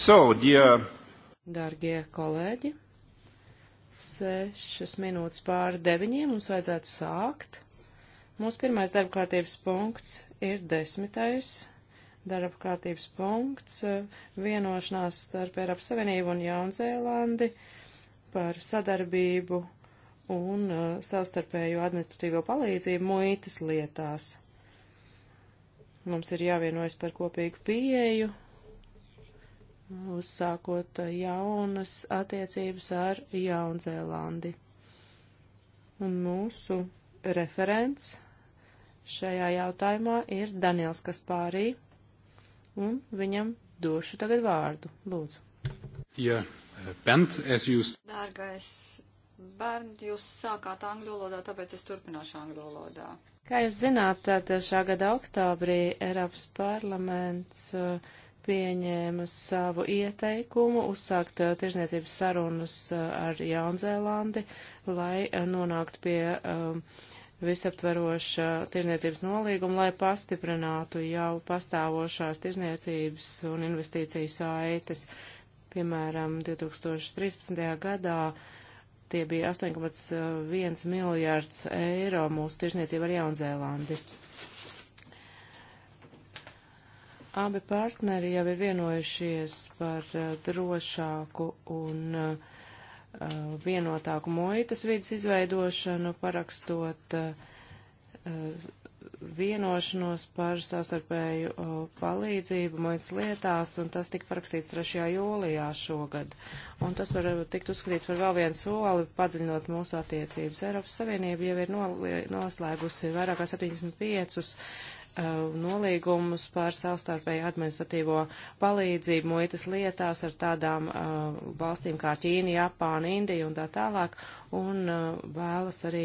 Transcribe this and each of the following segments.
So, dear... Dargie kolēģi, sešas minūtes pāri deviņiem mums vajadzētu sākt. Mūsu pirmais darba kārtības punkts ir desmitais darba kārtības punkts eh, - vienošanās starp Eiropas Savienību un Jaunzēlandi par sadarbību un uh, eh, savstarpējo administratīvo palīdzību muitas lietās. Mums ir jāvienojas par kopīgu pieeju uzsākot jaunas attiecības ar Jaunzēlandi. Un mūsu referents šajā jautājumā ir Daniels Kaspārī, un viņam došu tagad vārdu. Lūdzu. Yeah. Uh, Bent, es jūs. Dārgais bērni, jūs sākāt angļu valodā, tāpēc es turpināšu angļu valodā. Kā jūs zināt, tad šā gada oktobrī Eiropas parlaments uh, pieņēma savu ieteikumu uzsākt eh, tirzniecības sarunas eh, ar Jaunzēlandi, lai eh, nonāktu pie um, visaptveroša tirzniecības nolīguma, lai pastiprinātu jau pastāvošās tirzniecības un investīciju saites. Piemēram, 2013. gadā tie bija 8,1 miljārds eiro mūsu tirzniecība ar Jaunzēlandi. Abi partneri jau ir vienojušies par uh, drošāku un uh, vienotāku muitas vidas izveidošanu, parakstot uh, vienošanos par savstarpēju palīdzību muitas lietās, un tas tika parakstīts 3. jūlijā šogad. Un tas var tikt uzskatīts par vēl vienu soli, padziļinot mūsu attiecības. Eiropas Savienība jau ir noslēgusi vairāk kā 75 Uh, nolīgumus par savstarpēju administratīvo palīdzību muitas lietās ar tādām uh, valstīm kā Ķīna, Japāna, Indija un tā tālāk, un uh, vēlas arī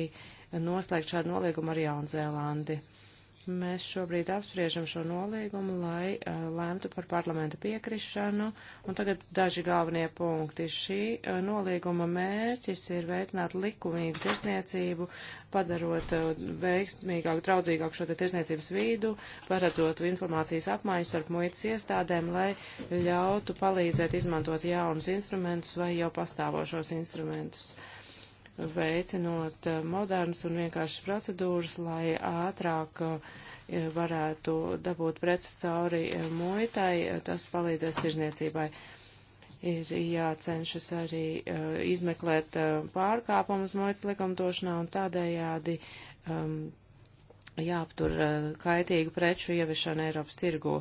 noslēgt šādu nolīgumu ar Jaunzēlandi. Mēs šobrīd apspriežam šo nolīgumu, lai uh, eh, lēmtu par parlamenta piekrišanu, un tagad daži galvenie punkti. Šī uh, nolīguma mērķis ir veicināt likumīgu tirsniecību, padarot uh, veiksmīgāku, draudzīgāku šo te tirsniecības vīdu, paredzot informācijas apmaiņas ar muitas iestādēm, lai ļautu palīdzēt izmantot jaunus instrumentus vai jau pastāvošos instrumentus. Uh, veicinot eh, modernas un vienkāršas procedūras, lai ātrāk eh, varētu dabūt preces cauri eh, muitai, tas palīdzēs tirzniecībai. Ir jācenšas arī izmeklēt pārkāpumus muitas likumdošanā un tādējādi um, jāaptur eh, kaitīgu preču ieviešana Eiropas tirgū.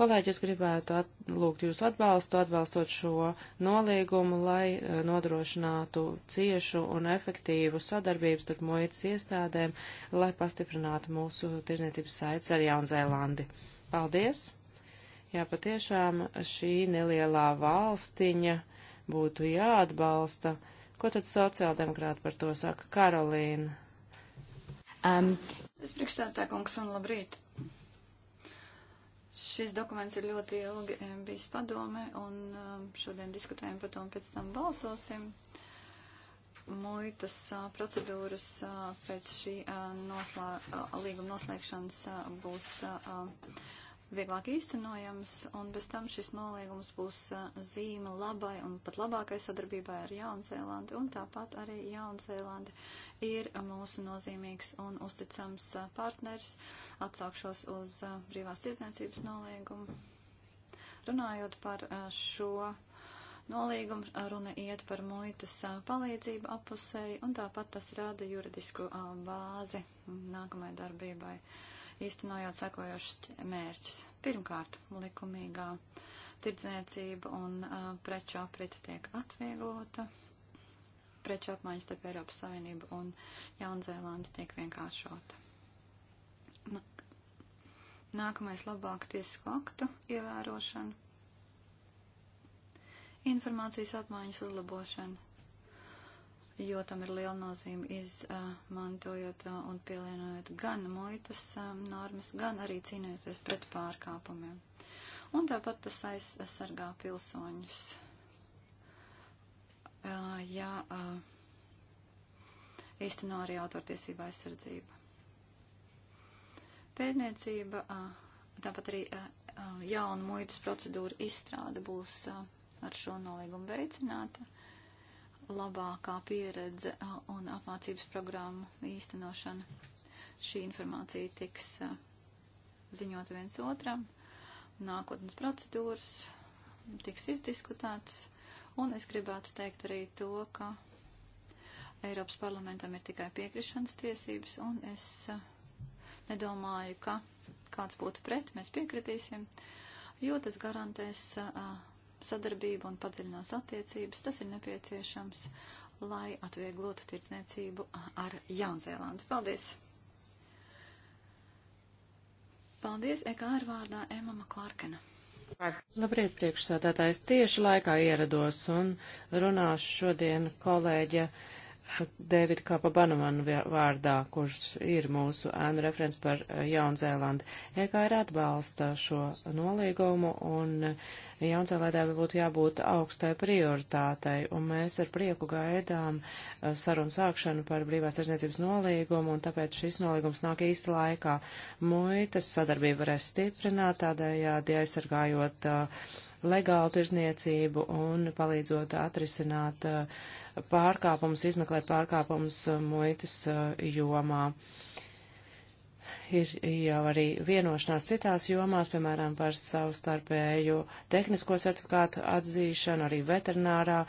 Kolēģis gribētu lūgt jūsu atbalstu, atbalstot šo nolīgumu, lai eh, nodrošinātu ciešu un efektīvu sadarbību starp muitas iestādēm, lai pastiprinātu mūsu tirzniecības saites ar Jaunzēlandi. Paldies! Jā, patiešām šī nelielā valstiņa būtu jāatbalsta. Ko tad sociāldemokrāti par to saka? Karolīna. Um, Es priekšstādā kungs un labrīt. Šis dokuments ir ļoti ilgi eh, bijis padome un eh, šodien diskutējam par to un pēc tam balsosim. Muitas eh, procedūras pēc šī noslē, līguma noslēgšanas būs vieglāk īstenojams, un bez tam šis nolīgums būs zīme labai un pat labākai sadarbībai ar Jaunzēlandi, un tāpat arī Jaunzēlandi ir mūsu nozīmīgs un uzticams partners. Atsaukšos uz brīvās tirdzniecības nolīgumu. Runājot par šo nolīgumu, runa iet par muitas palīdzību apusēji, un tāpat tas rada juridisku bāzi nākamajai darbībai īstenojot sekojošus mērķus. Pirmkārt, likumīgā tirdzniecība un uh, preču aprita tiek atvieglota, preču apmaiņas starp Eiropas Savienību un Jaunzēlandi tiek vienkāršota. Nu, nākamais labāk tiesisko aktu ievērošana, informācijas apmaiņas uzlabošana, jo tam ir liela nozīme izmantojot uh, un pielienojot gan muitas um, normas, gan arī cīnoties pret pārkāpumiem. Un tāpat tas aizsargā pilsoņus. Uh, Jā, uh, īstenā arī autortiesība aizsardzība. Pētniecība, tāpat arī jauna muitas procedūra izstrāde būs ar šo nolīgumu veicināta labākā pieredze un apmācības programmu īstenošana. Šī informācija tiks ziņot viens otram, nākotnes procedūras tiks izdiskutēts, un es gribētu teikt arī to, ka Eiropas parlamentam ir tikai piekrišanas tiesības, un es nedomāju, ka kāds būtu pret, mēs piekritīsim, jo tas garantēs uh, sadarbību un padziļinās attiecības. Tas ir nepieciešams, lai atvieglotu tirdzniecību ar Jaunzēlandu. Paldies! Paldies EKR vārdā Emama Klārkena. Labrīt, priekšsādātājs. Tieši laikā ierados un runāšu šodien kolēģa. Uh, Dēvida Kapa Banamanu vārdā, kurš ir mūsu ēnu referents par eh, Jaunzēlandi. EKR atbalsta šo nolīgumu un eh, Jaunzēlēdē būtu jābūt augstai prioritātei, un mēs ar prieku gaidām eh, sarunu sākšanu par brīvās aizniecības nolīgumu, un tāpēc šis nolīgums nāk īsta laikā. Muitas sadarbība varēs stiprināt, tādējādi aizsargājot legālu tirzniecību un palīdzot atrisināt uh, pārkāpumus, izmeklē pārkāpumus uh, muitas uh, jomā. Ir jau arī vienošanās citās jomās, piemēram, par savstarpēju tehnisko certifikātu atzīšanu, arī veterinārā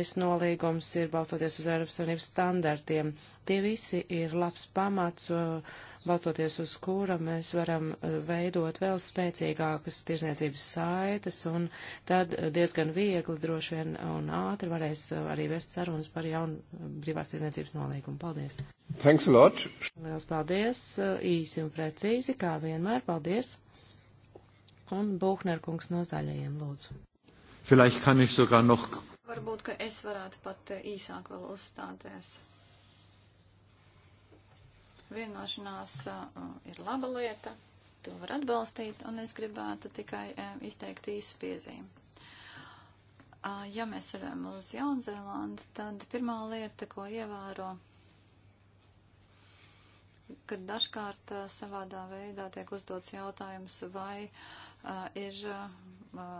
es nolīgums ir balstoties uz Eiropas Savienības standartiem. Tie visi ir labs pamats uh, balstoties uz kura mēs varam eh, veidot vēl spēcīgākas tirzniecības saites, un tad eh, diezgan viegli, droši vien un ātri varēs eh, arī vest sarunas par jaunu brīvās tirzniecības nolīgumu. Paldies! Thanks a lot! Liels paldies! Īsi un precīzi, kā vienmēr, paldies! Un Buhner kungs no zaļajiem lūdzu. Vielleicht kann ich sogar noch. Varbūt, ka es varētu pat īsāk vēl uzstāties. Vienošanās ir laba lieta, to var atbalstīt, un es gribētu tikai izteikt īsu piezīmi. Ja mēs varam uz Jaunzēlandu, tad pirmā lieta, ko ievēro kad dažkārt savādā veidā tiek uzdots jautājums, vai uh, ir uh,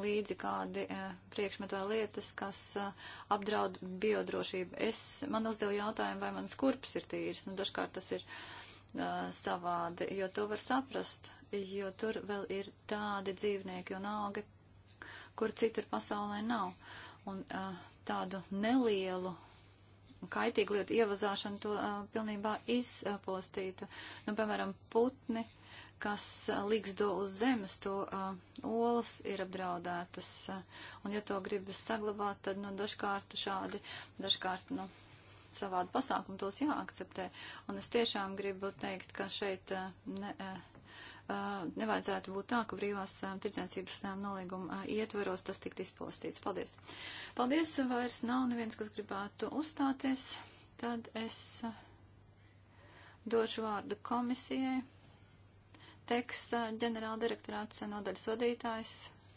līdzi kādi eh, priekšmeti vai lietas, kas eh, apdraud biodrošību. Es, man uzdevu jautājumu, vai manas kurpes ir tīras. Nu, dažkārt tas ir eh, savādi, jo to var saprast, jo tur vēl ir tādi dzīvnieki un augi, kur citur pasaulē nav. Un tādu nelielu kaitīgu lietu ievazāšanu to pilnībā izpostītu. Nu, piemēram, putni kas eh, līgzdo uz zemes, to uh, olas ir apdraudētas. Uh, un ja to gribas saglabāt, tad nu, dažkārt šādi, dažkārt nu, savādi pasākumi tos jāakceptē. Un es tiešām gribu teikt, ka šeit uh, ne, uh, nevajadzētu būt tā, ka brīvās uh, tirdzniecības uh, nolīguma uh, ietveros tas tikt izpostīts. Paldies. Paldies, vairs nav neviens, kas gribētu uzstāties. Tad es. Uh, došu vārdu komisijai. Frontex ģenerāla direktorāts nodaļas vadītājs.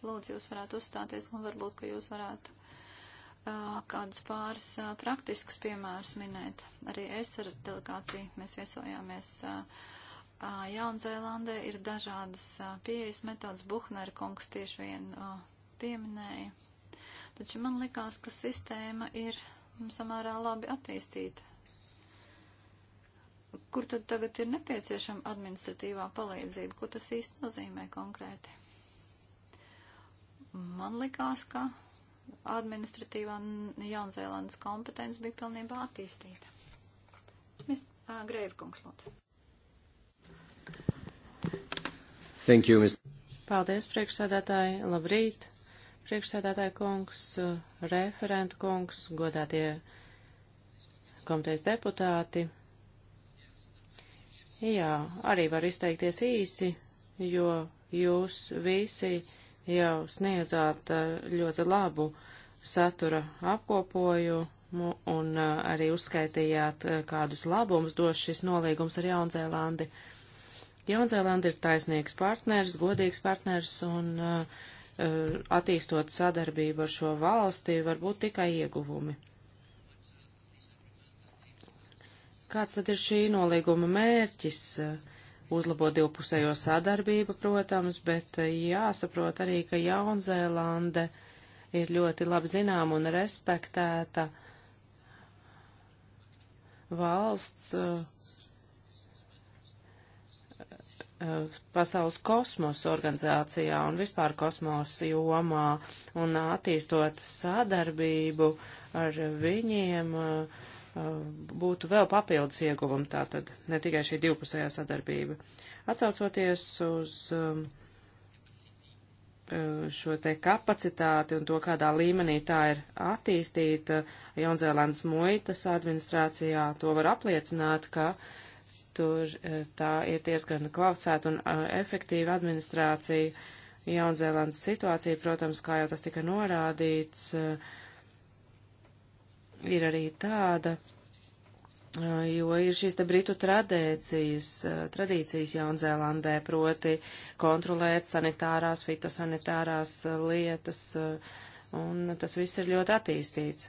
Lūdzu, jūs varētu uzstāties un varbūt, ka jūs varētu uh, kādus pāris uh, praktiskus piemērus minēt. Arī es ar delegāciju mēs viesojāmies uh, Jaunzēlandē ir dažādas pieejas metodas, Buhnera kungs tieši vien pieminēja. Taču man likās, ka sistēma ir samērā labi attīstīta kur tad tagad ir nepieciešama administratīvā palīdzība, ko tas īsti nozīmē konkrēti. Man likās, ka administratīvā Jaunzēlandes kompetence bija pilnībā attīstīta. Mēs Grēvkungs lūdzu. Thank you, Mr. Paldies, priekšsēdētāji. Labrīt, priekšsēdētāji kungs, referentu kungs, godātie komitejas deputāti. Jā, arī var izteikties īsi, jo jūs visi jau sniedzāt eh, ļoti labu satura apkopojumu un eh, arī uzskaitījāt, eh, kādus labumus dos šis nolīgums ar Jaunzēlandi. Jaunzēlanda ir taisnīgs partners, godīgs partners un uh, attīstot sadarbību ar šo valsti var būt tikai ieguvumi. Kāds tad ir šī nolīguma mērķis? Uzlabot divpusējo sadarbību, protams, bet eh, jāsaprot arī, ka Jaunzēlande ir ļoti labi zinām un respektēta valsts eh, eh, pasaules kosmosa organizācijā un vispār kosmosa jomā un attīstot sadarbību ar viņiem. Uh, Uh, būtu vēl papildus ieguvumi, tātad ne tikai šī divpusējā sadarbība. Atcaucoties uz um, uh, šo te kapacitāti un to, kādā līmenī tā ir attīstīta Jaunzēlandes muitas administrācijā, to var apliecināt, ka tur uh, tā ir diezgan kvalificēta un uh, efektīva administrācija. Jaunzēlandes situācija, protams, kā jau tas tika norādīts, uh, ir arī tāda, jo ir šīs te britu tradīcijas, tradīcijas Jaunzēlandē, proti kontrolēt sanitārās, fitosanitārās lietas, un tas viss ir ļoti attīstīts.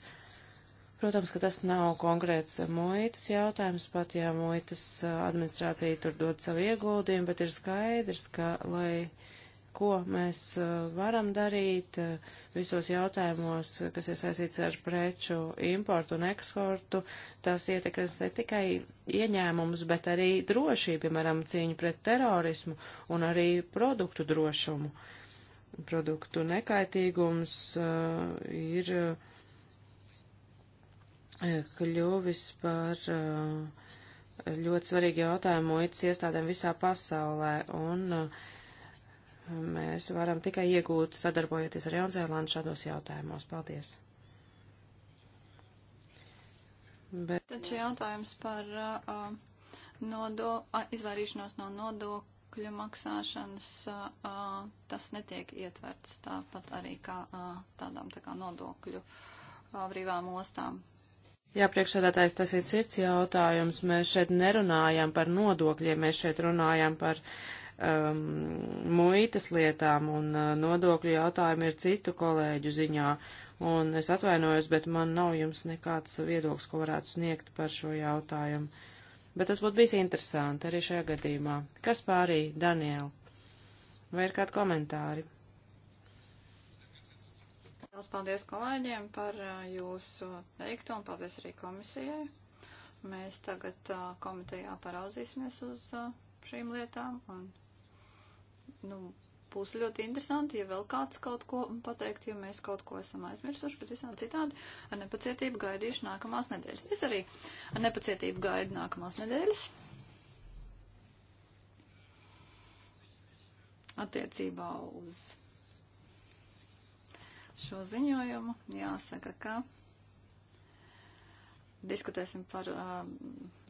Protams, ka tas nav konkrēts muitas jautājums, pat ja muitas administrācija tur dod savu ieguldījumu, bet ir skaidrs, ka, lai uh, ko mēs eh, varam darīt eh, visos jautājumos, eh, kas ir saistīts ar preču importu un eksportu. Tas ietekmēs ne tikai ieņēmumus, bet arī drošību, piemēram, cīņu pret terorismu un arī produktu drošumu. Produktu nekaitīgums uh, ir uh, kļuvis par. Uh, ļoti svarīgi jautājumi muitas iestādēm visā pasaulē, un uh, mēs varam tikai iegūt sadarbojoties ar Jaunzēlandu šādos jautājumos. Paldies! Bet... Taču jautājums par uh, uh nodo, uh, izvairīšanos no nodokļu maksāšanas, uh, uh, tas netiek ietverts tāpat arī kā uh, tādām tā kā nodokļu uh, brīvām ostām. Jā, priekšsēdētājs, tas ir cits jautājums. Mēs šeit nerunājam par nodokļiem, mēs šeit runājam par uh, um, muitas lietām un uh, nodokļu jautājumi ir citu kolēģu ziņā. Un es atvainojos, bet man nav jums nekāds viedoklis, ko varētu sniegt par šo jautājumu. Bet tas būtu bijis interesanti arī šajā gadījumā. Kas pārī, Daniela? Vai ir kādi komentāri? Liels paldies kolēģiem par uh, jūsu teikto un paldies arī komisijai. Mēs tagad uh, komitejā paraudzīsimies uz uh, šīm lietām un nu, būs ļoti interesanti, ja vēl kāds kaut ko pateikt, jo mēs kaut ko esam aizmirsuši, bet visām citādi ar nepacietību gaidīšu nākamās nedēļas. Es arī ar nepacietību gaidu nākamās nedēļas. Attiecībā uz šo ziņojumu jāsaka, ka Diskutēsim par uh,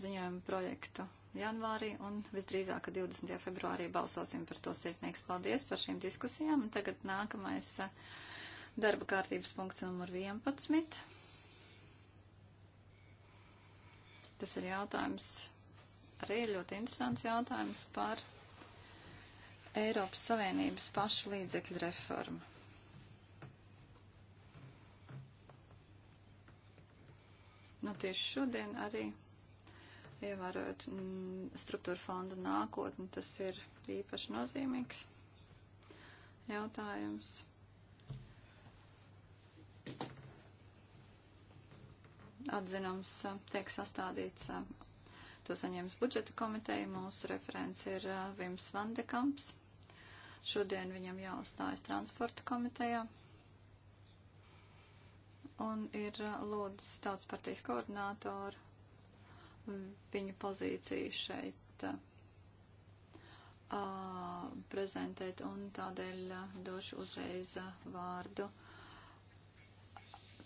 ziņojumu projektu janvārī un visdrīzāk 20. februārī balsosim par to sirsnīgs paldies par šīm diskusijām. Un tagad nākamais uh, darba kārtības punkts numur 11. Tas ir jautājums, arī ļoti interesants jautājums par Eiropas Savienības pašu līdzekļu reformu. Nu, tieši šodien arī ievērojot mm, struktūra fondu nākotni, tas ir īpaši nozīmīgs jautājums. Atzinums tiek sastādīts, to saņems budžeta komiteja, mūsu referents ir Vims Vandekamps. Šodien viņam jāuzstājas transporta komitejā un ir uh, lūdzis tautas partijas koordinātoru viņa pozīciju šeit uh, uh, prezentēt, un tādēļ uh, došu uzreiz vārdu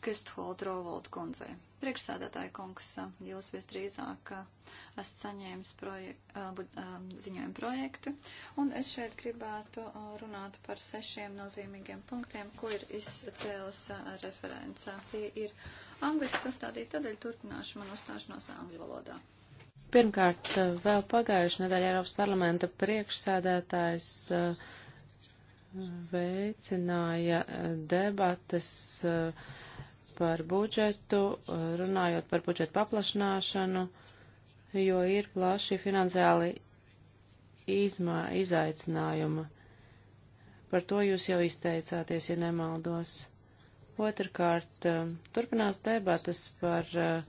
Kestholderolda kundzei. Priekšsēdētāja kungs, jūs visdrīzāk eh, esat saņēmis projek eh, eh, ziņojumu projektu, un es šeit gribētu runāt par sešiem nozīmīgiem punktiem, ko ir izcēlis referents. Tie ir angliski sastādīti, tādēļ turpināšu man uzstāšanos angļu valodā. Pirmkārt, vēl pagājuši nedēļa Eiropas parlamenta priekšsēdētājs veicināja debatas uh, par budžetu, runājot par budžetu paplašināšanu, jo ir plaši finansiāli izmā, izaicinājuma. Par to jūs jau izteicāties, ja nemaldos. Otrakārt, turpinās debatas par eh,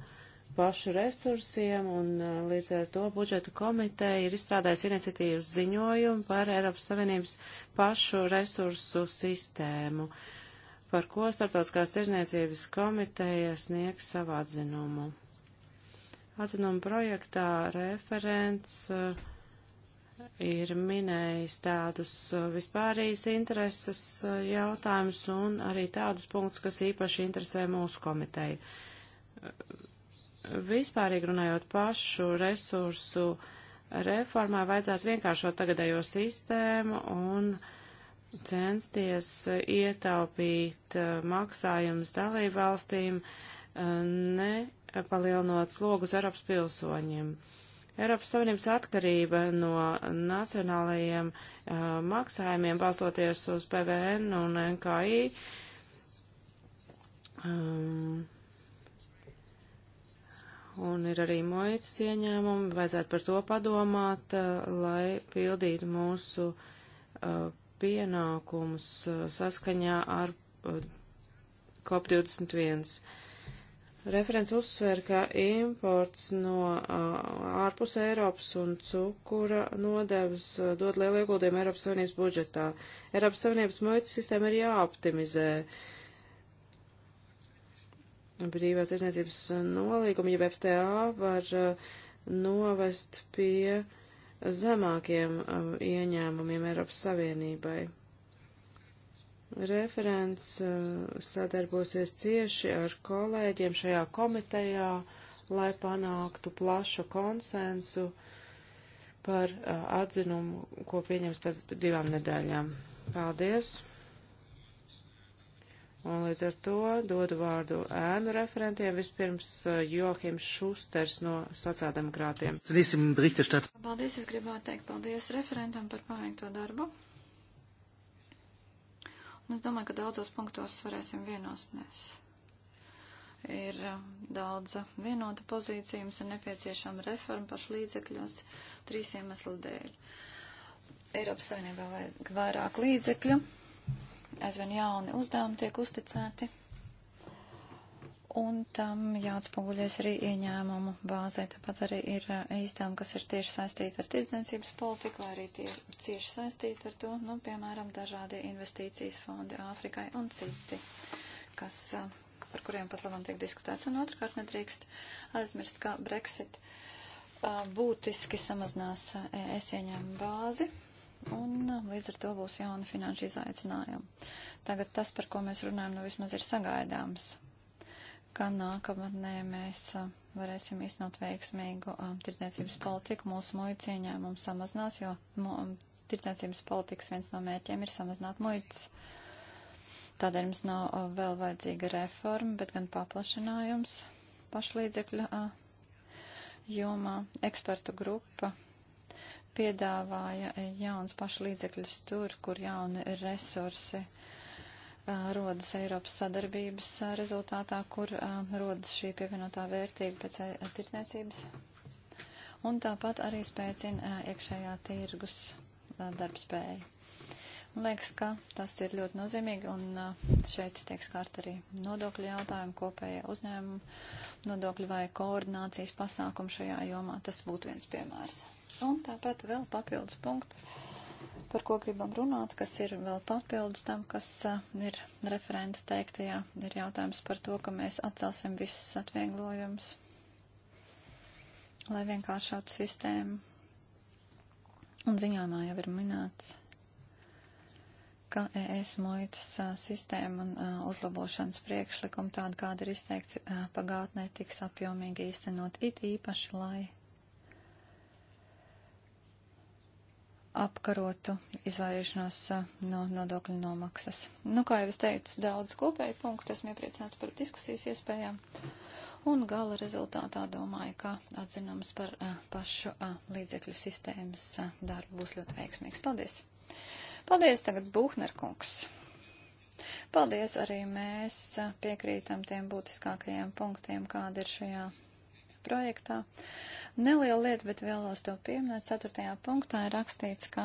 pašu resursiem, un eh, līdz ar to budžeta komiteja ir izstrādājusi iniciatīvas ziņojumu par Eiropas Savienības pašu resursu sistēmu. Uh, par ko Startautiskās tirzniecības komiteja sniegs savu atzinumu. Atzinuma projektā referents eh, ir minējis tādus eh, vispārīs intereses eh, jautājumus un arī tādus punktus, kas īpaši interesē mūsu komiteju. Vispārīgi runājot pašu resursu reformā, vajadzētu vienkāršot tagadējo sistēmu un uh, censties eh, ietaupīt eh, maksājumus dalību valstīm, eh, nepalielinot slogus Eiropas pilsoņiem. Eiropas Savienības atkarība no nacionālajiem maksājumiem balstoties uz PVN un NKI um, ehm, un ir arī muitas ieņēmumi, vajadzētu par to padomāt, lai pildītu mūsu uh, pienākumus uh, saskaņā ar uh, COP21. Referents uzsver, ka imports no uh, ārpus Eiropas un cukura nodevs dod lielu ieguldījumu Eiropas Savienības budžetā. Eiropas Savienības muitas sistēma ir jāoptimizē brīvās tirsniecības nolīguma, jeb FTA, var novest pie uh, zemākiem uh, ieņēmumiem Eiropas Savienībai. Referents uh, sadarbosies cieši ar kolēģiem šajā komitejā, lai panāktu plašu konsensu par uh, atzinumu, ko pieņems pēc divām nedēļām. Paldies! Un līdz ar to dodu vārdu ēnu referentiem. Vispirms uh, Johims Šusters no sociāldemokrātiem. Paldies, es gribētu teikt paldies referentam par paveikto darbu. Un es domāju, ka daudzos punktos varēsim vienosties. Ir um, daudz vienota pozīcija, mums ir nepieciešama reforma pašu līdzekļos trīs iemeslu dēļ. Eiropas Savienībā vajag vairāk līdzekļu aizvien jauni uzdevumi tiek uzticēti, un tam jāatspoguļies arī ieņēmumu bāzē. Tāpat arī ir eh, izdevumi, kas ir tieši saistīti ar tirdzniecības politiku, vai arī tie cieši saistīti ar to, nu, piemēram, dažādie investīcijas fondi Āfrikai un citi, kas, eh, par kuriem pat labam tiek diskutēts. Un otrkārt nedrīkst aizmirst, ka Brexit eh, būtiski samazinās es e ieņēmumu bāzi un uh, līdz ar to būs jauni finanšu izaicinājumi. Tagad tas, par ko mēs runājam, nu vismaz ir sagaidāms, ka nākamnē mēs uh, varēsim iznot veiksmīgu uh, tirdzniecības politiku. Mūsu muļu cieņēmums samazinās, jo um, tirdzniecības politikas viens no mērķiem ir samazināt muļas. Tādēļ mums nav vēl vajadzīga reforma, bet gan paplašinājums pašlīdzekļa jomā. Ekspertu grupa piedāvāja e, jauns pašlīdzekļus tur, kur jauni resursi uh, rodas Eiropas sadarbības uh, rezultātā, kur uh, rodas šī pievienotā vērtība pēc tirdzniecības. Un tāpat arī spēcina iekšējā tirgus darbspēju. Man liekas, ka tas ir ļoti nozīmīgi, un šeit tiek skārt arī nodokļu jautājumu, kopējie uzņēmumu nodokļu vai koordinācijas pasākumu šajā jomā. Tas būtu viens piemērs. Un tāpat vēl papildus punkts, par ko gribam runāt, kas ir vēl papildus tam, kas eh, ir referenta teiktajā, ir jautājums par to, ka mēs atcelsim visus atvieglojumus, lai vienkāršātu sistēmu. Un ziņojumā jau ir minēts ka ES muitas eh, sistēma un a, eh, uzlabošanas priekšlikumi tādi, kādi ir izteikti a, pagātnē, tiks apjomīgi īstenot it īpaši, lai apkarotu izvairīšanos no nodokļu nomaksas. Nu, kā jau es teicu, daudz kopēju punktu, esmu iepriecināts par diskusijas iespējām. Un gala rezultātā domāju, ka atzinums par a, pašu a, līdzekļu sistēmas a, darbu būs ļoti veiksmīgs. Paldies! Paldies tagad Buhner kungs! Paldies arī mēs piekrītam tiem būtiskākajiem punktiem, kāda ir šajā projektā. Neliela lieta, bet vēlos to pieminēt. Ceturtajā punktā ir rakstīts, ka,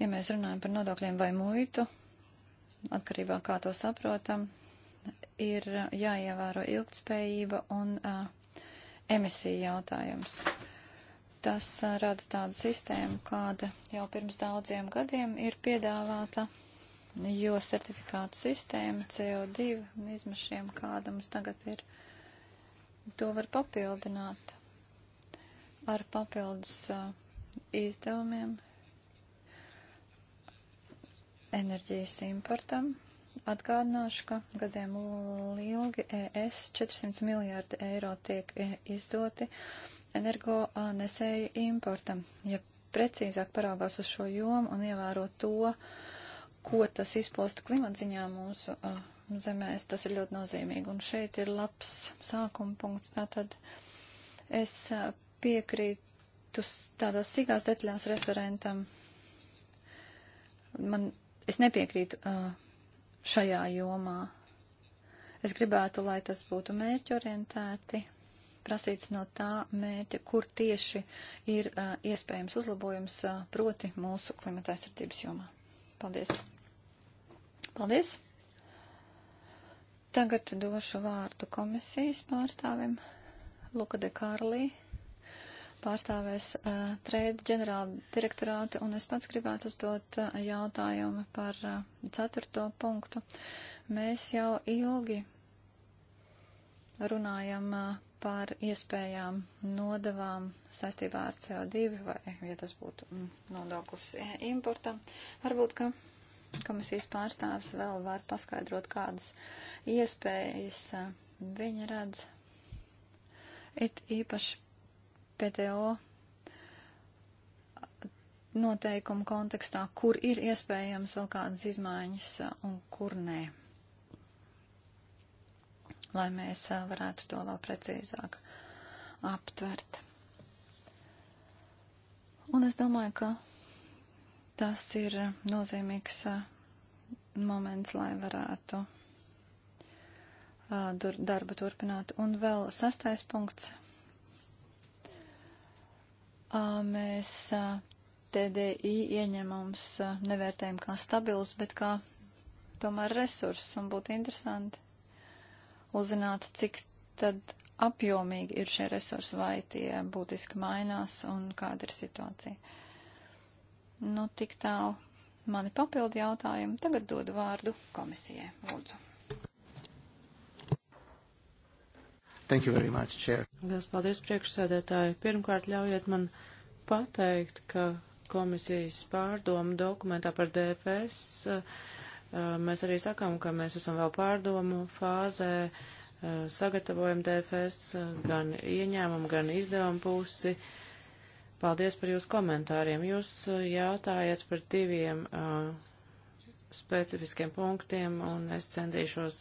ja mēs runājam par nodokļiem vai muitu, atkarībā kā to saprotam, ir jāievēro ilgtspējība un uh, emisija jautājums. Tas uh, rada tādu sistēmu, kāda jau pirms daudziem gadiem ir piedāvāta jo certifikātu sistēma CO2 izmešiem, kāda mums tagad ir, to var papildināt ar papildus uh, izdevumiem, enerģijas importam. Atgādināšu, ka gadiem ilgi ES 400 miljārdi eiro tiek izdoti energo uh, nesēju importam. Ja precīzāk paraugās uz šo jomu un ievēro to, uh, ko tas izposta klimatziņā mūsu uh, zemēs, tas ir ļoti nozīmīgi. Un šeit ir labs sākuma punkts. Tātad es uh, piekrītu tādās sīkās detaļās referentam. Man, es nepiekrītu uh, šajā jomā. Es gribētu, lai tas būtu mērķorientēti, prasīts no tā mērķa, kur tieši ir uh, iespējams uzlabojums, uh, proti mūsu klimata aizsardzības jomā. Paldies! Paldies! Tagad došu vārdu komisijas pārstāvim Luka de Kārlī. Pārstāvēs uh, eh, trēdu ģenerāla direktorāti un es pats gribētu uzdot uh, jautājumu par uh, ceturto punktu. Mēs jau ilgi runājam uh, par iespējām nodavām saistībā ar CO2 vai, ja tas būtu mm, nodoklis importam. Varbūt, ka komisijas pārstāvis vēl var paskaidrot, kādas iespējas viņa redz. It īpaši PTO noteikumu kontekstā, kur ir iespējams vēl kādas izmaiņas un kur nē. Lai mēs varētu to vēl precīzāk aptvert. Un es domāju, ka Tas ir nozīmīgs moments, lai varētu darbu turpināt. Un vēl sastais punkts. Mēs TDI ieņemums nevērtējam kā stabils, bet kā tomēr resurss un būtu interesanti uzzināt, cik tad apjomīgi ir šie resursi, vai tie būtiski mainās un kāda ir situācija. Nu, tik tālu mani papildi jautājumu. Tagad dodu vārdu komisijai. Lūdzu. Thank you very much, Chair. Lielas paldies, priekšsēdētāji. Pirmkārt, ļaujiet man pateikt, ka komisijas pārdomu dokumentā par DFS eh, mēs arī sakām, ka mēs esam vēl pārdomu fāzē, eh, sagatavojam DFS eh, gan ieņēmumu, gan izdevumu pusi Paldies par jūsu komentāriem. Jūs uh, jautājat par diviem uh, specifiskiem punktiem, un es centīšos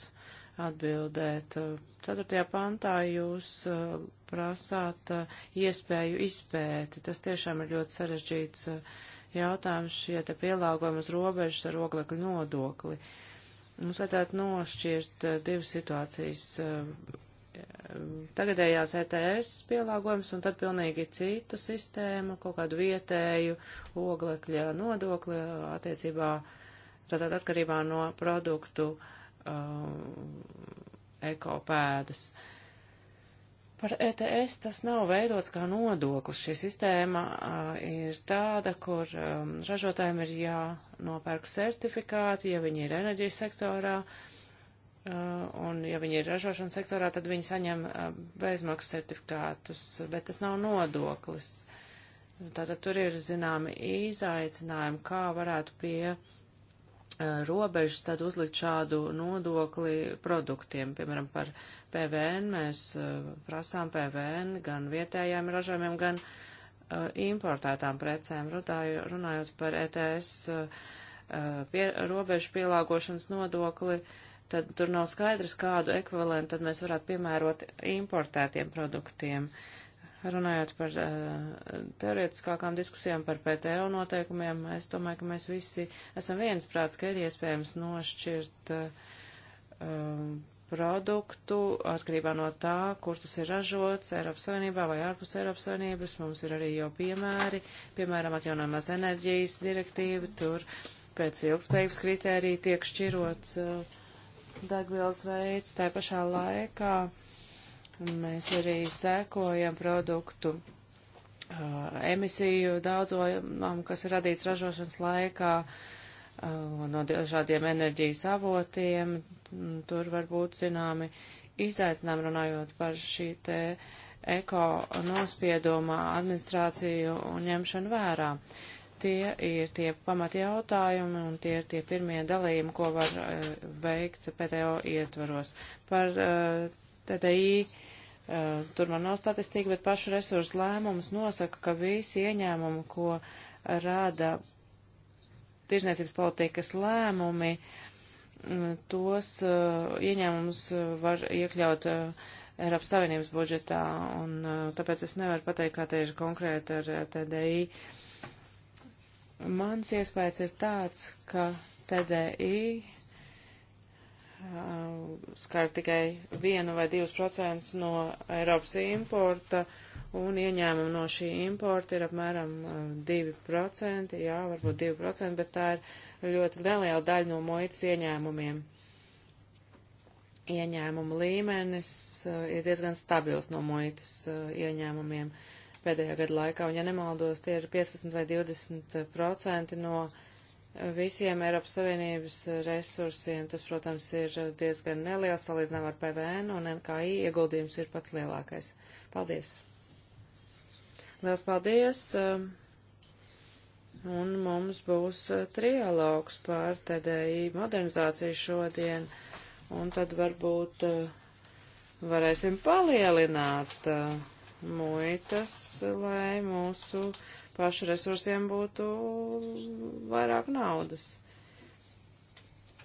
atbildēt. Ceturtajā pantā jūs uh, prasāt uh, iespēju izpēti. Tas tiešām ir ļoti sarežģīts uh, jautājums, šie te pielāgojumi uz robežas ar oglekļu nodokli. Mums vajadzētu nošķirt uh, divas situācijas. Uh, tagadējās ETS pielāgojums un tad pilnīgi citu sistēmu, kaut kādu vietēju oglekļa nodokli uh, attiecībā, tātad atkarībā no produktu um, ekopēdas. Par ETS tas nav veidots kā nodoklis. Šī sistēma uh, ir tāda, kur um, ražotājiem ir jānopērk certifikāti, ja viņi ir enerģijas sektorā. Uh, Uh, un ja viņi ir ražošanas sektorā, tad viņi saņem uh, bezmaksas certifikātus, bet tas nav nodoklis. Tātad tur ir zināmi izaicinājumi, kā varētu pie uh, robežas tad uzlikt šādu nodokli produktiem. Piemēram, par PVN mēs prasām PVN gan vietējiem ražojumiem, gan uh, importētām precēm. Runāju, runājot par ETS uh, pie, robežu pielāgošanas nodokli, uh, tad tur nav skaidrs, kādu ekvivalentu tad mēs varētu piemērot importētiem produktiem. Runājot par uh, teorētiskākām diskusijām par PTO noteikumiem, es domāju, ka mēs visi esam viensprāts, ka ir iespējams nošķirt uh, produktu atkarībā no tā, kur tas ir ražots Eiropas Savienībā vai ārpus Eiropas Savienības. Mums ir arī jau piemēri, piemēram, atjaunojumās enerģijas direktīva, tur pēc ilgspējības kritērija tiek šķirots. Uh, degvielas veids. Tā pašā laikā mēs arī sekojam produktu uh, emisiju daudzojumam, kas ir radīts ražošanas laikā uh, no dažādiem enerģijas avotiem. Mm, tur var būt zināmi izaicinājumi runājot par šī te eko nospiedumā administrāciju un ņemšanu vērā. Uh, Tie ir tie pamatjautājumi un tie ir tie pirmie dalījumi, ko var uh, veikt PTO ietvaros. Par uh, eh, TTI uh, eh, tur man nav statistika, bet pašu resursu lēmums nosaka, ka visi ieņēmumi, ko rāda tirzniecības politikas lēmumi, mm, tos uh, ieņēmumus var iekļaut uh, Eiropas Savienības budžetā, un uh, tāpēc es nevaru pateikt, kā te ir konkrēti ar TDI. Uh, Mans iespējas ir tāds, ka TDI uh, skar tikai vienu vai divus procentus no Eiropas importa, un ieņēmumi no šī importa ir apmēram 2%, uh, jā, varbūt 2%, bet tā ir ļoti neliela daļa no muitas ieņēmumiem. Ieņēmumu līmenis uh, ir diezgan stabils no muitas ieņēmumiem. Uh, pēdējā gada laikā, un, ja nemaldos, tie ir 15 vai 20 procenti no visiem Eiropas Savienības resursiem. Tas, protams, ir diezgan neliels salīdzinām ar PVN, un NKI ieguldījums ir pats lielākais. Paldies! Liels paldies! Un mums būs trialogs par TDI modernizāciju šodien, un tad varbūt eh, varēsim palielināt. Uh, muitas, lai mūsu pašu resursiem būtu vairāk naudas.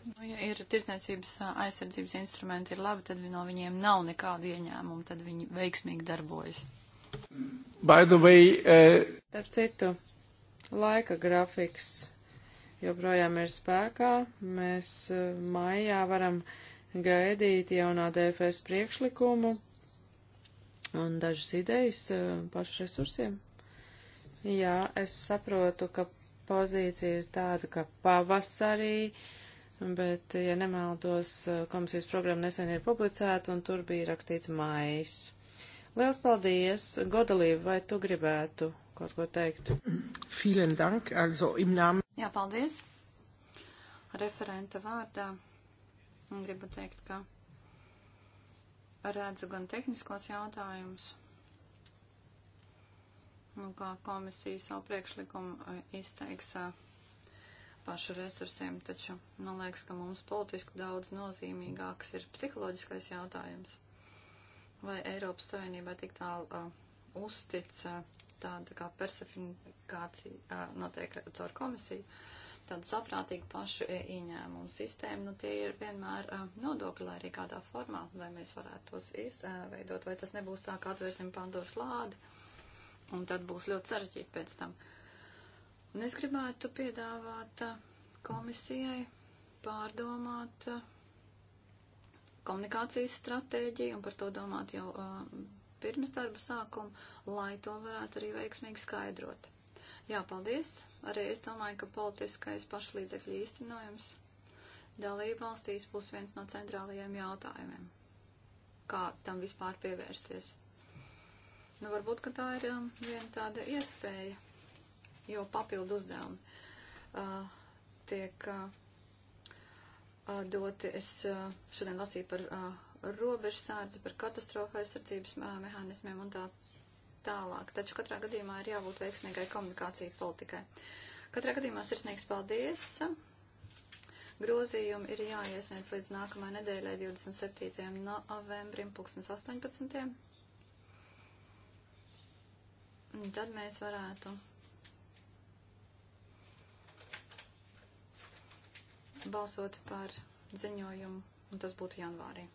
Nu, ja ir tirdzniecības aizsardzības instrumenti ir labi, tad no viņiem nav nekādu ieņēmumu, tad viņi veiksmīgi darbojas. By the way, uh... Starp citu, laika grafiks joprojām ir spēkā. Mēs uh, maijā varam gaidīt jaunā DFS priekšlikumu un dažas idejas eh, pašu resursiem. Jā, es saprotu, ka pozīcija ir tāda, ka pavasarī, bet, ja nemaldos, eh, komisijas programma nesen ir publicēta un tur bija rakstīts mājas. Liels paldies! Godalība, vai tu gribētu kaut ko teikt? Vielen dank, also im namen. Jā, paldies! Referenta vārdā gribu teikt, ka redzu gan tehniskos jautājumus, un kā komisija savu priekšlikumu e, izteiks e, pašu resursiem, taču man liekas, ka mums politiski daudz nozīmīgāks ir psiholoģiskais jautājums. Vai Eiropas Savienībā tik tālu uh, uztic uh, tāda kā personifikācija uh, notiek caur komisiju? Uh, tādu saprātīgu pašu ieņēmumu sistēmu, nu tie ir vienmēr nodokļi, lai arī kādā formā, lai mēs varētu tos izveidot, vai tas nebūs tā, kā atvērsim Pandoras lādi, un tad būs ļoti sarežģīti pēc tam. Un es gribētu piedāvāt komisijai pārdomāt komunikācijas stratēģiju un par to domāt jau pirms darba sākuma, lai to varētu arī veiksmīgi skaidrot. Jā, paldies. Arī es domāju, ka politiskais pašlīdzekļu īstenojums dalība valstīs būs viens no centrālajiem jautājumiem. Kā tam vispār pievērsties? Nu, varbūt, ka tā ir um, viena tāda iespēja, jo papildu uzdevumi uh, tiek uh, uh, doti. Es uh, šodien lasīju par uh, robežsārdzi, par katastrofa aizsardzības uh, mehānismiem un tā tālāk. Taču katrā gadījumā ir jābūt veiksmīgai komunikācija politikai. Katrā gadījumā sirsnīgs paldies. Grozījumi ir jāiesniedz līdz nākamajai nedēļai 27. novembrim 2018. Tad mēs varētu balsot par ziņojumu, un tas būtu janvārī.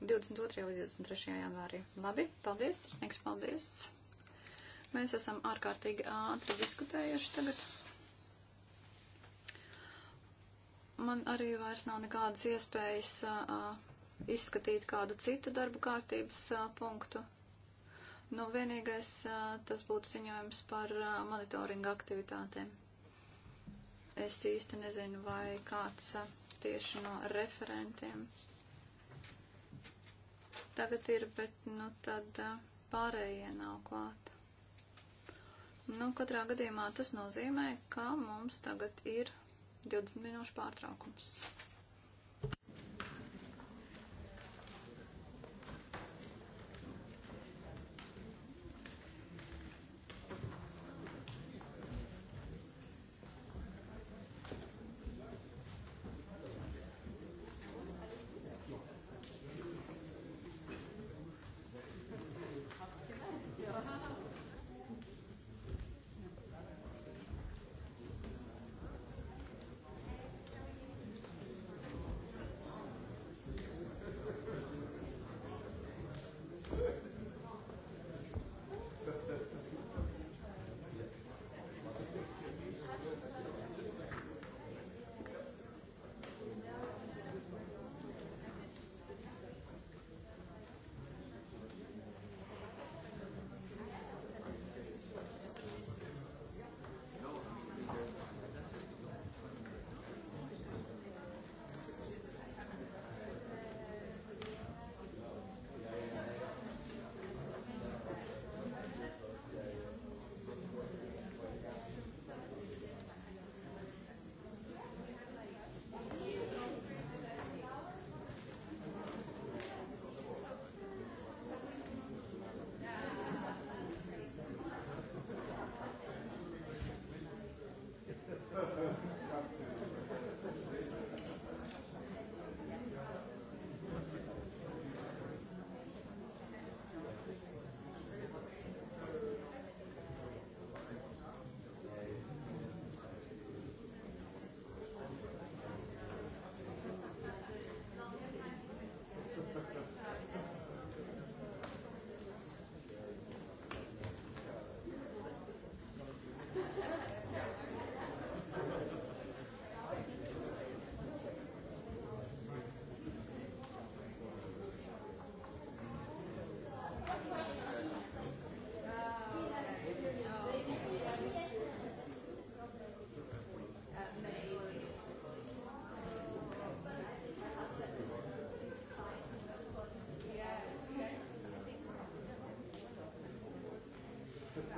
22. vai 23. janvārī. Labi, paldies, sirsnīgs paldies. Mēs esam ārkārtīgi ātri diskutējuši tagad. Man arī vairs nav nekādas iespējas uh, izskatīt kādu citu darbu kārtības uh, punktu. Nu, vienīgais uh, tas būtu ziņojums par uh, monitoringa aktivitātēm. Es īsti nezinu, vai kāds uh, tieši no referentiem. Uh, tagad ir, bet nu tad pārējie nav klāt. Nu, katrā gadījumā tas nozīmē, ka mums tagad ir 20 minūšu pārtraukums.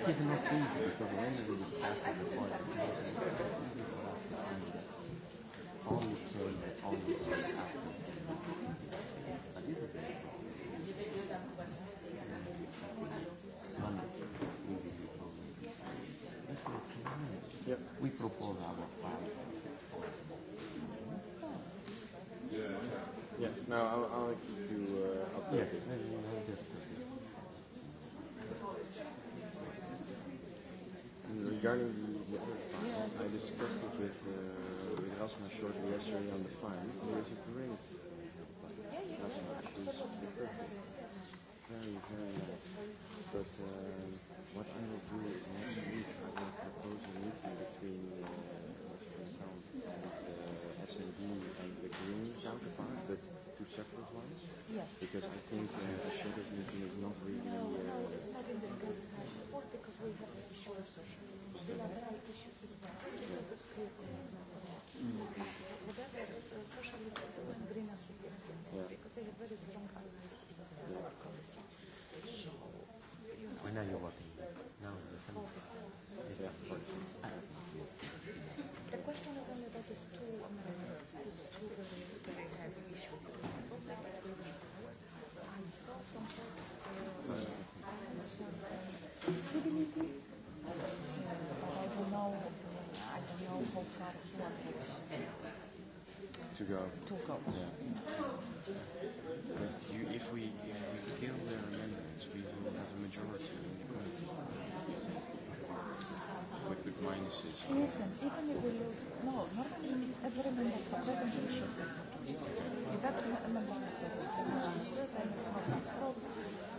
It is not easy because when we will pass the point, only came only came after. But this is very Yep. We propose our five. Yeah. Yeah. No, I'll, I'll regarding the, the other file, yes. I discussed it with, uh, with Rasma shortly yesterday yes. on the file. He was agreeing to yeah, yeah, yeah, absolutely. Very, very nice. But uh, what I will do is next week I will propose a meeting between uh, Western Sound and uh, S&D and the Green counterpart, but two separate ones. Yes. Because I think uh, a shadow meeting is not really To go. To go. Yeah. But you, if we if we kill their amendments, we will have a majority in the committee. With the minuses. Listen, even if we lose, no, not even every member state doesn't really should be. If every member state doesn't,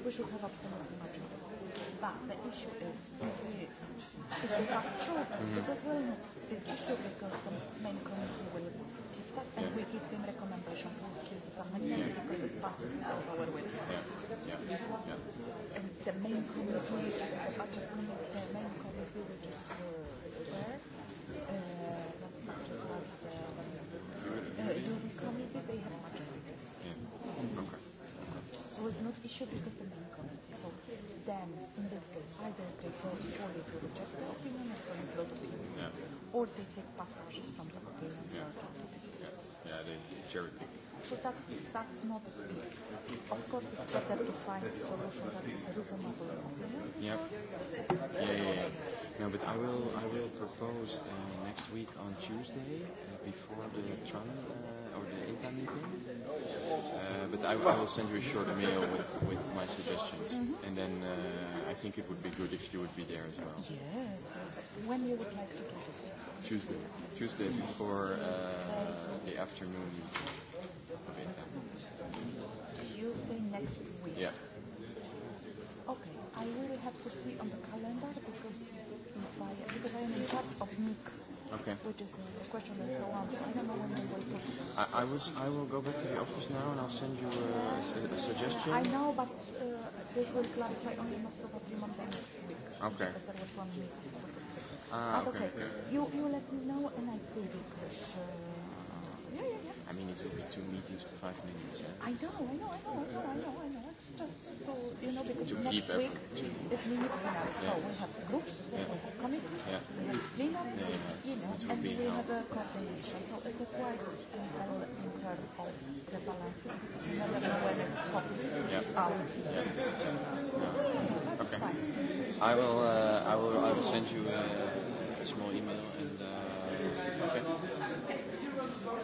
we should have absolute majority. But the issue is if we, if we pass through, mm. this is really not big issue because the main committee will keep that and we give them recommendation to keep some amendments because it passes out our way. Yeah. Yeah. Yeah. And the main committee, the budget committee, the main committee which is uh, where? Uh, not budget, but the uh, uh, committee, they have budget. Yeah. Okay. So it's not issue because the main then in this case either they go solely to reject the opinion or from the opinion, yeah. or they take passages from the opinion. Yeah. Yeah. yeah, they cherry pick. So that's that's not fair. Of course, it's better to find a solution that is reasonable. Yeah. Yeah, yeah, yeah. No, but I will I will propose uh, next week on Tuesday uh, before the Tron. Uh, that meeting? Uh, but I, I will send you a short mail with, with my suggestions, mm-hmm. and then uh, I think it would be good if you would be there as well. Yes, yes. When you would like to do this? Tuesday. Tuesday before uh, the afternoon of INTA. Tuesday next week. Yeah. Okay, I will have to see on the calendar because, via, because I am in charge of MIC. Okay. Which is the question that so on. I don't know when they will put it. I, I, was, I will go back to the office now and I'll send you a, a, a suggestion. Yeah, I know, but uh, they will clarify only most probably Monday next week. Okay. Because there was one meeting. Ah, but okay. okay. You, you let me know and I see which... Uh, I mean, it will be two meetings for five minutes. Yeah? I know, I know, I know, I know, I know, I know. It's just to, you know, because to next keep week to... it means, you know, yeah. so we have groups, yeah. we have committees, yeah. we have cleanup, yeah, yeah, you know, and we now. have a coordination. So it is why in terms of the balancing, you never know when it pops yeah. out. Yeah. Yeah. Yeah. Okay. Fine. I will, uh, I will, I will send you a, a small email and. Uh, okay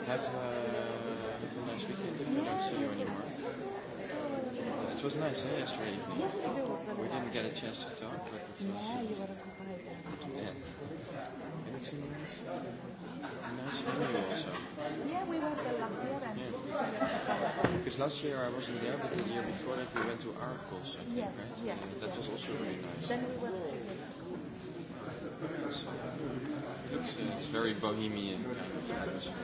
have uh, a nice weekend if yeah. I don't see you anymore. Uh, it was nice eh, yesterday evening. Yesterday was very We didn't get a chance to talk, but it was. Yeah, you were occupied. Yeah. And it's a nice, nice venue also. Yeah, we were there last year. And yeah. Because last year I wasn't there, but the year before that we went to Arcos, I think, yes, right? Yeah, and that yeah. was also really nice. Then we were three years ago. It's, uh, it's, uh, it's very bohemian kind of atmosphere.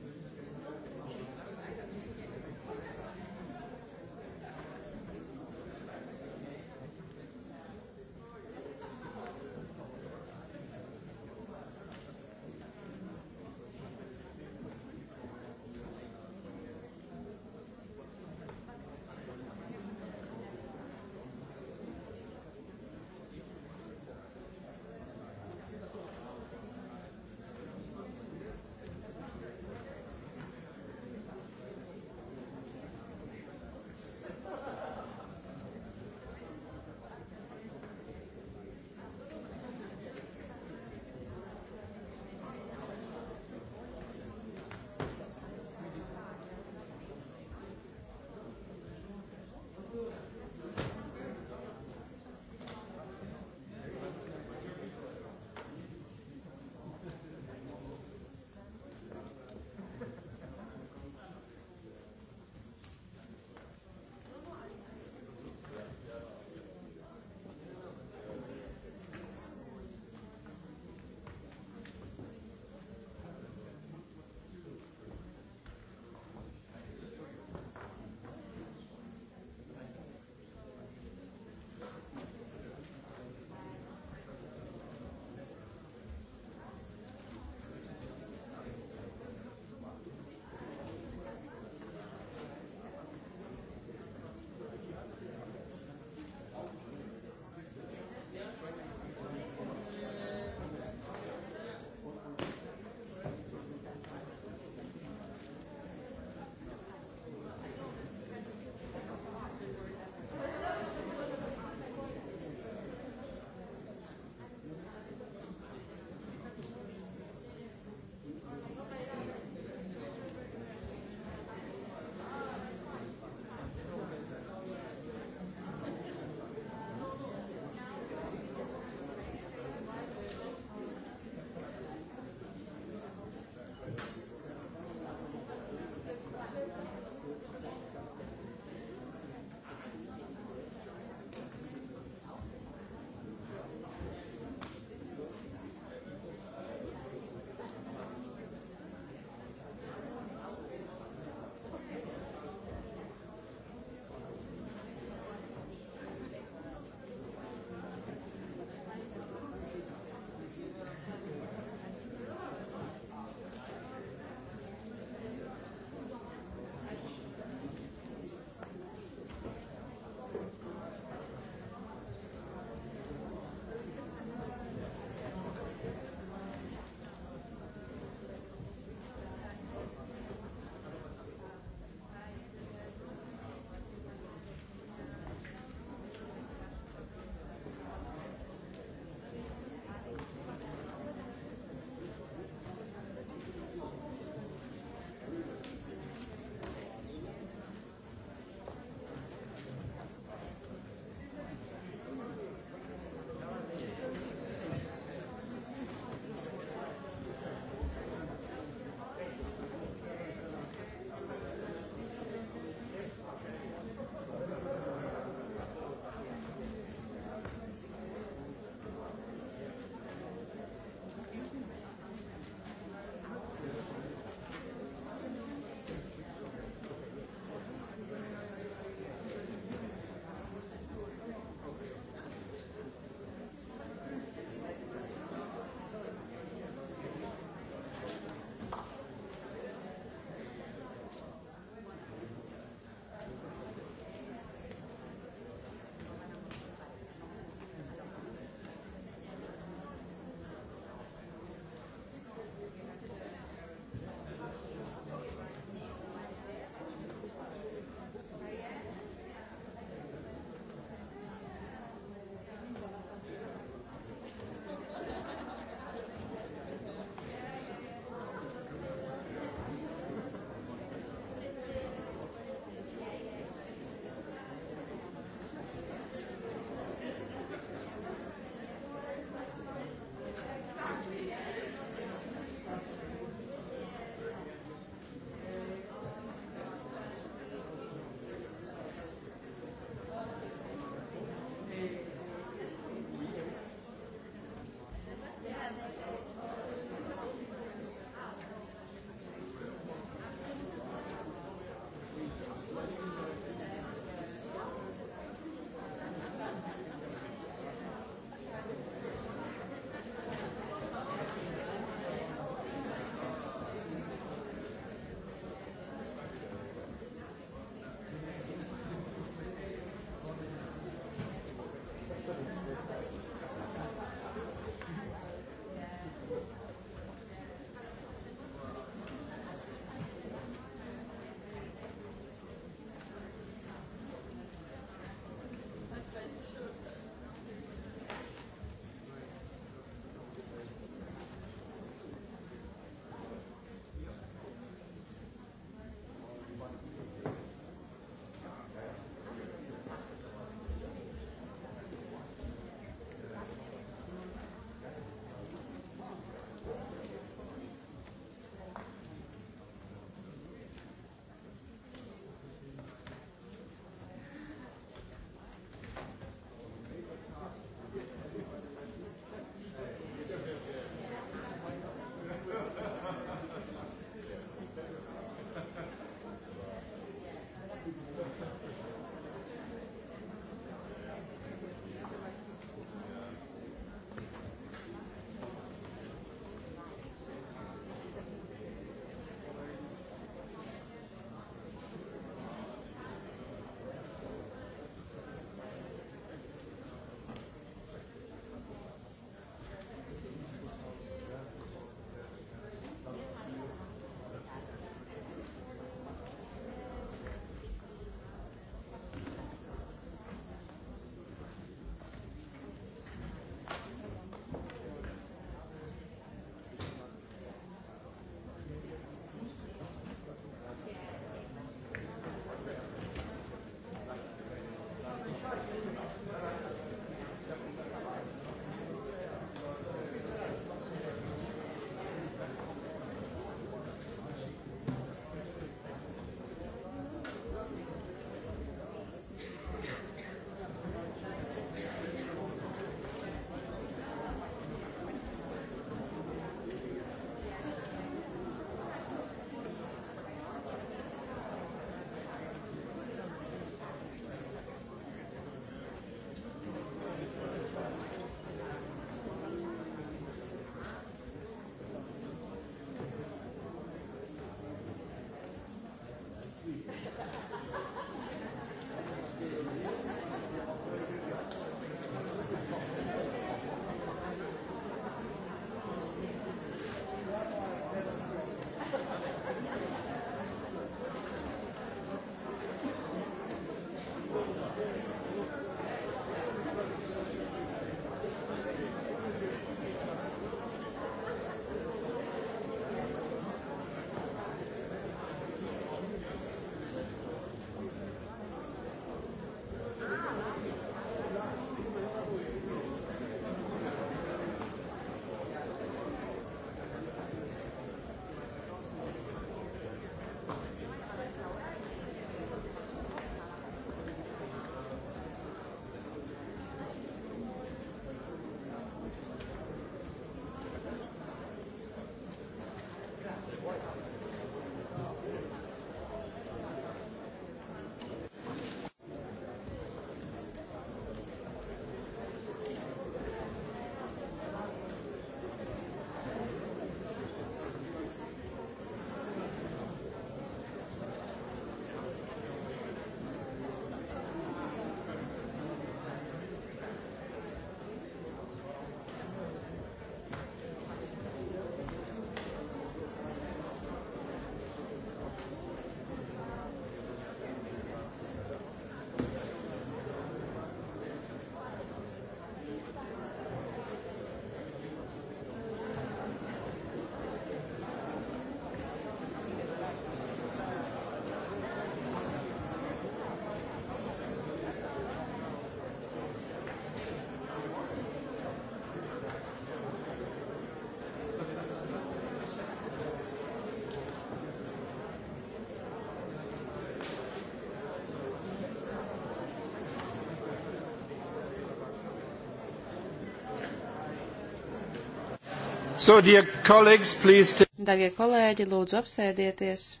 So, dear colleagues, please. Dagie kolēģi, lūdzu apsēdieties.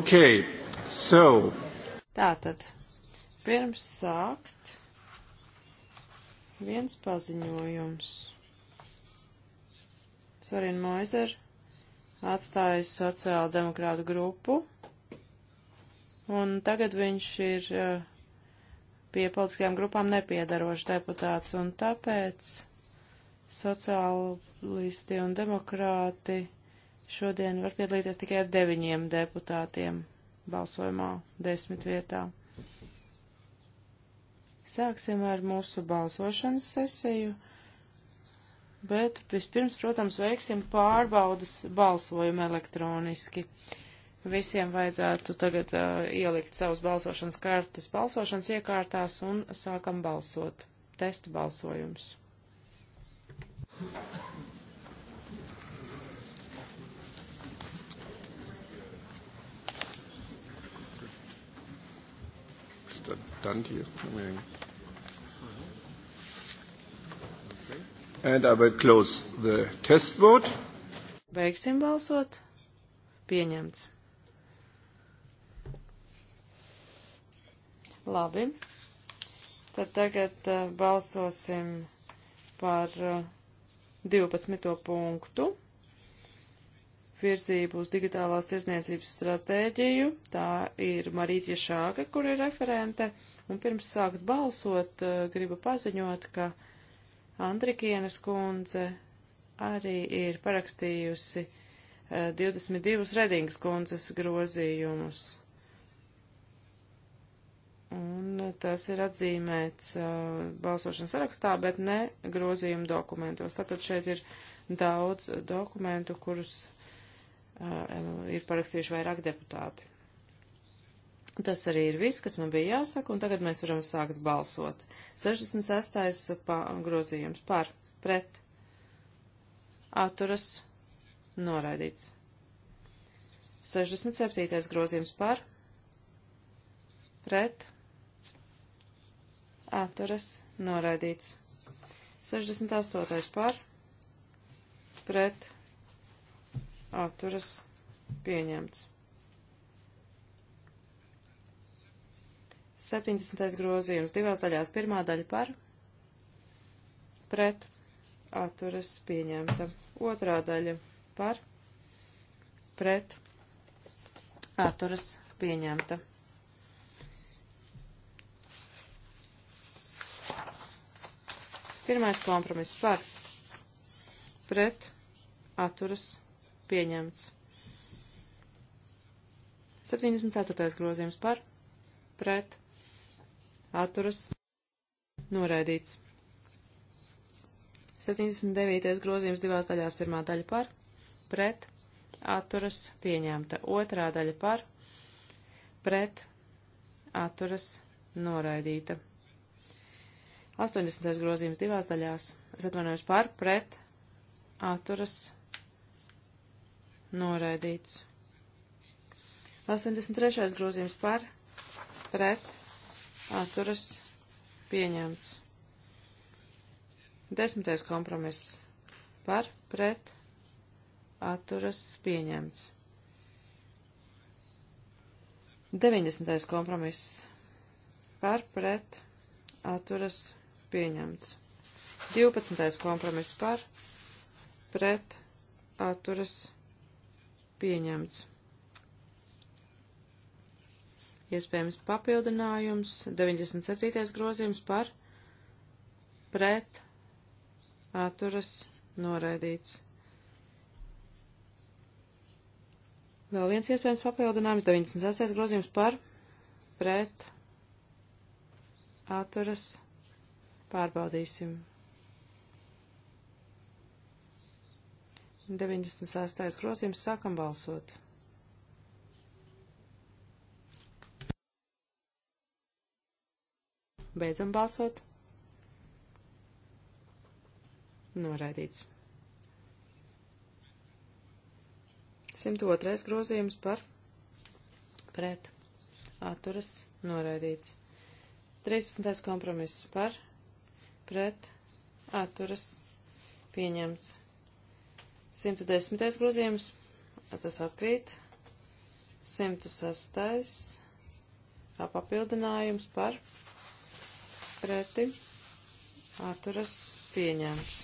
Okay, so. Tātad, pirms sākt, viens paziņojums. Sorina Moizer atstāja sociāla demokrātu grupu, un tagad viņš ir eh, pie politiskajām grupām nepiedarošs deputāts, un tāpēc sociālisti un demokrāti šodien var piedalīties tikai ar deviņiem deputātiem balsojumā desmit vietā. Sāksim ar mūsu balsošanas sesiju bet vispirms, protams, veiksim pārbaudas balsojumu elektroniski. Visiem vajadzētu tagad uh, ielikt savus balsošanas kartes balsošanas iekārtās un sākam balsot. Testa balsojums. Danke. And I will close the test vote. Beigsim balsot. Pieņemts. Labi. Tad tagad uh, balsosim par uh, 12. punktu virzību uz digitālās tirdzniecības stratēģiju. Tā ir Marīķa Šāga, kur ir referente. Un pirms sākt balsot, uh, gribu paziņot, ka Andrikienas kundze arī ir parakstījusi 22 eh, redingas kundzes grozījumus. Un tas ir atzīmēts eh, balsošanas sarakstā, bet ne grozījuma dokumentos. Tātad šeit ir daudz dokumentu, kurus eh, ir parakstījuši vairāk deputāti. Tas arī ir viss, kas man bija jāsaka, un tagad mēs varam sākt balsot. 66. Uh, pa, grozījums par, pret, atturas, noraidīts. 67. grozījums par, pret, atturas, noraidīts. 68. par, pret, atturas, pieņemts. 70. grozījums divās daļās. Pirmā daļa par, pret, atturas pieņemta. Otrā daļa par, pret, atturas pieņemta. Pirmais kompromiss par, pret, atturas pieņemts. 74. grozījums par, pret, atturas noraidīts. 79. grozījums divās daļās pirmā daļa par, pret, atturas pieņemta, otrā daļa par, pret, atturas noraidīta. 80. grozījums divās daļās, es atvainojos par, pret, atturas noraidīts. 83. grozījums par, pret, atturas pieņemts. Desmitais kompromiss par pret atturas pieņemts. 90. kompromiss par pret atturas pieņemts. 12. kompromiss par pret atturas pieņemts iespējams papildinājums, 97. grozījums par pret atturas noraidīts. Vēl viens iespējams papildinājums, 96. grozījums par pret atturas pārbaudīsim. 96. grozījums sākam balsot. Beidzam balsot. Noraidīts. 102. grozījums par pret atturas noraidīts. 13. kompromiss par pret atturas pieņemts. 110. grozījums tas atkrīt. 106. papildinājums par pret preti atturas pieņemts.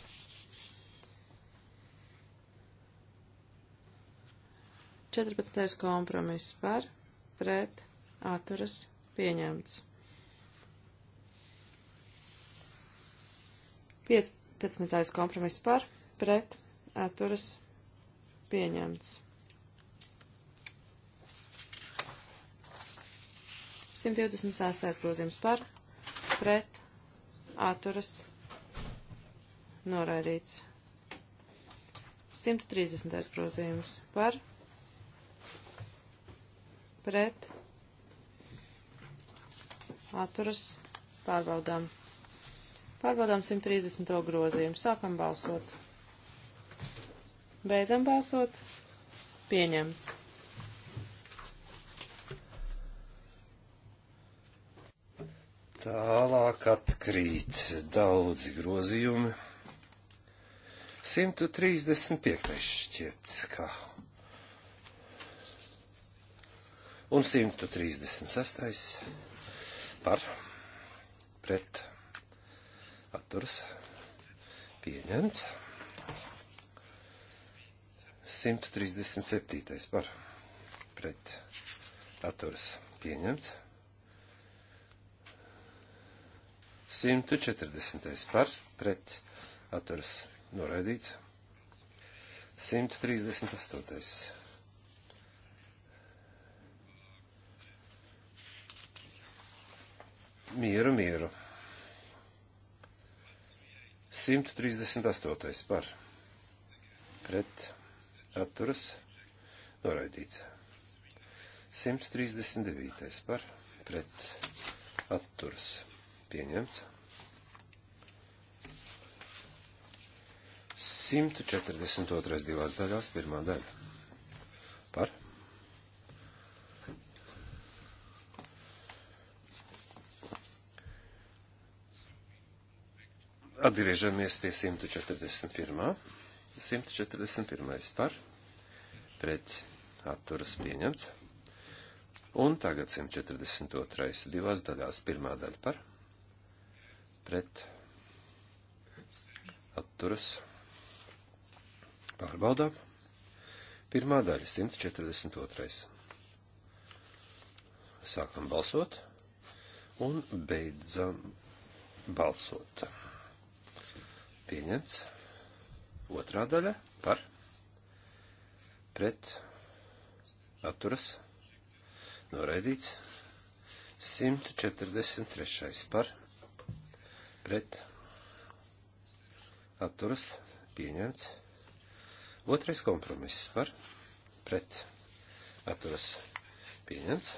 Četrpadsmitais kompromiss par pret atturas pieņemts. 15. kompromiss par, pret, atturas, pieņemts. 126. grozījums par, pret atturas noraidīts. 130. grozījums par pret atturas pārbaudām. Pārbaudām 130. grozījumu. Sākam balsot. Beidzam balsot. Pieņemts. Tālāk atkrīt daudzi grozījumi. 135 šķiet, kā. Un 136 par pret atturas pieņemts. 137 par pret atturas pieņemts. 140. par pret atturas noraidīts. 138. Mieru, mieru. 138. par pret atturas noraidīts. 139. par pret atturas noraidīts pieņemts. 142. divās daļās, pirmā daļa. Par. Atgriežamies pie 141. 141. par. Pret atturas pieņemts. Un tagad 142. divās daļās, pirmā daļa par pret atturas pārbaudām. Pirmā daļa 142. Sākam balsot un beidzam balsot. Pieņemts otrā daļa par pret atturas noraidīts 143. par pret pret atturas pieņemts. Otrais kompromiss par pret atturas pieņemts.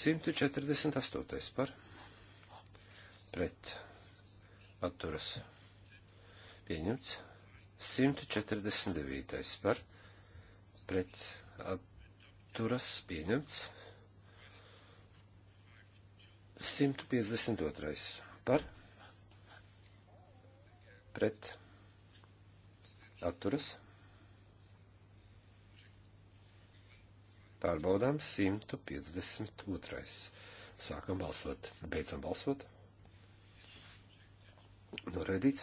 148. par pret atturas pieņemts. 149. par pret atturas pieņemts. 152 par pret atturas pārbaudām 152. Sākam balsot, beidzam balsot. Noraidīts.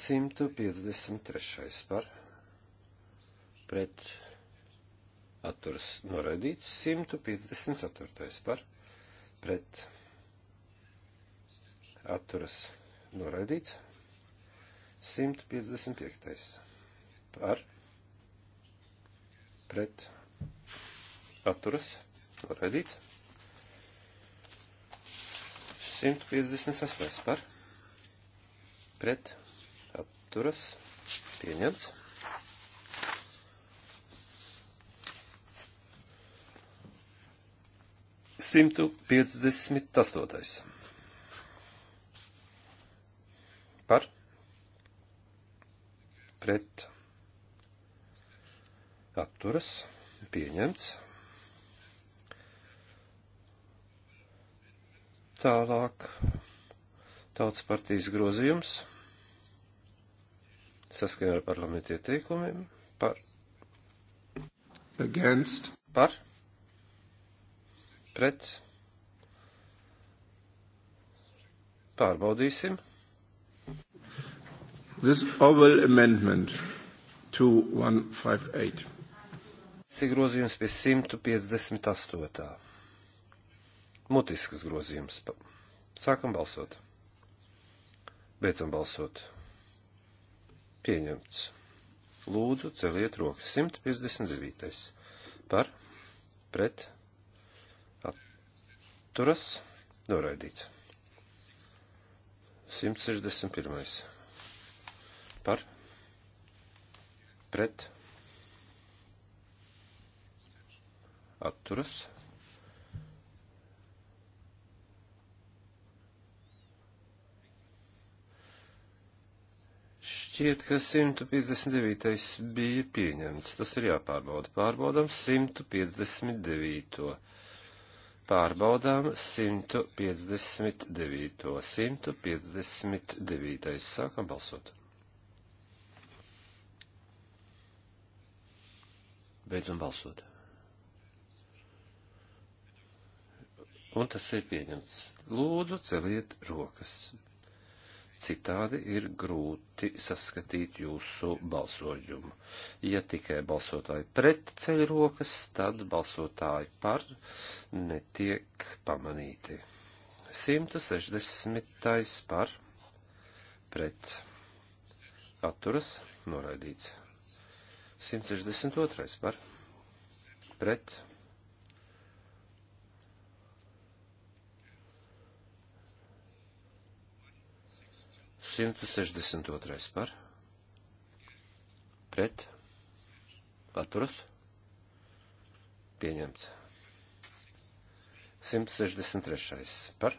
153. par pret atturas noraidīts. 154. par pret atturas atturas noraidīts. 155. par pret atturas noraidīts. 158. par pret atturas pieņemts. Simtu piecdesmit astotais. pret atturas pieņemts. Tālāk tautas partijas grozījums saskaņā ar parlamentu ieteikumiem par against par pret pārbaudīsim this oral amendment to 158. Tas ir grozījums pie 158. Mutisks grozījums. Sākam balsot. Beidzam balsot. Pieņemts. Lūdzu, celiet rokas 159. Par, pret, atturas, noraidīts. 161 par pret atturas. Šķiet, ka 159. bija pieņemts. Tas ir jāpārbauda. Pārbaudam 159. Pārbaudām 159. 159. Sākam balsot. Beidzam balsot. Un tas ir pieņemts. Lūdzu, celiet rokas. Citādi ir grūti saskatīt jūsu balsojumu. Ja tikai balsotāji pret ceļ rokas, tad balsotāji par netiek pamanīti. 160. par pret atturas noraidīts. 162. par pret simtu sešdesmit otrais par pret atturas pieņemts. 163. par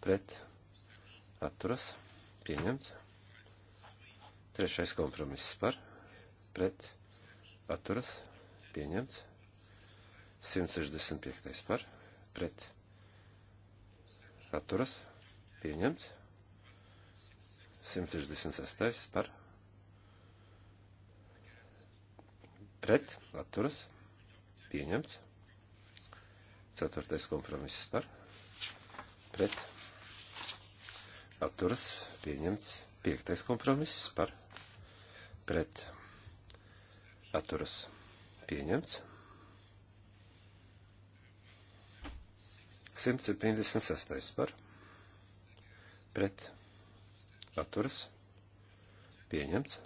pret atturas pieņemts. Trešais kompromiss par pret atturas atturas pieņemts. 165. par pret atturas pieņemts. 166. par pret atturas pieņemts. 4. kompromiss par pret atturas pieņemts. 5. kompromiss par pret atturas pieņemts atturas pieņemts. 156. par pret atturas pieņemts.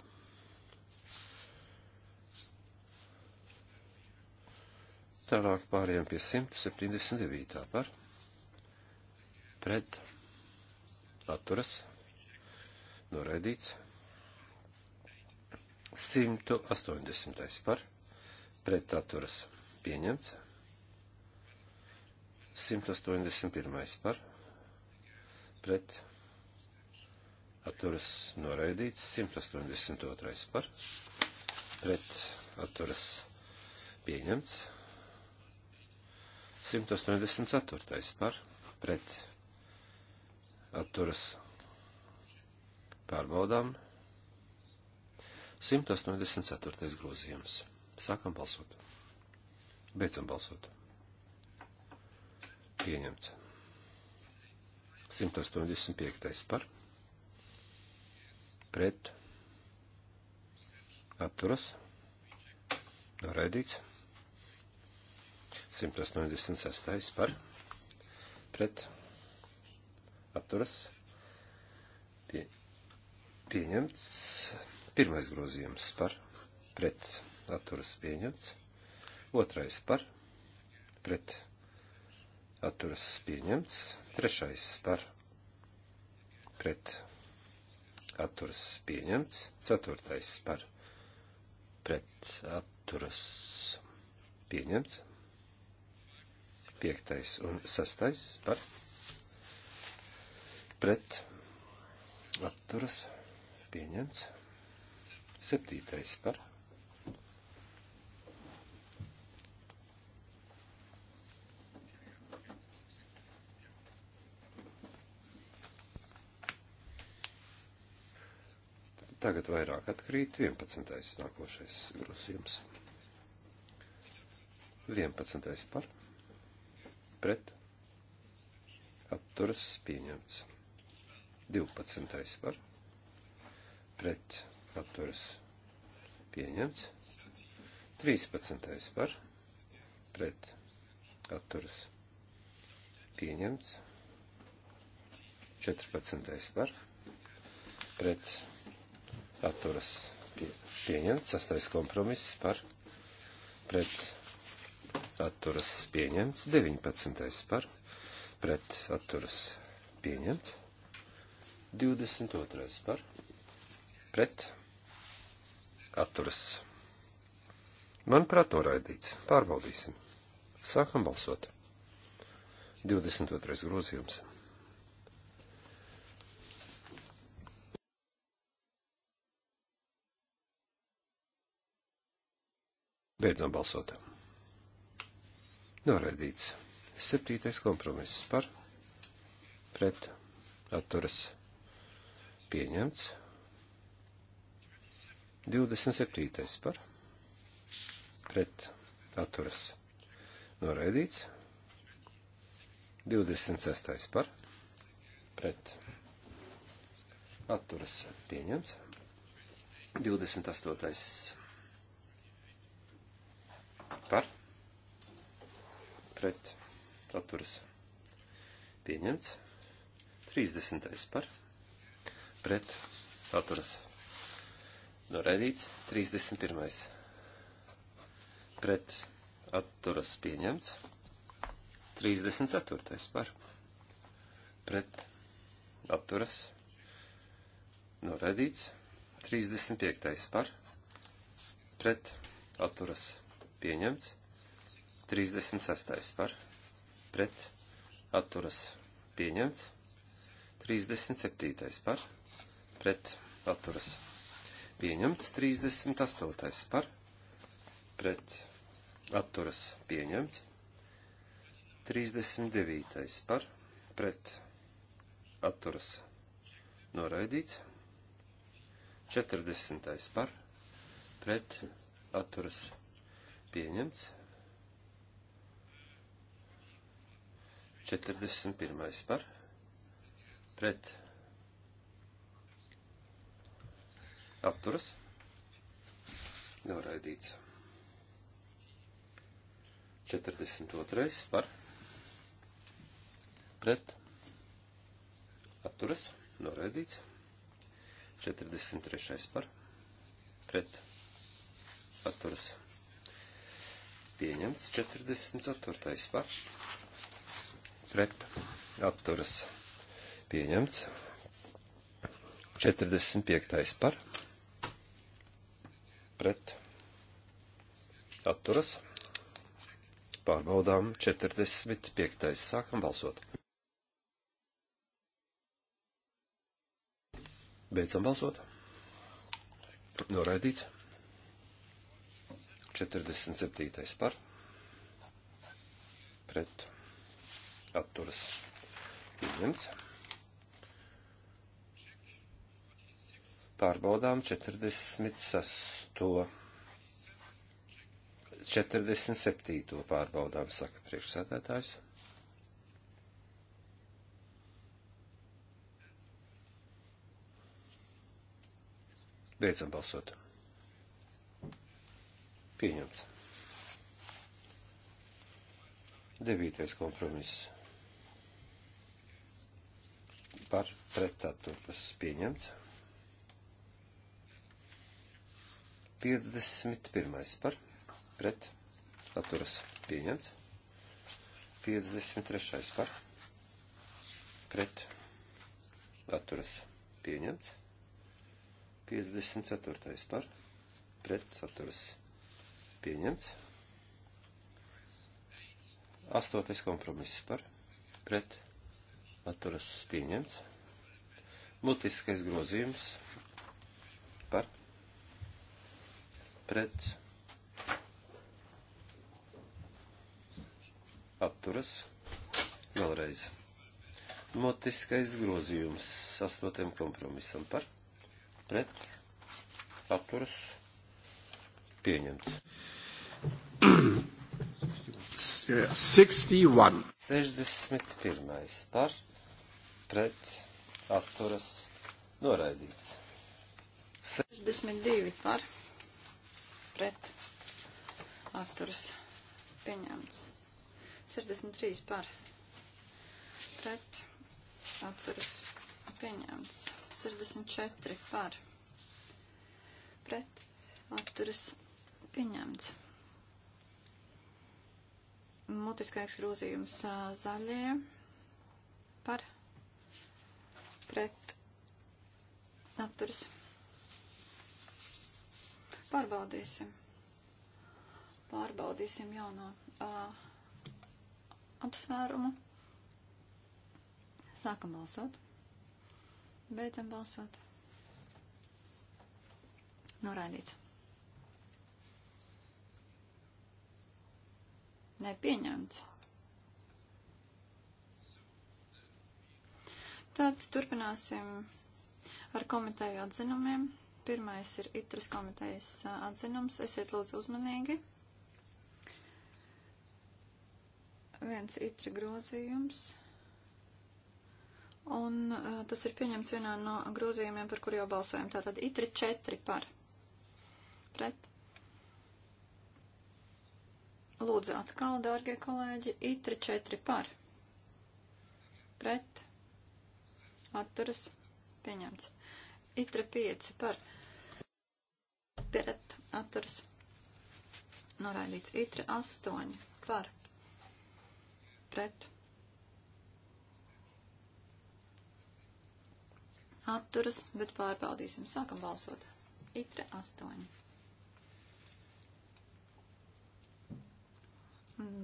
Tālāk pārējām pie 179. par pret atturas noraidīts. 180. par pretaturas pieņemts. 181. par pret atturas noraidīts. 182. par pret atturas pieņemts. 184. par pret atturas pārbaudām. 184. grozījums. Sākam balsot. Beidzam balsot. Pieņemts. 185. par. Pret. Atturas. Noraidīts. 186. par. Pret. Atturas. Pie, pieņemts. Pirmais grozījums par pret atturas pieņemts. Otrais par pret atturas pieņemts. Trešais par pret atturas pieņemts. Ceturtais par pret atturas pieņemts. Piektais un sastais par pret atturas pieņemts. Septītais par. Tagad vairāk atkrīt 11. nākošais grozījums. 11. par pret atturas pieņemts. 12. par pret atturas pieņemts. 13. par pret atturas pieņemts. 14. par pret atturas pie, pieņemts. 6. kompromiss par pret atturas pieņemts. 19. par pret atturas pieņemts. 22. par pret atturas. Manuprāt, noraidīts. Pārbaudīsim. Sākam balsot. 22. grozījums. Beidzam balsot. Noraidīts. Septītais kompromiss par pret atturas pieņemts. 27. par pret atturas noraidīts. 26. par pret atturas pieņemts. 28. par pret atturas pieņemts. 30. par pret atturas pieņemts. Noraidīts. 31. Pret atturas pieņemts. 34. par. Pret atturas. Noraidīts. 35. par. Pret atturas pieņemts. 36. par. Pret atturas pieņemts. 37. par. Pret atturas pieņemts pieņemts 38. par pret atturas pieņemts 39. par pret atturas noraidīts 40. par pret atturas pieņemts 41. par pret Atturas. Noraidīts. 42. par. Pret. Atturas. Noraidīts. 43. par. Pret. Atturas. Pieņemts. 44. par. Pret. Atturas. Pieņemts. 45. par pret atturas. Pārbaudām 45. Sākam balsot. Beidzam balsot. Noraidīts. 47. par. Pret. Atturas. Pieņemts. pārbaudām 46. 47. pārbaudām, saka priekšsēdētājs. Beidzam balsot. Pieņemts. Devītais kompromiss. Par pretāturas pieņemts. 51. par pret atturas pieņemts. 53. par pret atturas pieņemts. 54. par pret atturas pieņemts. 8. kompromiss par pret atturas pieņemts. Mutiskais grozījums par pret atturas vēlreiz. Motiskais grozījums sastotam kompromisam par pret atturas pieņemts. 61. 61. par pret atturas noraidīts. 62 par pret pret atturas pieņemts. 63 par pret atturas pieņemts. 64 par pret atturas pieņemts. Mutiskais grozījums zaļie par pret atturas pieņemts Pārbaudīsim. Pārbaudīsim jauno uh, apsvērumu. Sākam balsot. Beidzam balsot. Noraidīt. Nepieņemts. Tad turpināsim ar komiteju atzinumiem. Pirmais ir itras komitejas atzinums. Esiet lūdzu uzmanīgi. Viens itra grozījums. Un uh, tas ir pieņemts vienā no grozījumiem, par kur jau balsojam. Tātad itri četri par. Pret. Lūdzu atkal, dārgie kolēģi, itri četri par. Pret. Atturas. Pieņemts. Itra pieci par pret atturas noraidīts. Itre 8 par pret atturas, bet pārbaudīsim. Sākam balsot. Itre 8.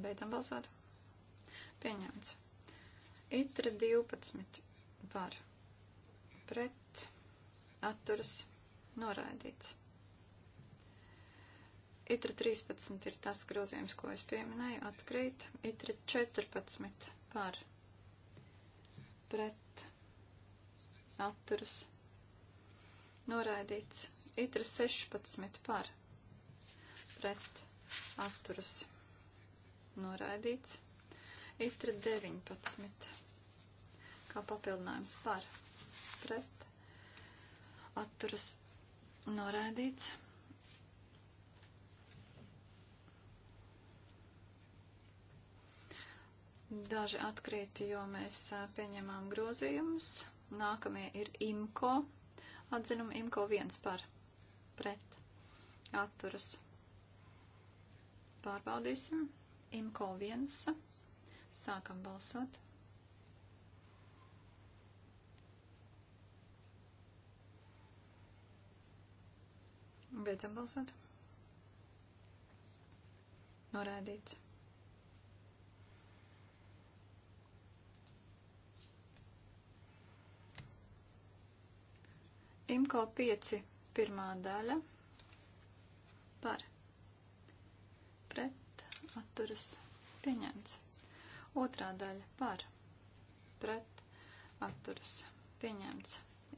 Beidzam balsot. Pieņemts. Itra 12 par pret atturas noraidīts. Itra 13 ir tas grozījums, ko es pieminēju, atkrīt. Itra 14 par pret atturas noraidīts. Itra 16 par pret atturas noraidīts. Itra 19 kā papildinājums par pret atturas noraidīts. Daži atkrīt, jo mēs pieņemām grozījumus. Nākamie ir IMCO. Atzinumi IMCO viens par pret atturas. Pārbaudīsim. IMCO viens. Sākam balsot. Beidzam balsot. Norādīts. Imko 5 pirmā daļa par pret atturas pieņemts. Otrā daļa par pret atturas pieņemts.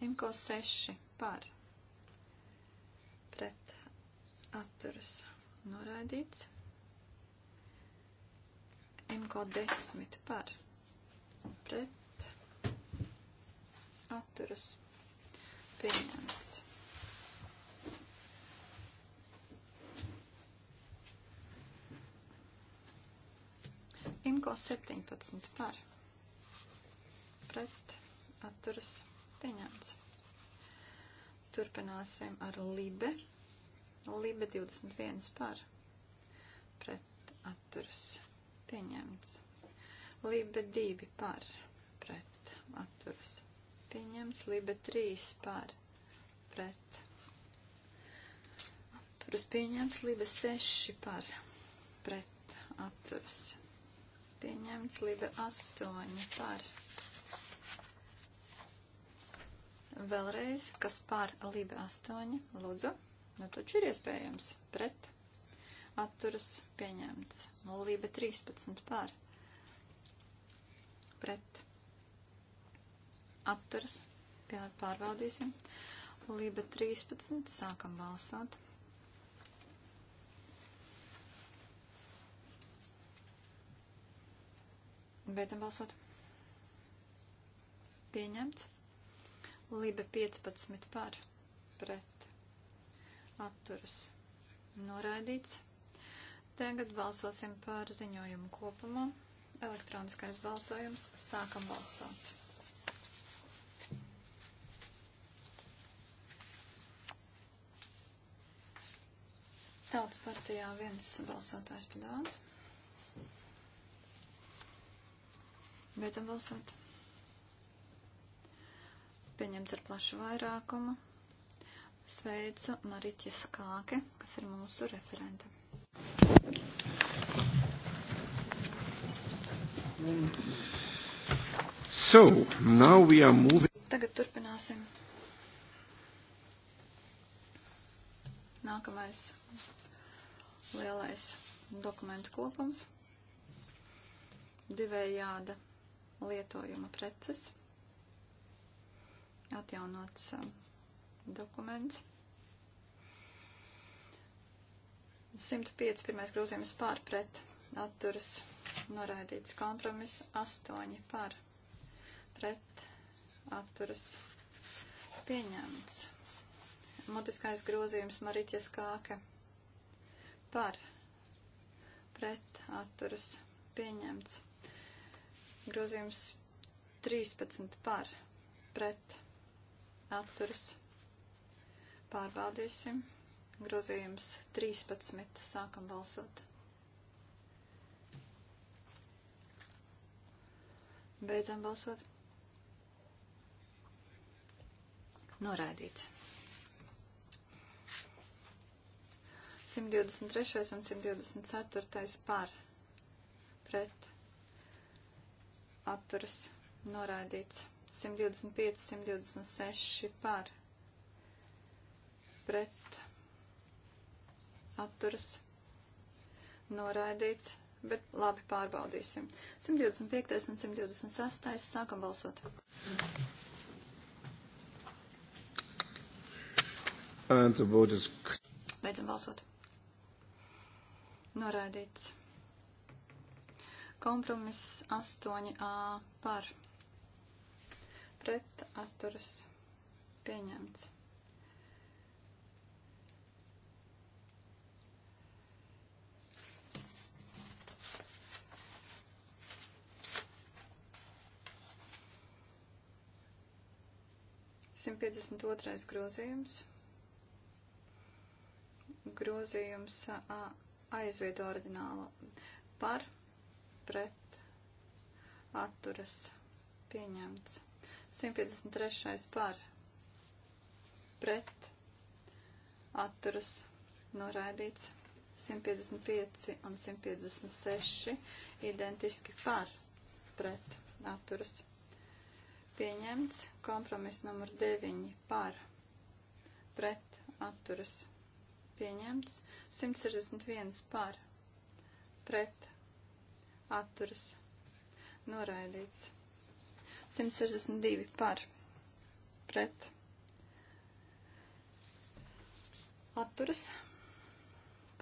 Imko 6 par pret atturas noraidīts. Imko 10 par pret atturas pieņemts pieņemts. Imko 17 par pret atturas pieņemts. Turpināsim ar Libe. Libe 21 par pret atturas pieņemts. Libe 2 par pret atturas pieņemts pieņems, liba 3 par pret. Atturas pieņems, liba 6 par pret. Atturas pieņems, liba 8 par. Vēlreiz, kas par liba 8, lūdzu, nu taču ir iespējams pret. Atturas pieņemts, liba 13 par pret atturas pārbaudīsim. Lība 13. Sākam balsot. Beidzam balsot. Pieņemts. Lība 15 par pret atturas noraidīts. Tagad balsosim par ziņojumu kopumā. Elektroniskais balsojums. Sākam balsot. Tautas partijā viens balsotājs par daudz. Beidzam balsot. Pieņemts ar plašu vairākumu. Sveicu Mariķa Skāke, kas ir mūsu referente. So, now we are moving. Tagad turpināsim. Nākamais lielais dokumentu kopums, divējāda lietojuma preces, atjaunots um, dokuments. 105. pirmais grozījums pār pret atturas noraidīts kompromiss, 8 par pret atturas pieņemts. Mutiskais grozījums Marīķa Skāke par pret atturas pieņemts. Grozījums 13 par pret atturas pārbaudīsim. Grozījums 13. Sākam balsot. Beidzam balsot. Noraidīts. 123. un 124. par pret atturas noraidīts. 125, 126 par pret atturas noraidīts, bet labi pārbaudīsim. 125 un 126 sākam balsot. Beidzam balsot. Noraidīts. Kompromiss 8a par. Pret atturas pieņemts. Simt piecdesmit otrais grozījums grozījums aizvieto ordinālo par pret atturas pieņemts. 153. par pret atturas noraidīts. 155 un 156 identiski par pret atturas pieņemts. Kompromiss numur 9 par pret atturas pieņemts pieņemts. 161 par pret atturas noraidīts. 162 par pret atturas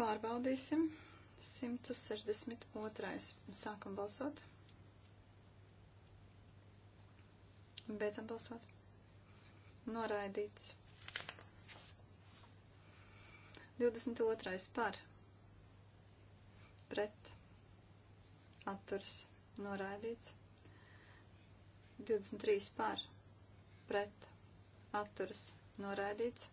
pārbaudīsim. 162. Sākam balsot. Beidzam balsot. Noraidīts. 22. par pret atturs noraidīts. 23 par pret atturs noraidīts.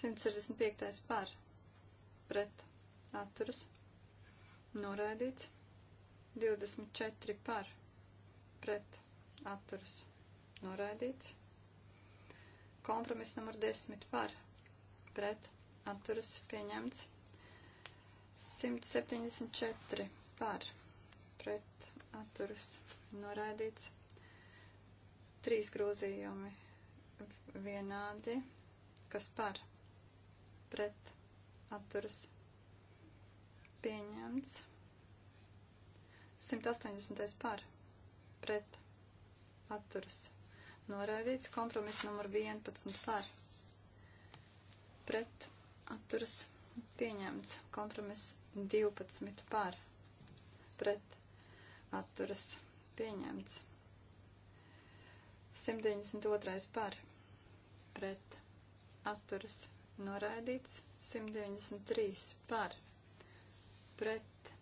165 par pret atturs noraidīts. 24 par pret atturs noraidīts. Kompromiss numur 10 par pret atturas pieņemts. 174 par pret atturas noraidīts. Trīs grozījumi vienādi, kas par pret atturas pieņemts. 180 par pret atturas pieņemts noraidīts. Kompromiss numur 11 par pret atturas pieņemts. Kompromiss 12 par pret atturas pieņemts. 192 par pret atturas noraidīts. 193 par pret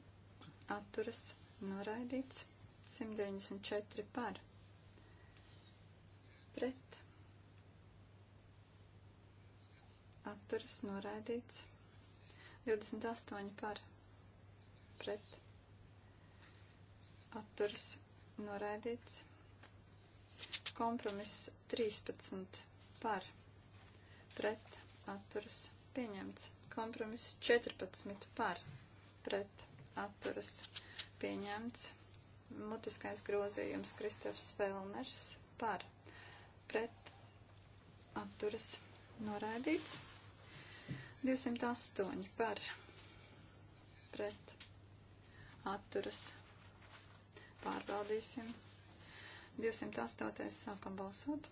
atturas noraidīts. 194 par pret pret atturas noraidīts. 28 par pret atturas noraidīts. Kompromiss 13 par pret atturas pieņemts. Kompromiss 14 par pret atturas pieņemts. Mutiskais grozījums Kristofs Velners par pret atturas noraidīts. 208 par pret atturas pārbaudīsim. 208. sākam balsot.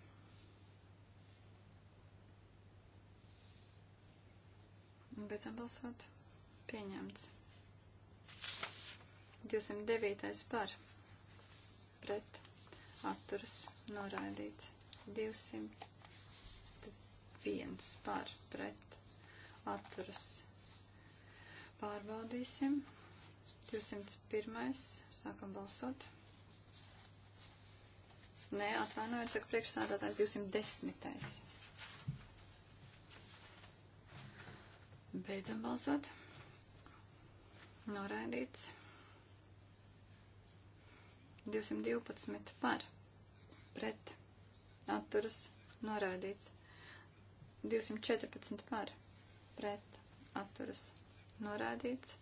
Un beidzam balsot. Pieņemts. 209. par pret atturas noraidīts. 201 par pret atturas. Pārbaudīsim. 201. Sākam balsot. Nē, atvainojiet, saka priekšsādātājs 210. Beidzam balsot. Noraidīts. 212 par pret atturas noraidīts. 214 par pret atturas noraidīts.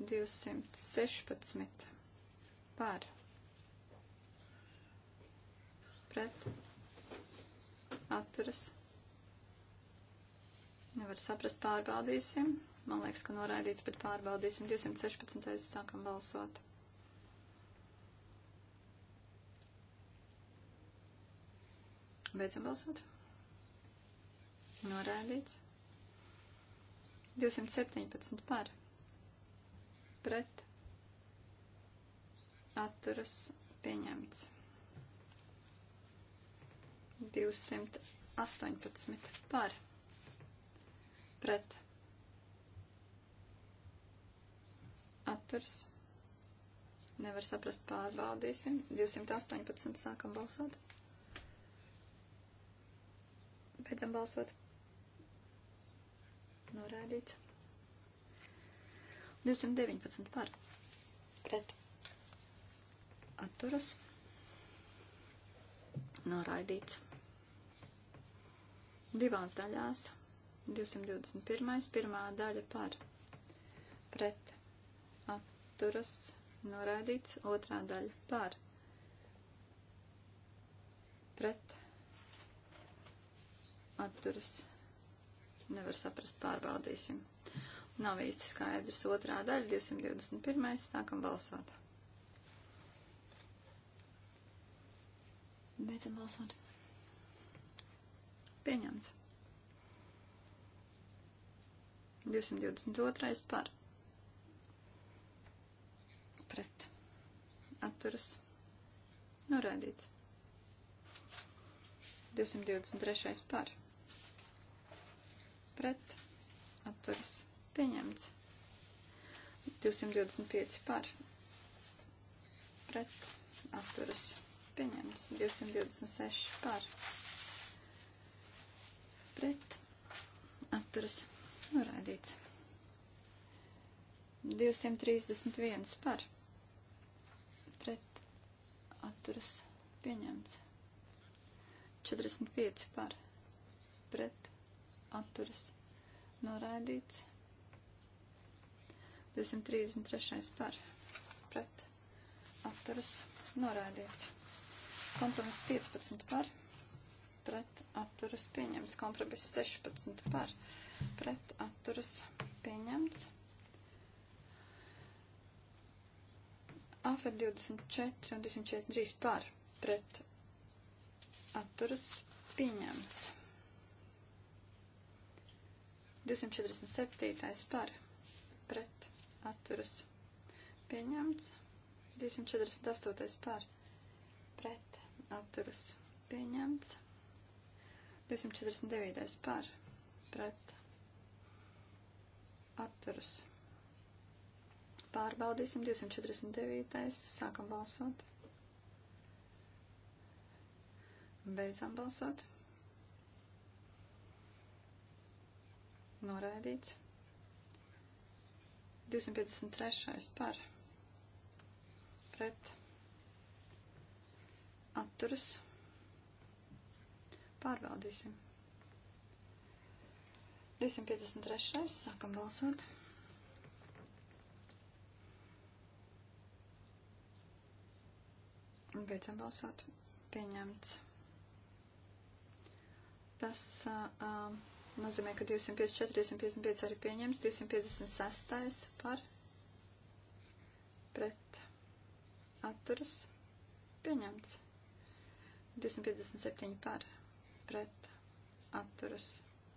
216 par pret atturas. Nevar saprast, pārbaudīsim. Man liekas, ka noraidīts, bet pārbaudīsim. 216. sākam balsot. Beidzam balsot. Norādīts. 217 par. Pret. Atturas pieņemts. 218 par. Pret. Atturas. Nevar saprast pārbaudīsim. 218 sākam balsot. Beidzam balsot. Norādīts. 219 par. Pret. Atturas. Noraidīts. Divās daļās. 221. Pirmā daļa par. Pret. Atturas. Noraidīts. Otrā daļa par. Pret atturas nevar saprast, pārbaudīsim. Nav īsti skaidrs. Otrā daļa, 221. sākam balsot. Beidzam balsot. Pieņemts. 222. par. Pret. Atturas. Norādīts. 223. par pret atturas pieņemts. 225 par pret atturas pieņemts. 226 par pret atturas noraidīts. 231 par pret atturas pieņemts. 45 par pret atturas noraidīts. 233. par pret atturas noraidīts. Kompromiss 15 par pret atturas pieņemts. Kompromiss 16 par pret atturas pieņemts. AFR 24 un 243 par pret atturas pieņemts. 247. par pret atturas pieņemts. 248. par pret atturas pieņemts. 249. par pret atturas. Pārbaudīsim 249. Sākam balsot. Beidzam balsot. noraidīts. 253. par pret atturas pārbaudīsim. 253. sākam balsot. Beidzam balsot. Pieņemts. Tas uh, uh, nozīmē, ka 254, 255 arī pieņems, 256 par pret atturas pieņemts, 257 par pret atturas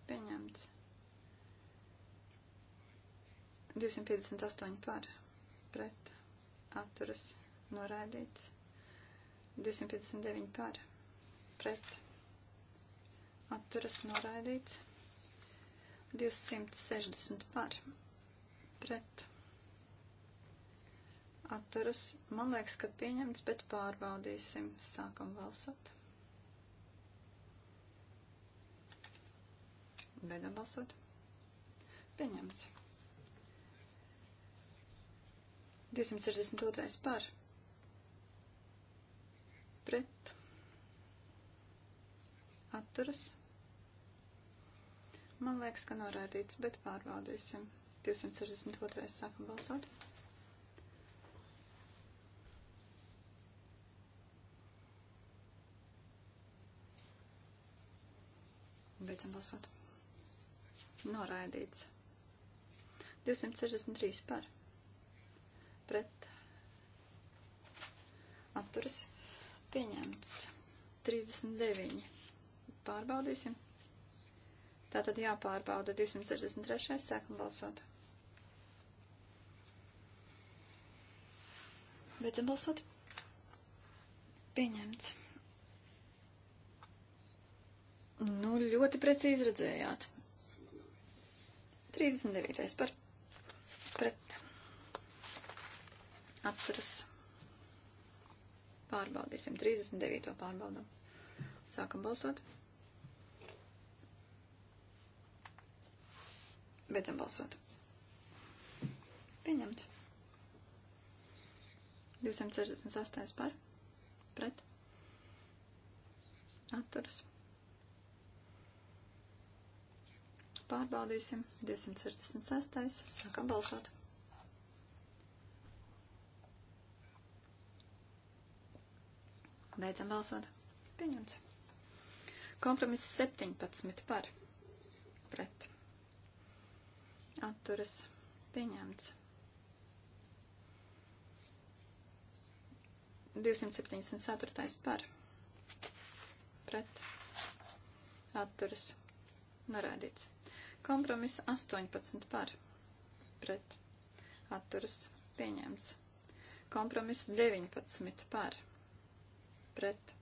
pieņemts, 258 par pret atturas noraidīts, 259 par pret atturas noraidīts. 260 par pret atturas. Man liekas, ka pieņemts, bet pārbaudīsim. Sākam balsot. Beidzam balsot. Pieņemts. 262 par pret atturas. Man liekas, ka norādīts, bet pārbaudīsim. 262. sākam balsot. Beidzam balsot. Noraidīts. 263 par. Pret. Atturas. Pieņemts. 39. Pārbaudīsim. Tātad jāpārbauda 263. sākam balsot. Beidzam balsot. Pieņemts. Nu, ļoti precīzi redzējāt. 39. par pret atceras. Pārbaudīsim. 39. pārbaudam. Sākam balsot. Balsot. Beidzam balsot. Pieņemts. 268 par. Pret. Atturas. Pārbaudīsim. 268. Sākam balsot. Beidzam balsot. Pieņemts. Kompromiss 17 par. Pret atturas pieņemts. 274. par pret atturas norādīts. Kompromiss 18 par pret atturas pieņemts. Kompromiss 19 par pret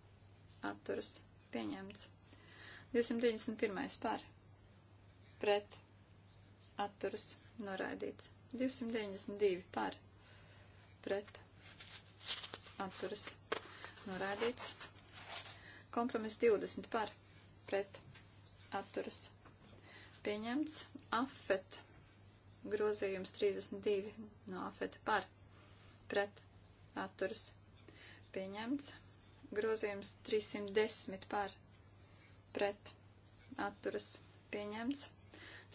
atturas pieņemts. 291. par pret atturas noraidīts. 292 par pret atturas noraidīts. Kompromiss 20 par pret atturas pieņemts. Afet grozījums 32 no afeta par pret atturas pieņemts. Grozījums 310 par pret atturas pieņemts.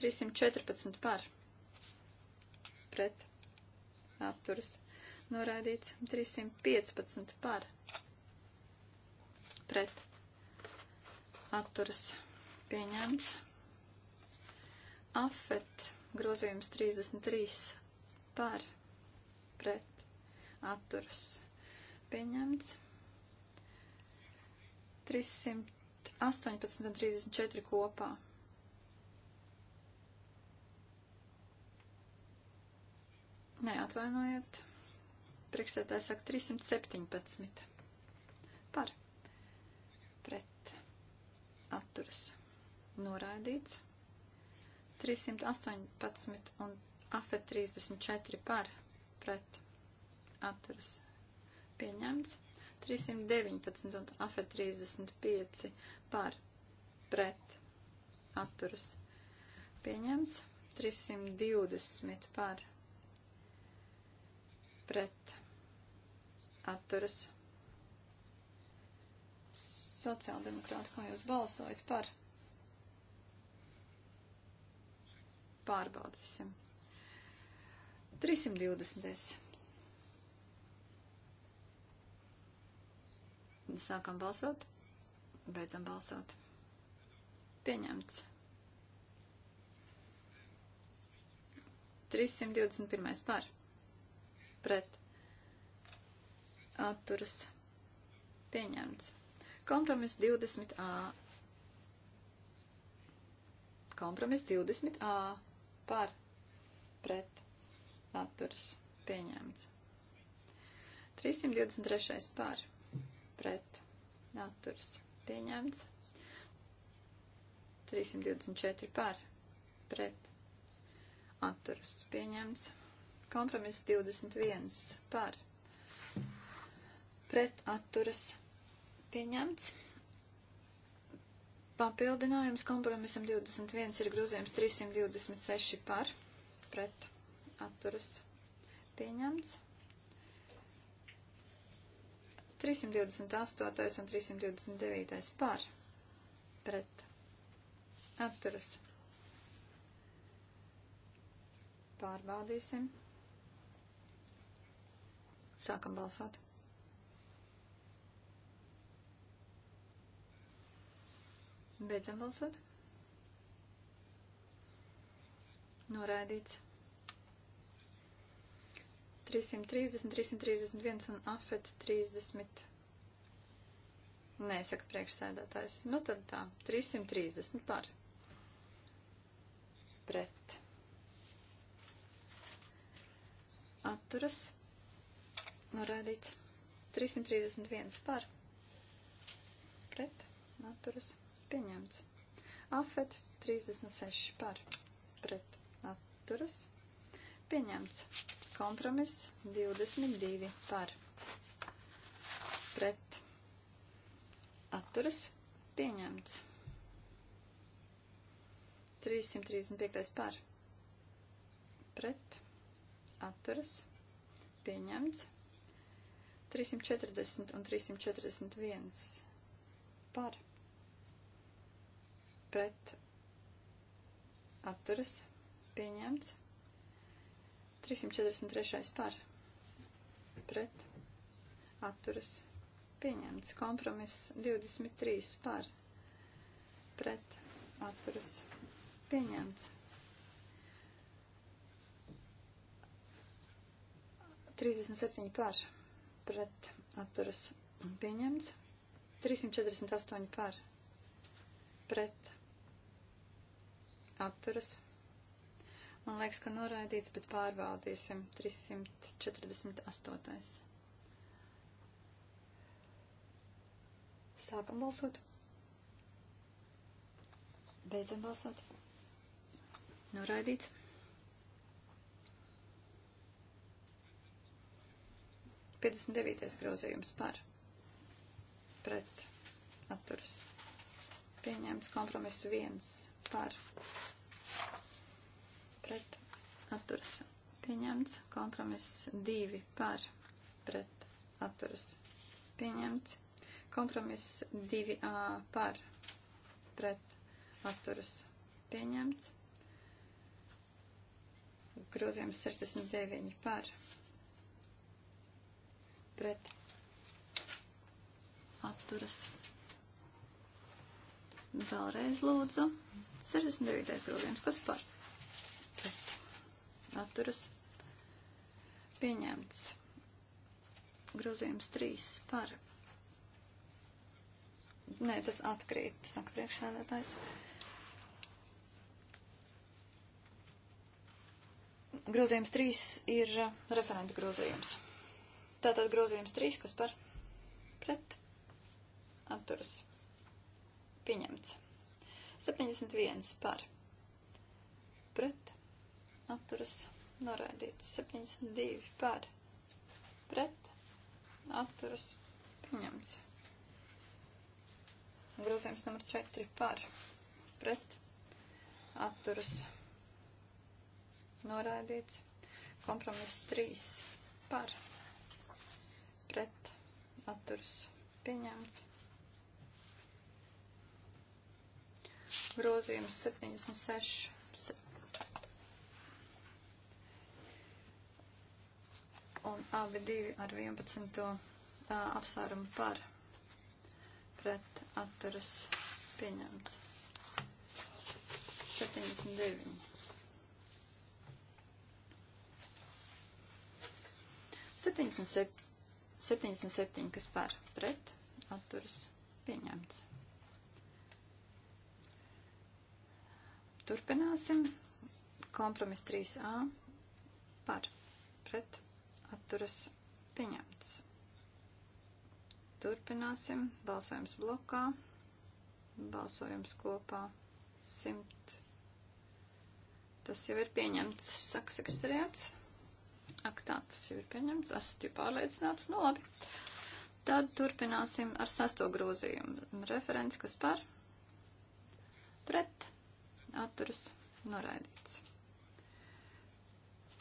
314 par pret atturas noraidīts 315 par pret atturas pieņemts. Afet grozījums 33 par pret atturas pieņemts. 318 un 34 kopā Neatvainojiet. Priekšsēdētāji saka 317. Par. Pret. Atturas. Noraidīts. 318 un AFE 34 par. Pret. Atturas. Pieņemts. 319 un AFE 35 par. Pret. Atturas. Pieņemts. 320 par pret atturas. Sociāldemokrāti, kā jūs balsojat par? Pārbaudīsim. 320. Sākam balsot, beidzam balsot. Pieņemts. 321 par pret atturas pieņemts. Kompromis 20a. Kompromis 20a par pret atturas pieņemts. 323. par pret atturas pieņemts. 324 par pret atturas pieņemts. Kompromiss 21 par pret atturas pieņemts. Papildinājums kompromisam 21 ir grozījums 326 par pret atturas pieņemts. 328 un 329 par pret atturas. Pārbaudīsim. Sākam balsot. Beidzam balsot. Noraidīts. 330, 331 un afet 30. Nē, saka priekšsēdētājs. Nu tad tā, 330 par. Pret. Atturas norādīts. 331 par, pret, atturas, pieņemts. Afet 36 par, pret, atturas, pieņemts. Kompromiss 22 par, pret, atturas, pieņemts. 335 par, pret, atturas, pieņemts. 340 un 341 par pret atturas pieņemts. 343 par pret atturas pieņemts. Kompromiss 23 par pret atturas pieņemts. 37 par pret pret atturas pieņemts. 348 par pret atturas. Man liekas, ka noraidīts, bet pārbaudīsim 348. Sākam balsot. Beidzam balsot. Noraidīts. 59. grozījums par pret atturas. Pieņemts kompromiss 1 par pret atturas. Pieņemts kompromiss 2 par pret atturas. Pieņemts kompromiss 2A par pret atturas. Pieņemts grozījums 69 par pret atturas. Vēlreiz lūdzu. 69. grozījums. Kas par? Pret. Atturas. Pieņemts. Grozījums 3. Par. Nē, tas atkrīt, saka priekšsēdētājs. Grozījums 3 ir referenta grozījums. Tātad grozījums 3, kas par pret atturas pieņemts. 71 par pret atturas noraidīts. 72 par pret atturas pieņemts. Grozījums numur 4 par pret atturas noraidīts. Kompromiss 3 par pret pret atturs pieņemts. Grozījums 76. Un abi divi ar 11. apsvērumu par pret atturas pieņemts. 79. Septiņdesmit 77, kas par pret atturas pieņemts. Turpināsim. Kompromis 3A par pret atturas pieņemts. Turpināsim. Balsojums blokā. Balsojums kopā 100. Tas jau ir pieņemts, saka sekretariāts. Ak, tā tas jau ir pieņemts, esat jau pārliecināts, nu labi. Tad turpināsim ar sesto grozījumu. Referents, kas par? Pret. Atturas. Noraidīts.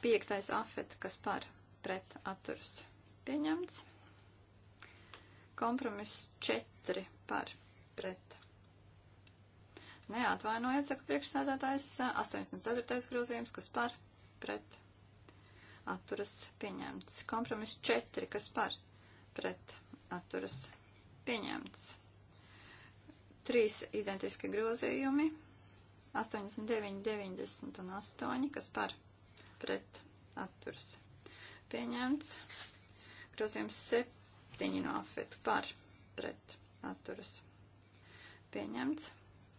Piektais afet, kas par? Pret. Atturas. Pieņemts. Kompromiss četri par. Pret. Neatvainojiet, saka priekšsēdētājs. 84. grozījums, kas par? Pret atturas pieņemts. Kompromiss 4, kas par pret atturas pieņemts. Trīs identiski grozījumi 89, 90 un 8, kas par pret atturas pieņemts. Grozījums 7 no afetu par pret atturas pieņemts.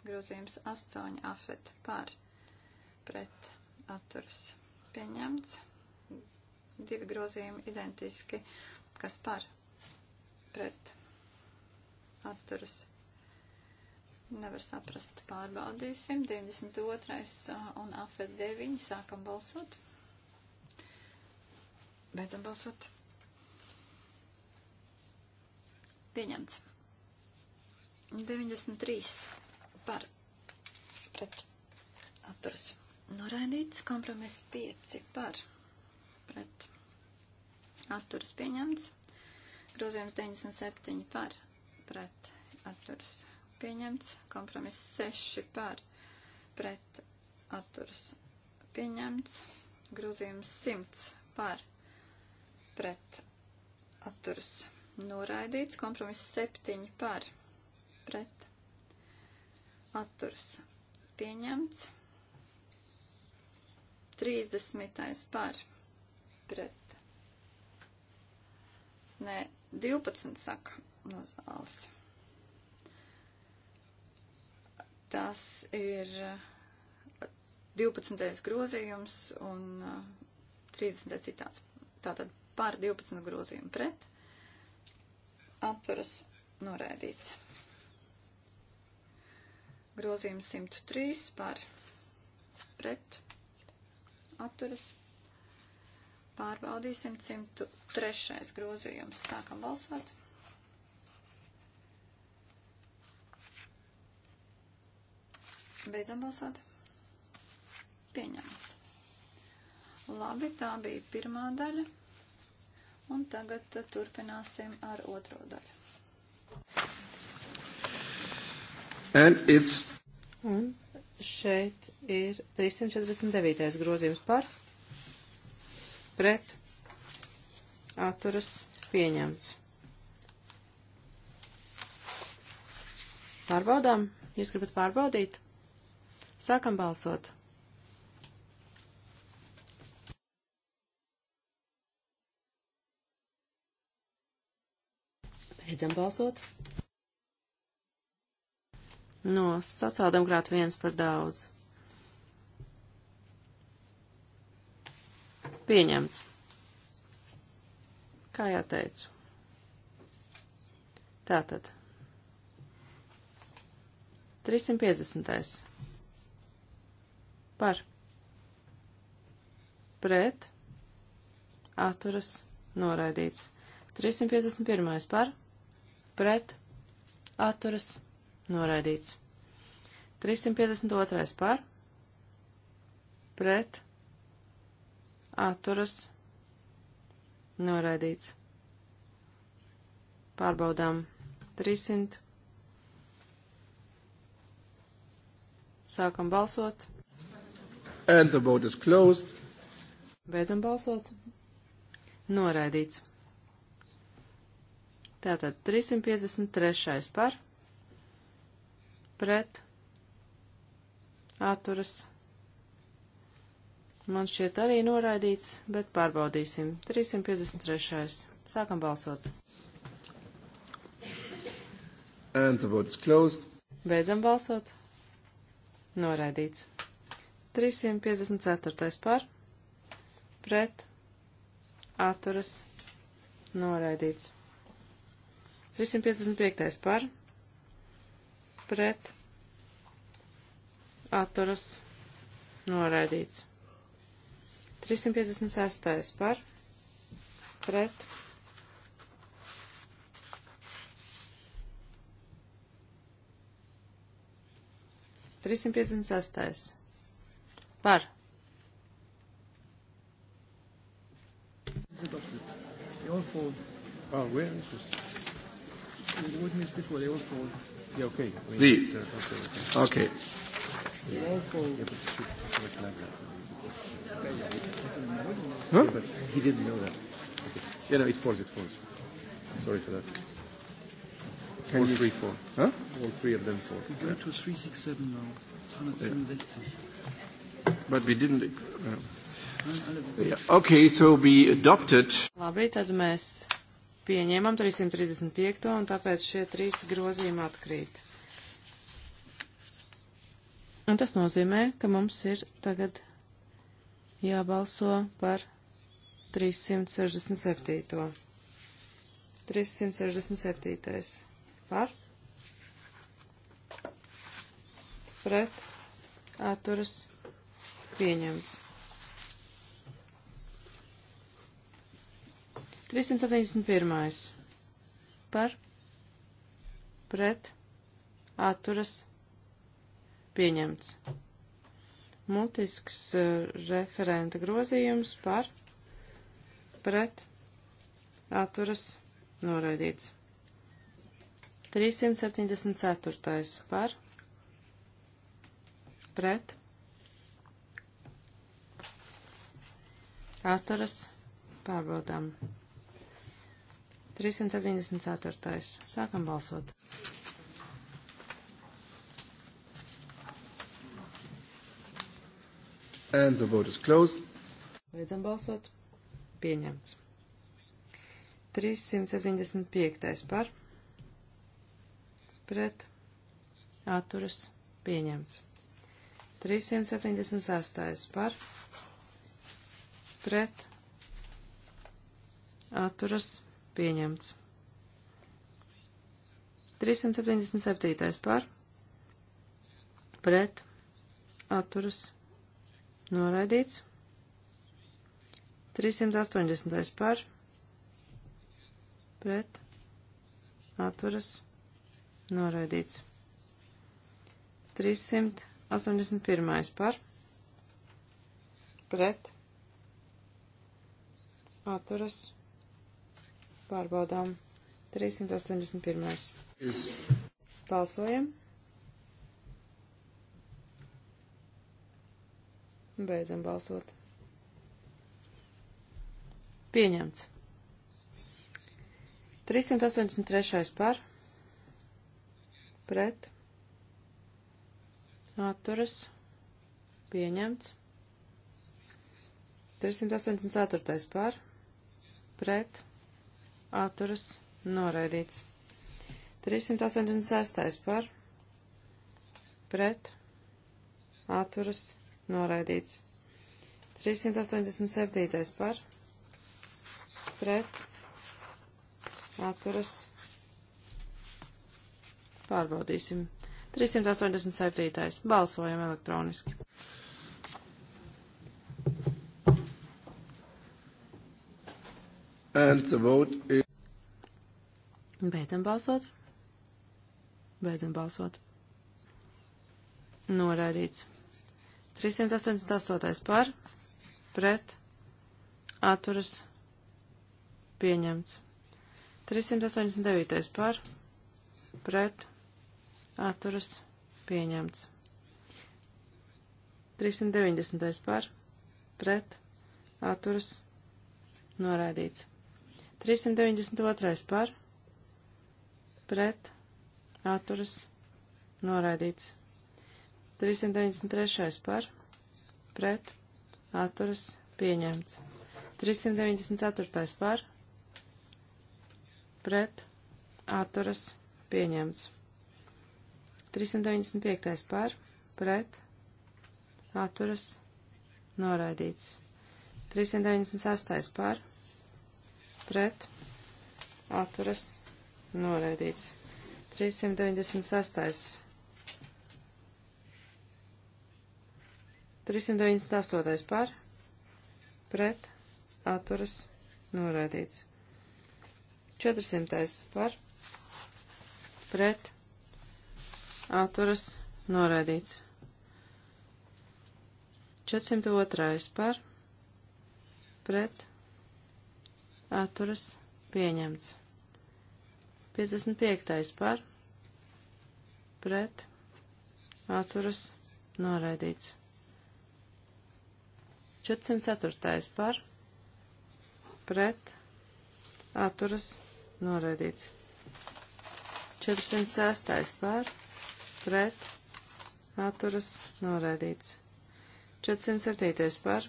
Grozījums 8 afetu par pret atturas pieņemts Divi grozījumi identiski, kas par pret atturas. Nevar saprast, pārbaudīsim. 92. Uh, un afet 9. Sākam balsot. Beidzam balsot. Pieņemts. 93 par pret atturas. Noraidīts kompromiss 5 par pret pret atturas pieņemts. Grozījums 97 par pret atturas pieņemts. Kompromiss 6 par pret atturas pieņemts. Grozījums 100 par pret atturas noraidīts. Kompromiss 7 par pret atturas pieņemts. 30. par pret pret. Nē, 12 saka no zāles. Tas ir 12. grozījums un 30. Uh, citāts. Tātad pār 12 grozījumu pret atturas norēdīts. Grozījums 103 pār pret atturas Pārbaudīsim 103. grozījums. Sākam balsot. Beidzam balsot. Pieņemts. Labi, tā bija pirmā daļa. Un tagad turpināsim ar otro daļu. Un šeit ir 349. grozījums par pret atturas pieņemts. Pārbaudām? Jūs gribat pārbaudīt? Sākam balsot. Beidzam balsot. No sociāldemokrāta viens par daudz. Pieņemts. Kā jau teicu. Tātad. 350. Par. Pret. Atturas. Noraidīts. 351. Par. Pret. Atturas. Noraidīts. 352. Par. Pret atturas noraidīts. Pārbaudām 300. Sākam balsot. And the vote is closed. Beidzam balsot. Noraidīts. Tātad 353 par, pret, atturas, noraidīts Man šķiet arī noraidīts, bet pārbaudīsim. 353. Sākam balsot. And the vote is closed. Beidzam balsot. Noraidīts. 354. par. Pret. Atturas. Noraidīts. 355. par. Pret. Atturas. Noraidīts. 356. par pret. Trīsim piecdesmit sastais. Par. All fold. Oh, where is this? The wooden is before, they all fold. Yeah, okay. Wait. The, okay. They all fold. Yeah, but it's like that. Huh? But he didn't know that. Okay. Yeah, no, it falls, it falls. Sorry for that. Can All you, three fall. Huh? All three of them fall. We go yeah. to 367 now. 367. Yeah. But we didn't... Uh, yeah. Okay, so we adopted... Labi, tad mēs pieņēmām 335. un tāpēc šie trīs grozījumi atkrīt. Un tas nozīmē, ka mums ir tagad jābalso par 367. 367. par pret atturas pieņemts. 371. par pret atturas pieņemts. Mutisks eh, referenta grozījums par pret atturas noraidīts. 374. par pret atturas pārbaudām. 374. Sākam balsot. And the vote is closed. Beidzam balsot. Pieņemts. 375. par. Pret. Atturas. Pieņemts. 376. par. Pret. Atturas. Pieņemts. 377. par. Pret. Atturas. Pieņemts Noraidīts. 380. par. Pret. Atturas. Noraidīts. 381. par. Pret. Atturas. Pārbaudām. 381. Balsojam. Is... Beidzam balsot. Pieņemts. 383. par. Pret. Atturas. Pieņemts. 384. par. Pret. Atturas. Noraidīts. 386. par. Pret. Atturas noraidīts. 387. par pret atturas pārbaudīsim. 387. balsojam elektroniski. And the vote is... Beidzam balsot. Beidzam balsot. Noraidīts. 388. par, pret, atturas, pieņemts. 389. par, pret, atturas, pieņemts. 390. par, pret, atturas, noraidīts. 392. par, pret, atturas, noraidīts. 393. par, pret, atturas, pieņemts. 394. par, pret, atturas, pieņemts. 395. par, pret, atturas, noraidīts. 398. par, pret, atturas, noraidīts. 396. 398. par, pret, atturas, noraidīts. 400. par, pret, atturas, noraidīts. 402. par, pret, atturas, pieņemts. 55. par, pret, atturas, noraidīts. 404. par pret atturas noraidīts. 406. par pret atturas noraidīts. 407. par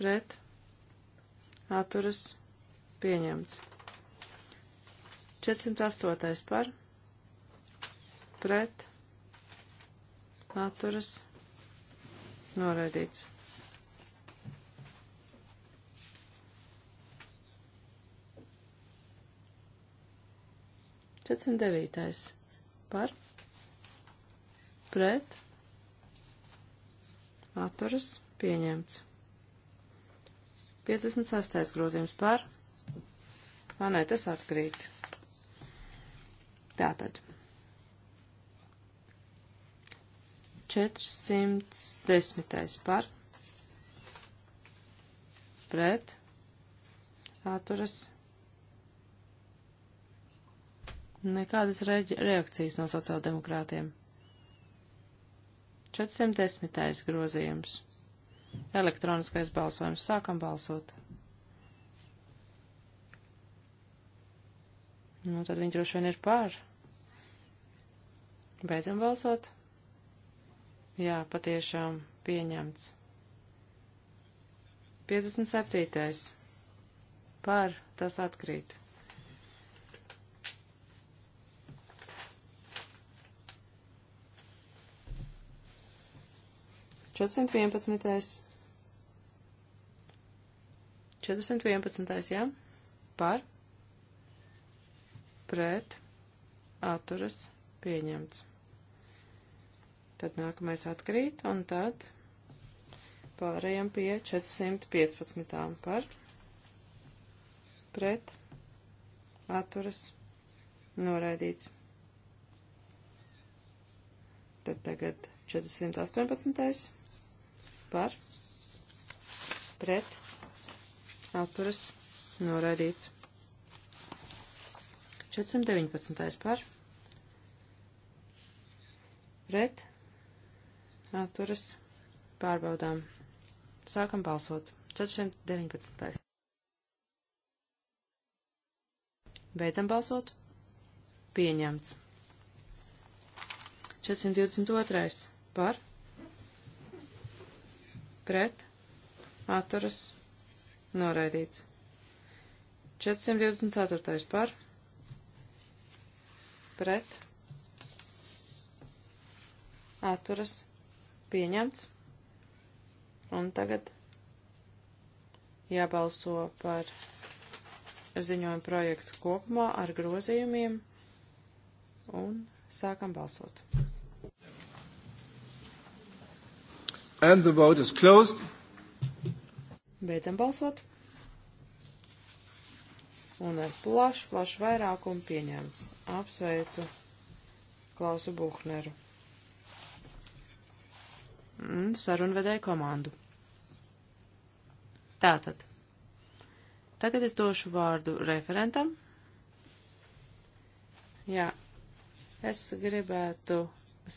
pret atturas pieņemts. 408. par pret atturas noraidīts Noraidīts. Četrdesmit devītais par pret atturas pieņemts. 56. grozījums par. Ā, nē, tas atkrīt. Tātad. 410. par pret atturas nekādas reakcijas no sociāldemokrātiem. 410. grozījums. Elektroniskais balsojums. Sākam balsot. Nu, tad viņi droši vien ir pār. Beidzam balsot. Jā, patiešām pieņemts. 57. Par tas atkrīt. Četrsimt vienpadsmitais. Četrsimt vienpadsmitais, jā? Par? Pret? Atturas? Pieņemts. Tad nākamais atkrīt, un tad pārējām pie 415 par pret atturas noraidīts. Tad tagad 418 par pret atturas noraidīts. 419 par pret atturas pārbaudām. Sākam balsot. 419. Beidzam balsot. Pieņemts. 422. Par. Pret. Atturas. Noraidīts. 424. Par. Pret. Atturas pieņemts. Un tagad jābalso par ziņojumu projektu kopumā ar grozījumiem. Un sākam balsot. And the vote is closed. Beidzam balsot. Un ar plašu, plašu vairākumu pieņemts. Apsveicu Klausu Buhneru sarunvedēju komandu. Tātad. Tagad es došu vārdu referentam. Jā, es gribētu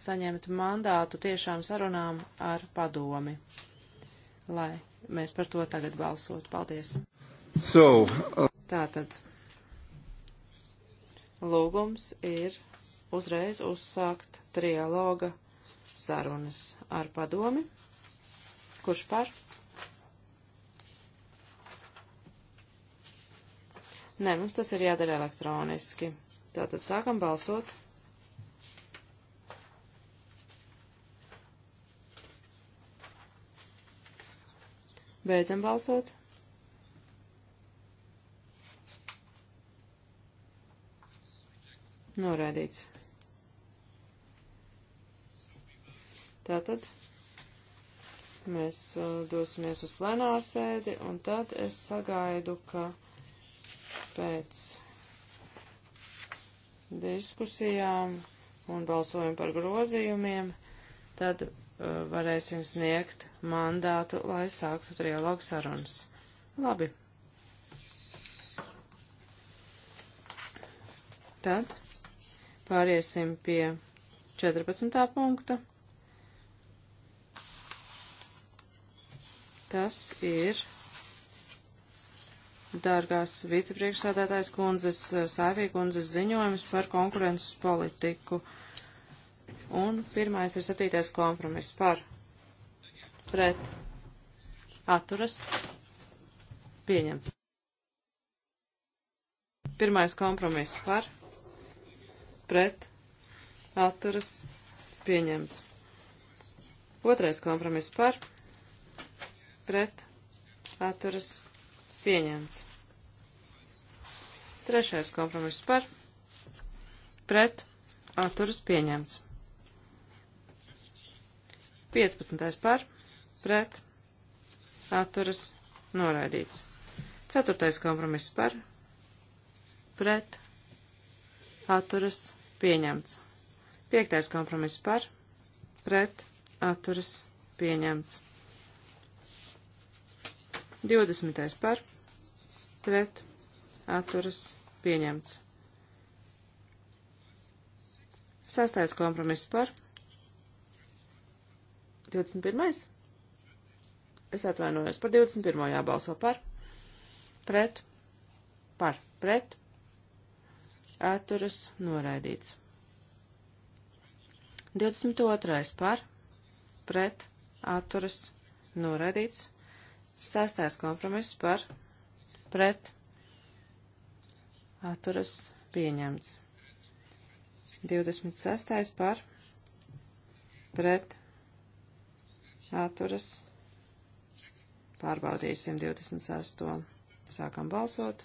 saņemt mandātu tiešām sarunām ar padomi, lai mēs par to tagad balsotu. Paldies. So, uh... Tātad. Lūgums ir uzreiz uzsākt trialoga sarunas ar padomi. Kurš par? Nē, mums tas ir jādara elektroniski. Tātad sākam balsot. Beidzam balsot. Noraidīts. Tātad mēs uh, dosimies uz plenārsēdi, un tad es sagaidu, ka pēc diskusijām un balsojumu par grozījumiem, tad uh, varēsim sniegt mandātu, lai sāktu trialogu sarunas. Labi. Tad pāriesim pie 14. punkta. Tas ir dārgās vicepriekšsādātājs kundzes, eh, Saivī kundzes ziņojums par konkurences politiku. Un pirmais ir septītais kompromiss par pret atturas pieņemts. Pirmais kompromiss par pret atturas pieņemts. Otrais kompromiss par pret pret atturas pieņemts. Trešais kompromiss par pret atturas pieņemts. 15. par pret atturas noraidīts. Ceturtais kompromiss par pret atturas pieņemts. Piektais kompromiss par pret atturas pieņemts. 20. par pret atturas pieņemts. 6. kompromiss par 21. Es atvainojos par 21. jābalso par pret par pret atturas noraidīts. 22. par pret atturas noraidīts. Sestais kompromiss par pret atturas pieņemts. 26. par pret atturas pārbaudīsim 26. Sākam balsot.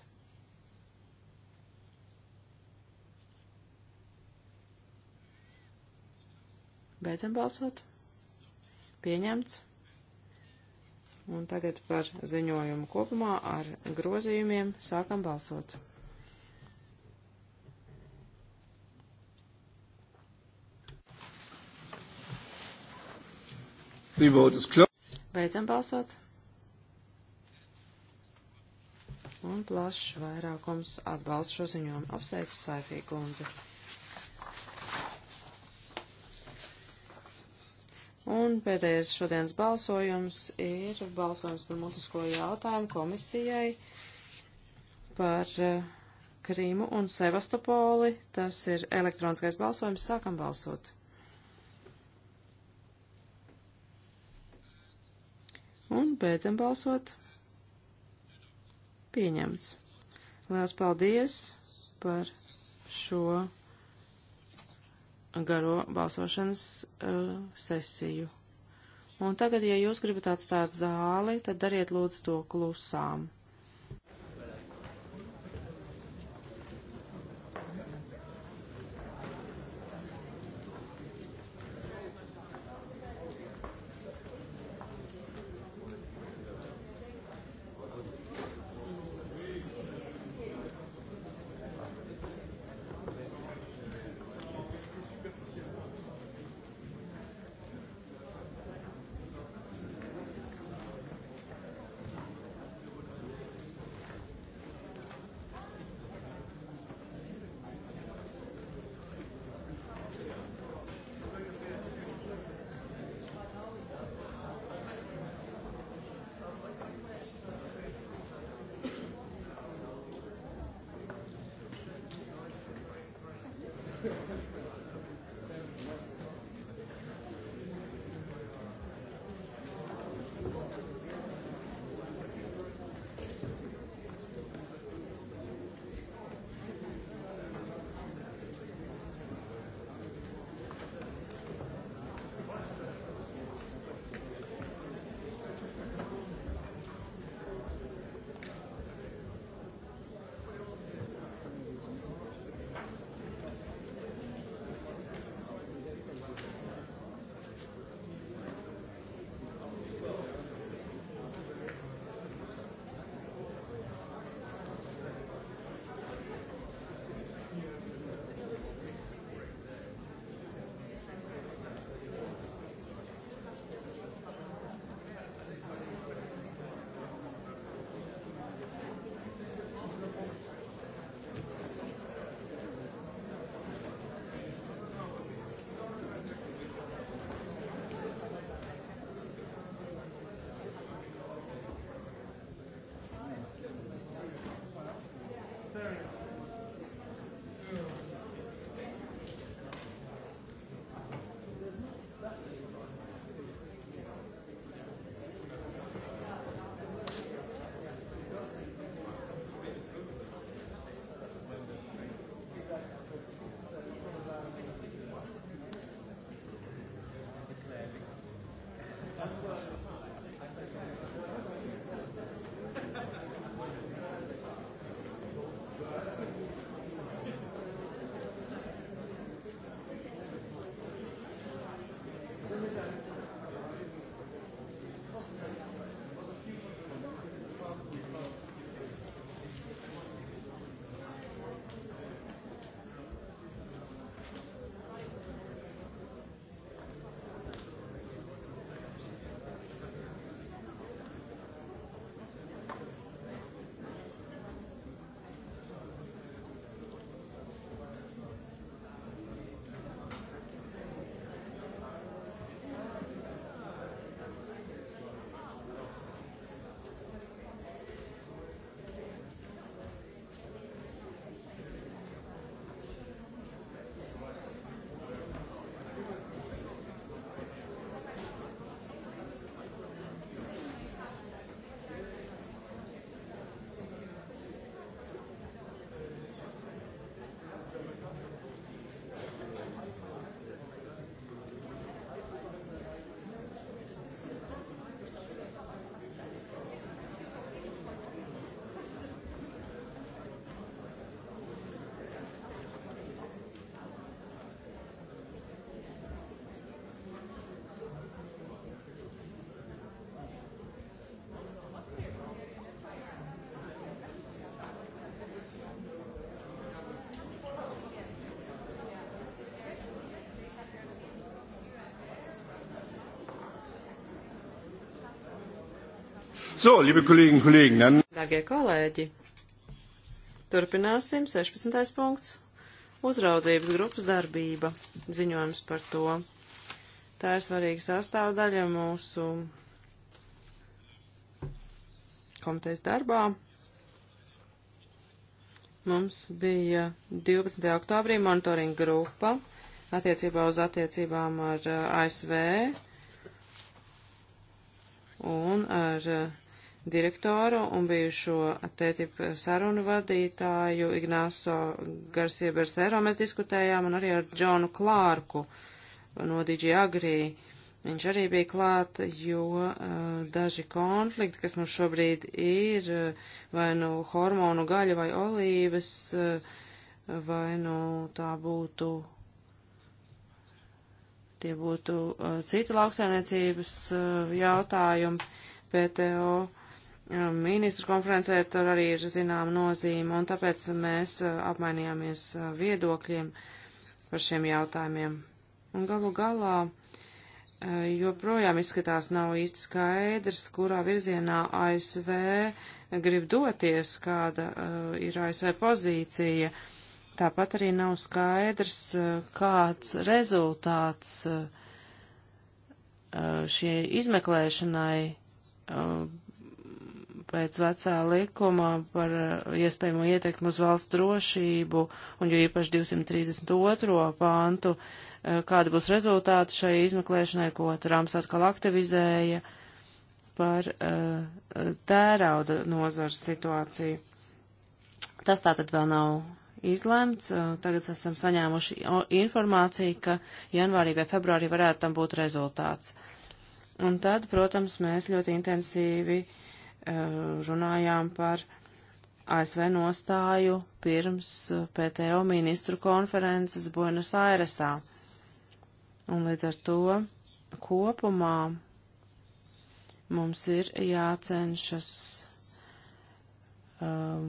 Beidzam balsot. Pieņemts. Un tagad par ziņojumu kopumā ar grozījumiem sākam balsot. Beidzam balsot. Un plašs vairākums atbalsta šo ziņojumu. Apsveicu Saifī kundzi. Un pēdējais šodienas balsojums ir balsojums par mutisko jautājumu komisijai par eh, Krīmu un Sevastopoli. Tas ir elektroniskais balsojums. Sākam balsot. Un beidzam balsot. Pieņemts. Lielas paldies par šo garo balsošanas uh, sesiju. Un tagad, ja jūs gribat atstāt zāli, tad dariet lūdzu to klusām. So, liebe Kolleginnen und Kollegen, dann. Dargie kolēģi, turpināsim 16. punkts. Uzraudzības grupas darbība. Ziņojums par to. Tā ir svarīga sastāvdaļa mūsu komitejas darbā. Mums bija 12. oktobrī monitoringa grupa attiecībā uz attiecībām ar eh, ASV un ar uh, direktoru un bijušo tētip sarunu vadītāju Ignāso Garsie Bersero mēs diskutējām un arī ar Džonu Klārku no DJ Agrī. Viņš arī bija klāt, jo uh, daži konflikti, kas mums šobrīd ir, uh, vai nu hormonu gaļa vai olīvas, uh, vai nu tā būtu, tie būtu uh, citi lauksainiecības uh, jautājumi, PTO ministru konferencē tur arī ir zināma nozīme, un tāpēc mēs apmainījāmies viedokļiem par šiem jautājumiem. Un galu galā joprojām izskatās nav īsti skaidrs, kurā virzienā ASV grib doties, kāda ir ASV pozīcija. Tāpat arī nav skaidrs, kāds rezultāts šie izmeklēšanai pēc vecā likuma par uh, iespējamo ietekmu uz valsts drošību un jo īpaši 232. pāntu, uh, kāda būs rezultāta šai izmeklēšanai, ko Trumps atkal aktivizēja par uh, tērauda nozars situāciju. Tas tātad vēl nav izlemts. Tagad esam saņēmuši informāciju, ka janvārī vai februārī varētu tam būt rezultāts. Un tad, protams, mēs ļoti intensīvi uh, Eh, runājām par ASV nostāju pirms eh, PTO ministru konferences Buenos Airesā. Un līdz ar to kopumā mums ir jācenšas um, ehm,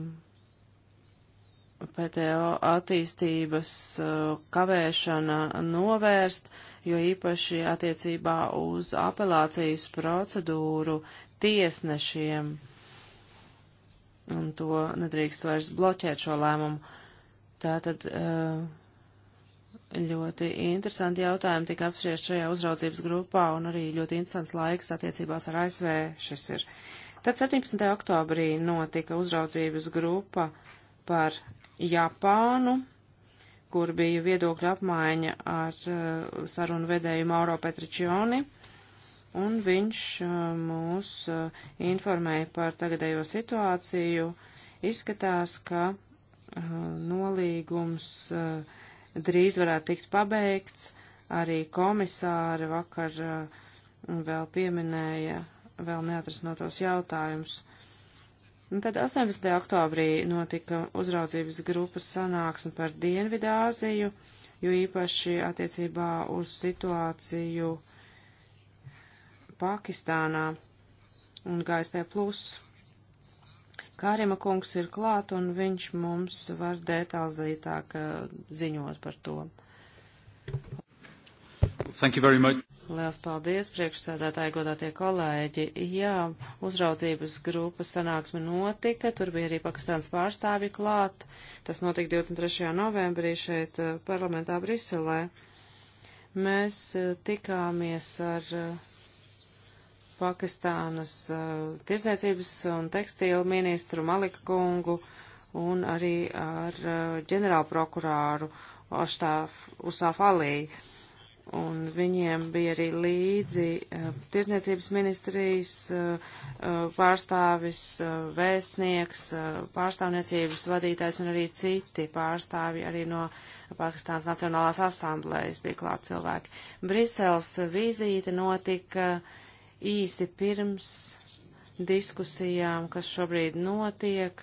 PTO attīstības uh, kavēšana novērst, uh, jo īpaši attiecībā uz apelācijas procedūru tiesnešiem. Un to nedrīkst vairs bloķēt šo lēmumu. Tātad eh, ļoti interesanti jautājumi tika apspriest šajā uzraudzības grupā un arī ļoti interesants laiks attiecībās ar ASV šis ir. Tad 17. oktobrī notika uzraudzības grupa par Japānu, kur bija viedokļa apmaiņa ar uh, sarunu vedēju Mauro Petričioni, un viņš uh, mūs uh, informēja par tagadējo situāciju. Izskatās, ka nolīgums drīz varētu tikt pabeigts, arī komisāri vakar vēl pieminēja vēl neatrisinotos jautājumus. Un tad 18. oktobrī notika uzraudzības grupas sanāksme par Dienvidāziju, jo īpaši attiecībā uz situāciju Pakistānā un GSP plus. Kārima kungs ir klāt, un viņš mums var detalizētāk eh, ziņot par to. Thank you very much. Liels paldies, priekšsēdētāji, godātie kolēģi. Jā, uzraudzības grupas sanāksme notika, tur bija arī Pakistāns pārstāvi klāt. Tas notika 23. novembrī šeit eh, parlamentā Briselē. Mēs eh, tikāmies ar eh, Pakistānas tirzniecības un tekstīlu ministru Malika kungu un arī ar ģenerālprokurāru Oštāf Usāf Aliju un viņiem bija arī līdzi uh, eh, tirsniecības ministrijas uh, pārstāvis, uh, vēstnieks, pārstāvniecības vadītājs un arī citi pārstāvi arī no Pakistānas Nacionālās asamblējas bija klāt cilvēki. Brisels vizīte notika īsi pirms diskusijām, kas šobrīd notiek,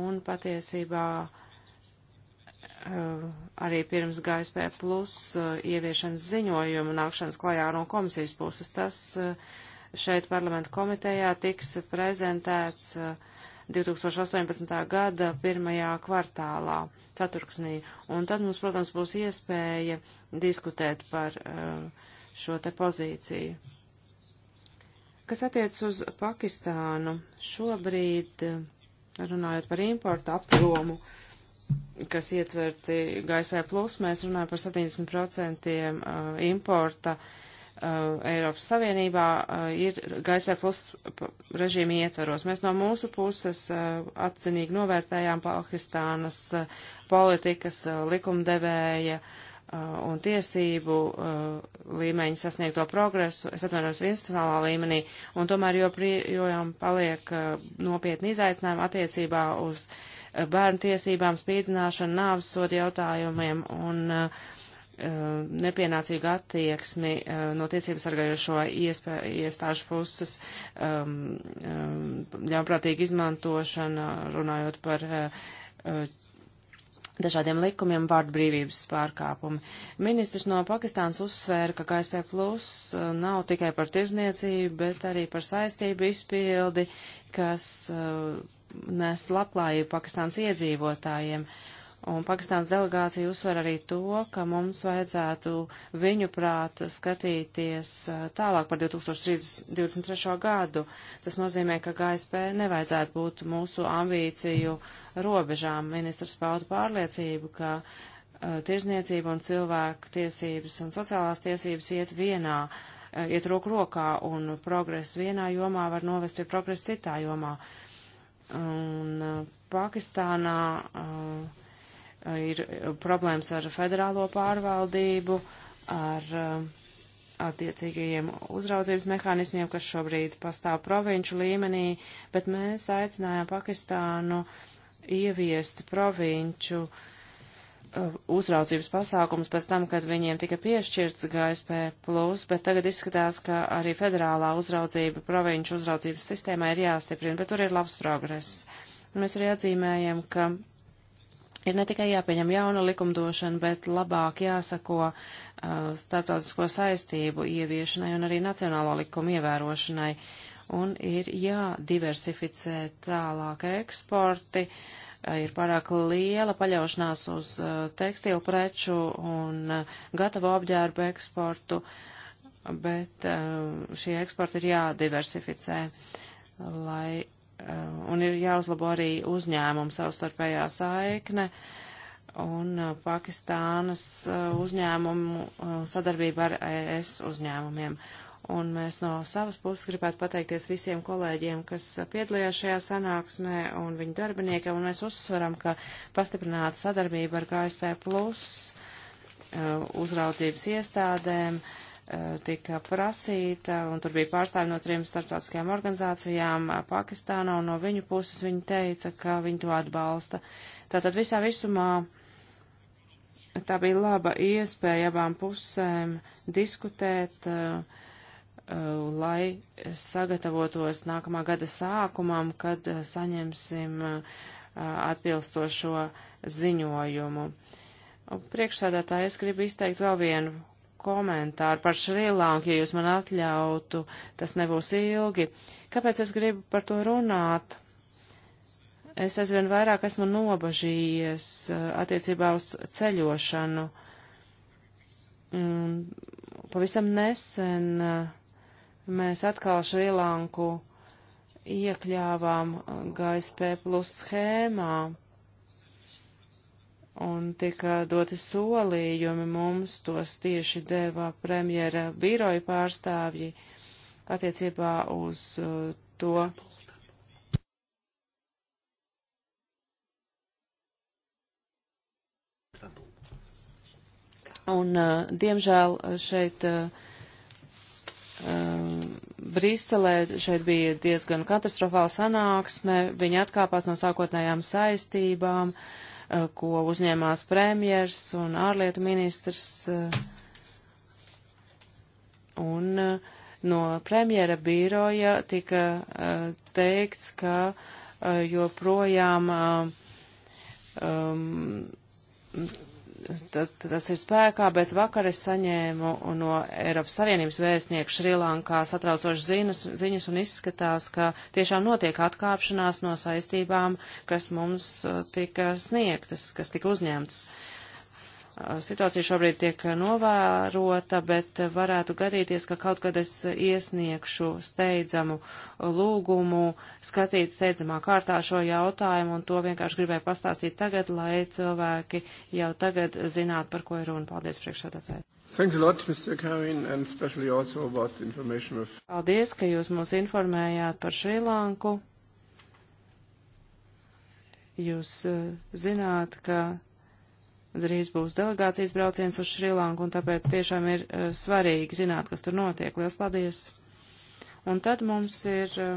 un patiesībā uh, Eh, arī pirms GSP plus eh, ieviešanas ziņojuma nākšanas klajā no komisijas puses. Tas eh, šeit parlamenta komitejā tiks prezentēts 2018. gada pirmajā kvartālā, ceturksnī. Un tad mums, protams, būs iespēja diskutēt par šo te pozīciju. Kas attiec uz Pakistānu, šobrīd, runājot par importu apjomu, uh, kas ietverti GSP plus, mēs runājam par 70% uh, importa uh, Eiropas Savienībā uh, ir GSP plus režīmi ietvaros. Mēs no mūsu puses atcinīgi novērtējām Pakistānas politikas likumdevēja un tiesību līmeņu sasniegto progresu, es atvainojos institucionālā līmenī, un tomēr joprojām paliek nopietni izaicinājumi attiecībā uz uh, bērnu tiesībām, spīdzināšanu, nāvsodu jautājumiem un uh, nepienācīgu attieksmi uh, no tiesības sargājošo iestāžu puses, um, um, ļaunprātīgu izmantošanu, runājot par uh, dažādiem likumiem vārdu brīvības pārkāpumi. Ministrs no Pakistāns uzsvēra, ka KSP plus nav tikai par tirzniecību, bet arī par saistību izpildi, kas uh, nes labklājību Pakistāns iedzīvotājiem. Un Pakistāns delegācija uzsver arī to, ka mums vajadzētu viņu prāt skatīties eh, tālāk par 2023. gadu. Tas nozīmē, ka GSP nevajadzētu būt mūsu ambīciju robežām. Ministrs pauda pārliecību, ka uh, tirzniecība un cilvēku tiesības un sociālās tiesības iet vienā, uh, iet roku rokā un progress vienā jomā var novest pie progresa citā jomā. Uh, Un uh, Pakistānā uh, ir problēmas ar federālo pārvaldību, ar uh, attiecīgajiem uzraudzības mehānismiem, kas šobrīd pastāv provinču līmenī, bet mēs aicinājām Pakistānu ieviest provinču uh, Uh, uzraudzības pasākums pēc tam, kad viņiem tika piešķirts GSP, bet tagad izskatās, ka arī federālā uzraudzība provinču uzraudzības sistēmā ir jāstiprina, bet tur ir labs progress. Mēs arī atzīmējam, ka ir ne tikai jāpieņem jauna likumdošana, bet labāk jāsako uh, starptautisko saistību ieviešanai un arī nacionālo likumu ievērošanai. Un ir jādiversificē tālāk eksporti. Uh, ir pārāk liela paļaušanās uz uh, tekstilu preču un uh, gatavo apģērbu eksportu, bet uh, šie eksporti ir jādiversificē, lai, un ir jāuzlabo arī uzņēmumu savstarpējā saikne un Pakistānas uzņēmumu sadarbība ar ES uzņēmumiem un mēs no savas puses gribētu pateikties visiem kolēģiem, kas piedalījās šajā sanāksmē un viņu darbiniekiem, un mēs uzsveram, ka pastiprināta sadarbība ar KSP plus uh, uzraudzības iestādēm uh, tika prasīta, un tur bija pārstāvi no trim starptautiskajām organizācijām uh, Pakistānā, un no viņu puses viņi teica, ka viņi to atbalsta. Tātad visā visumā tā bija laba iespēja abām pusēm diskutēt uh, Uh, lai sagatavotos nākamā gada sākumam, kad uh, saņemsim uh, atbilstošo ziņojumu. Priekšsēdētāji, es gribu izteikt vēl vienu komentāru par Šrilanku, ja jūs man atļautu, tas nebūs ilgi. Kāpēc es gribu par to runāt? Es aizvien vairāk esmu nobažījies attiecībā uz ceļošanu. Un pavisam nesen uh, mēs atkal Šrilanku iekļāvām uh, GSP plus schēmā un tika doti solījumi mums, tos tieši deva premjera biroja pārstāvji attiecībā uz uh, to. Un, uh, diemžēl, šeit uh, um, Briselē šeit bija diezgan katastrofāla sanāksme, viņi atkāpās no sākotnējām saistībām, uh, ko uzņēmās premjers un ārlietu ministrs. Uh, un uh, no premjera biroja tika uh, teikts, ka uh, joprojām. Uh, um, tad, tas ir spēkā, bet vakar es saņēmu no Eiropas Savienības vēstnieku Šrilankā satraucošas ziņas, ziņas un izskatās, ka tiešām notiek atkāpšanās no saistībām, kas mums uh, tika sniegtas, kas tika uzņemtas. Uh, situācija šobrīd tiek novērota, bet varētu gadīties, ka kaut kad es iesniegšu steidzamu lūgumu, skatīt steidzamā kārtā šo jautājumu, un to vienkārši gribēju pastāstīt tagad, lai cilvēki jau tagad zinātu, par ko ir runa. Paldies, priekšsēdētāji! Thanks a lot, Mr. Karin, and especially also about information of... Paldies, ka jūs mūs informējāt par Šrilanku. Jūs uh, zināt, ka drīz būs delegācijas brauciens uz Šrilanku, un tāpēc tiešām ir uh, svarīgi zināt, kas tur notiek. Lielas paldies! Un tad mums ir uh,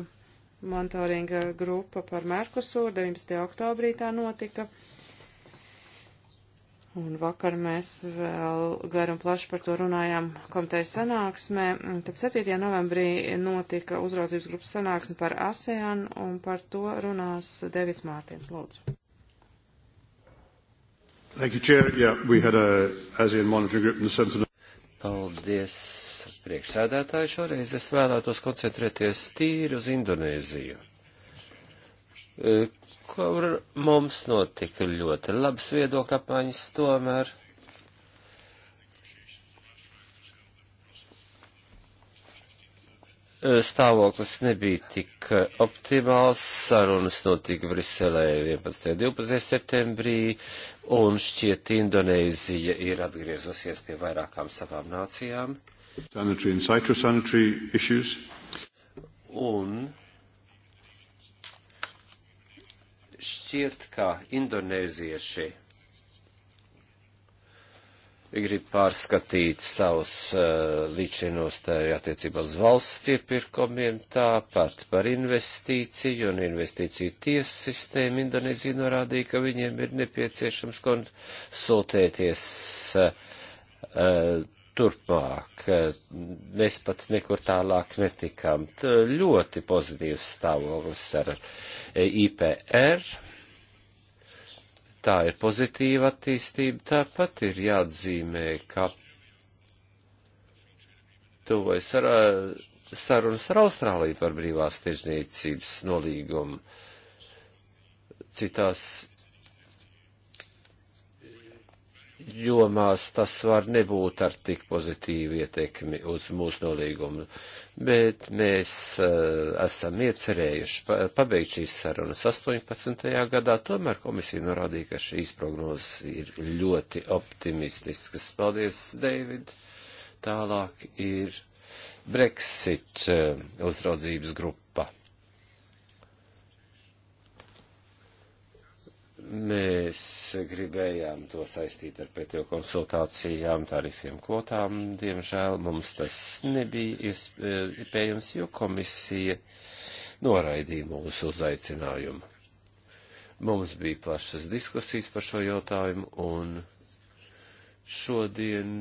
monitoringa grupa par Merkusūru, 19. oktobrī tā notika. Un vakar mēs vēl garu un plaši par to runājām komitejas sanāksmē. Tad 7. novembrī notika uzraudzības grupas sanāksme par ASEAN, un par to runās Devits Mārtiens Lūdzu. Thank you, Chair. Yeah, we had a ASEAN monitoring group in the 7th of Paldies, priekšsēdētāji. Šoreiz es vēlētos koncentrēties tīri uz Indonēziju, kur mums notika ļoti labs viedokļa apmaiņas tomēr. stāvoklis nebija tik optimāls. Sarunas notika Briselē 11. un 12. septembrī, un šķiet Indonēzija ir atgriezusies pie vairākām savām nācijām. Sanitary and phytosanitary issues. Un šķiet, ka indonēzieši grib pārskatīt savus uh, eh, līdzinos attiecībā uz valsts iepirkumiem, tāpat par investīciju un investīciju tiesu sistēmu. Indonēzija norādīja, ka viņiem ir nepieciešams konsultēties uh, uh, turpmāk. Mēs pat nekur tālāk netikām. Tā ļoti pozitīvs stāvoklis ar eh, IPR tā ir pozitīva attīstība, tāpat ir jāatzīmē, ka tuvojas ar, sarunas ar Austrāliju par brīvās tiešniecības nolīgumu. Citās jomās tas var nebūt ar tik pozitīvu ietekmi uz mūsu nolīgumu, bet mēs uh, esam iecerējuši pa, pabeigt šīs sarunas 18. gadā, tomēr komisija norādīja, ka šīs prognozes ir ļoti optimistiskas. Paldies, David! Tālāk ir Brexit uh, uzraudzības grupa. Mēs gribējām to saistīt ar pētījo konsultācijām, tarifiem, kvotām. Diemžēl mums tas nebija eh, iespējams, jo komisija noraidīja mūsu uzaicinājumu. Mums bija plašas diskusijas par šo jautājumu, un šodien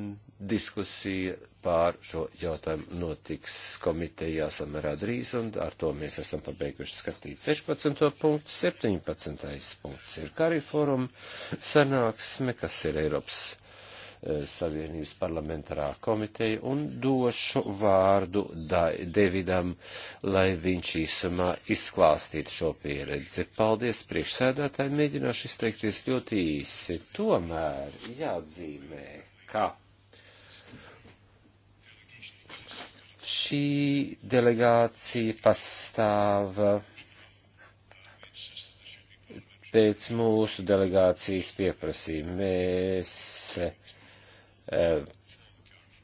diskusija pār šo jautājumu notiks komitejā samērā drīz, un ar to mēs esam pabeiguši skatīt 16. punktu. 17. punkts ir Kariforum sanāksme, kas ir Eiropas e, Savienības parlamentārā komiteja un došu vārdu Davidam, lai viņš īsumā izklāstītu šo pieredzi. Paldies priekšsēdētāji, mēģināšu izteikties ļoti īsi. Tomēr jāatzīmē, ka Šī delegācija pastāv pēc mūsu delegācijas pieprasījuma. Mēs eh, eh,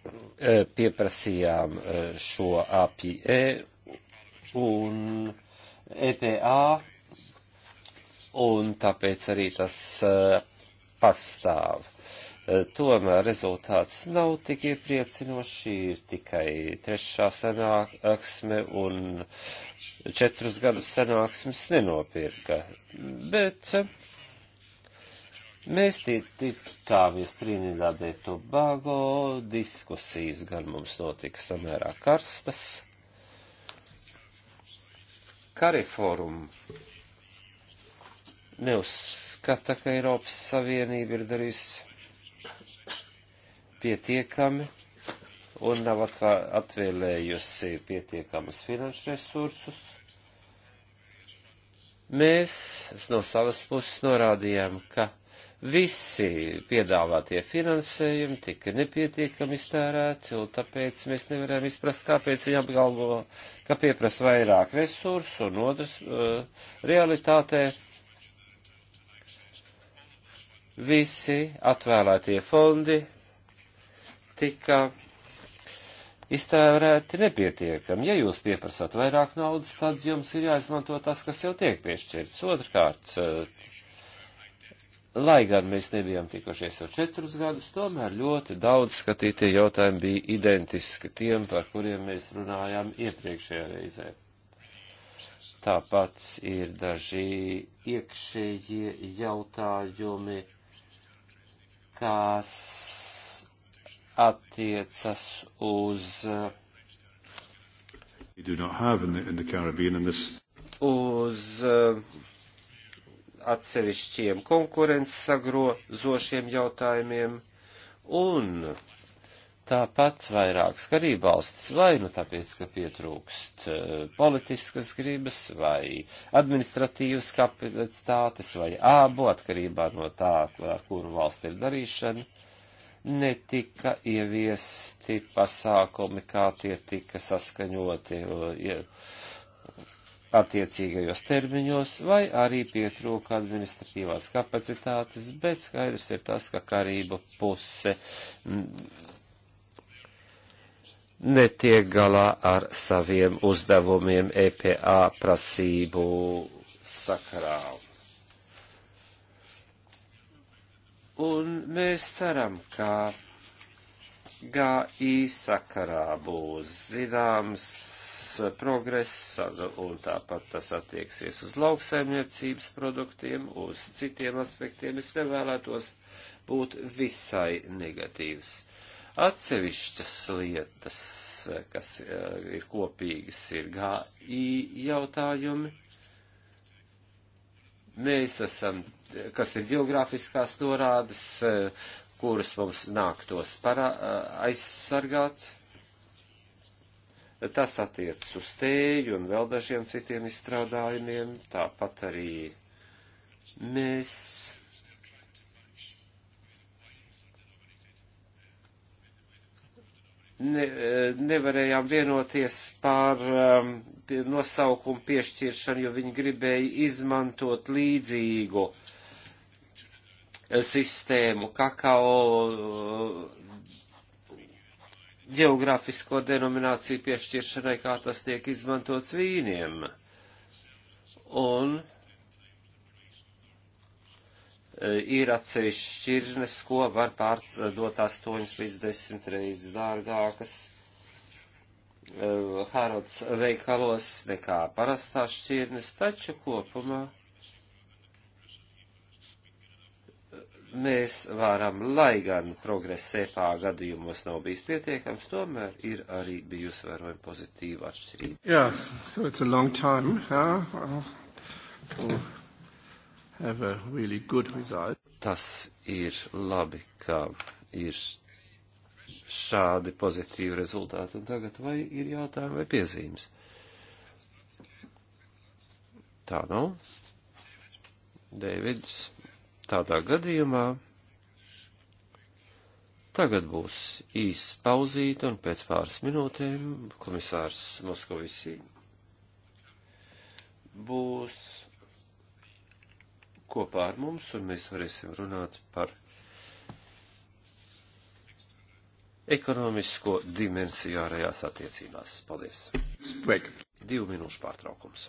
eh, e, pieprasījām šo APE un EPA, un tāpēc arī tas pastāv. Eh, tomēr rezultāts nav tik iepriecinošs, šī ir tikai trešā sanāksme un četrus gadus sanāksmes nenopirka. Bet eh, mēs tikāmies Trinidadē Tobago, diskusijas gan mums notika samērā karstas. Kariforum neuzskata, ka Eiropas Savienība ir darījusi pietiekami un nav atvēlējusi pietiekamus finanšu resursus. Mēs no savas puses norādījām, ka visi piedāvātie finansējumi tika nepietiekami iztērēti, un tāpēc mēs nevarējām izprast, kāpēc viņi apgalvo, ka pieprasa vairāk resursu, un otrs uh, realitātē visi atvēlētie fondi tika iztērēti nepietiekami. Ja jūs pieprasat vairāk naudas, tad jums ir jāizmanto tas, kas jau tiek piešķirts. Otrkārt, eh, lai gan mēs nebijām tikušies jau četrus gadus, tomēr ļoti daudz skatītie jautājumi bija identiski tiem, par kuriem mēs runājām iepriekšējā reizē. Tāpat ir daži iekšējie jautājumi, kas attiecas uz, uz atsevišķiem konkurences sagrozošiem jautājumiem un tāpat vairākas karībalstis vai nu tāpēc, ka pietrūkst eh, politiskas gribas vai administratīvas kapacitātes vai ābo atkarībā no tā, ar kuru valsti ir darīšana netika ieviesti pasākumi, kā tie tika saskaņoti attiecīgajos termiņos, vai arī pietrūka administratīvās kapacitātes, bet skaidrs ir tas, ka karība puse netiek galā ar saviem uzdevumiem EPA prasību sakarā. Un mēs ceram, ka GI sakarā būs zināms progress, un tāpat tas attieksies uz lauksaimniecības produktiem, uz citiem aspektiem. Es nevēlētos būt visai negatīvs. Atsevišķas lietas, kas eh, ir kopīgas, ir GI jautājumi mēs esam, kas ir geogrāfiskās norādes, e, kuras mums nāktos para, e, aizsargāt. Tas attiecas uz tēju un vēl dažiem citiem izstrādājumiem, tāpat arī mēs ne, eh, nevarējām vienoties par um, nosaukumu piešķiršanu, jo viņi gribēja izmantot līdzīgu eh, sistēmu kakao eh, geogrāfisko denomināciju piešķiršanai, kā tas tiek izmantots vīniem. Un Eh, ir atsevišķi šķirnes, ko var pārdot 8 līdz 10 reizes dārgākas eh, Harrods veikalos nekā parastās šķirnes, taču kopumā eh, mēs varam, lai gan progress sepā gadījumos nav bijis pietiekams, tomēr ir arī bijusi vērojama pozitīva atšķirība. Yeah, so it's a long time, huh? oh. Really Tas ir labi, ka ir šādi pozitīvi rezultāti. Un tagad vai ir jautājumi vai piezīmes? Tā nav. Nu. Deivids, tādā gadījumā tagad būs īsts pauzīt un pēc pāris minūtēm komisārs Moskovisī būs kopā ar mums, un mēs varēsim runāt par ekonomisko dimensiju ārējās attiecībās. Paldies! Sveiki! Divu minūšu pārtraukums.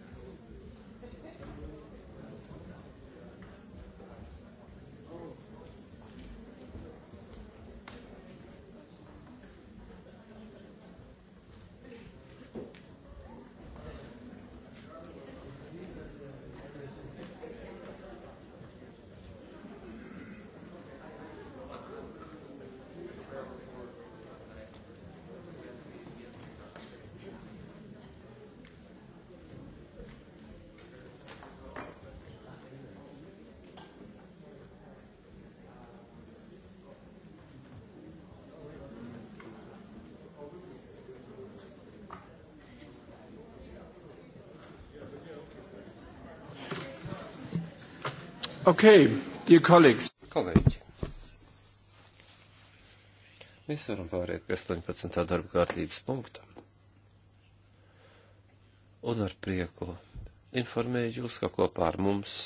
Okay, dear colleagues. Kolēģi. Mēs varam pāriet pie 18. darba kārtības punkta. Un ar prieku informēju jūs, ka kopā ar mums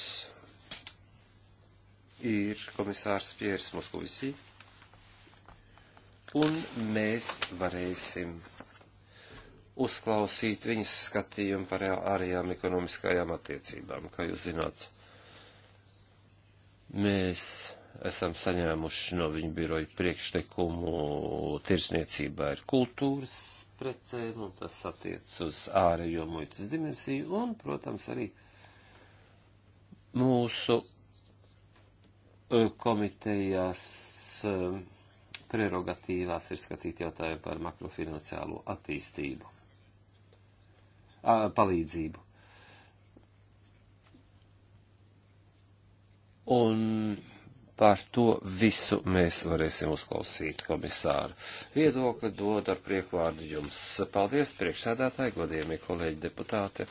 ir komisārs Piers Moskovisī. Un mēs varēsim uzklausīt viņas skatījumu par ārējām ekonomiskajām attiecībām, kā jūs zināt Mēs esam saņēmuši no viņa biroja priekštekumu tirsniecībā ar kultūras precēm, un tas attiec uz ārējo muitas dimensiju, un, protams, arī mūsu e, komitejās e, prerogatīvās ir skatīt jautājumu par makrofinanciālo attīstību, palīdzību. Un par to visu mēs varēsim uzklausīt komisāru. Viedokli dod ar priekvārdu jums. Paldies, priekšsēdētāji, godījumie kolēģi deputāti.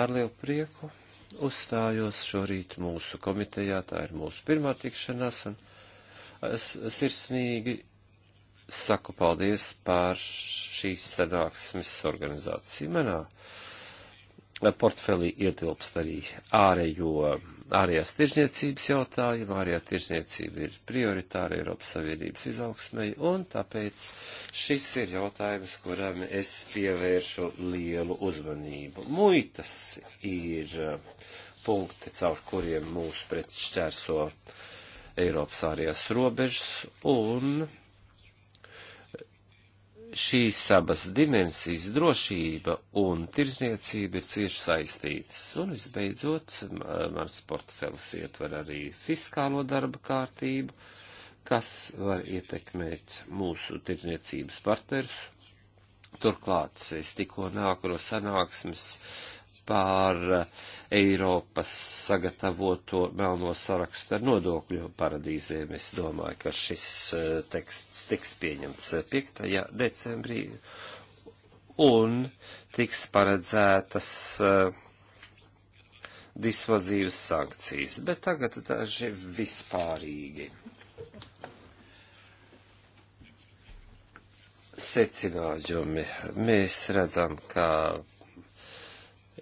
Ar lielu prieku uzstājos šorīt mūsu komitejā, tā ir mūsu pirmā tikšanās, un es sirsnīgi saku paldies par šīs sanāksmes organizāciju manā portfelī ietilpst arī ārējo, ārējās tirzniecības jautājumu. Ārējā tirzniecība ir prioritāra Eiropas Savienības izaugsmai, un tāpēc šis ir jautājums, kuram es pievēršu lielu uzmanību. Muitas ir eh, punkti, caur kuriem mūsu preci šķērso Eiropas ārējās robežas, un šīs abas dimensijas - drošība un tirzniecība - ir cieši saistītas. Un visbeidzot, mans portfels ietver arī fiskālo darba kārtību, kas var ietekmēt mūsu tirzniecības partnerus. Turklāt es tikko nāku no sanāksmes uh, pār eh, Eiropas sagatavoto melno sarakstu ar nodokļu paradīzēm. Es domāju, ka šis eh, teksts tiks pieņemts 5. Eh, decembrī un tiks paredzētas disvazīvas sankcijas, bet tagad daži vispārīgi. Secinājumi. Mēs redzam, ka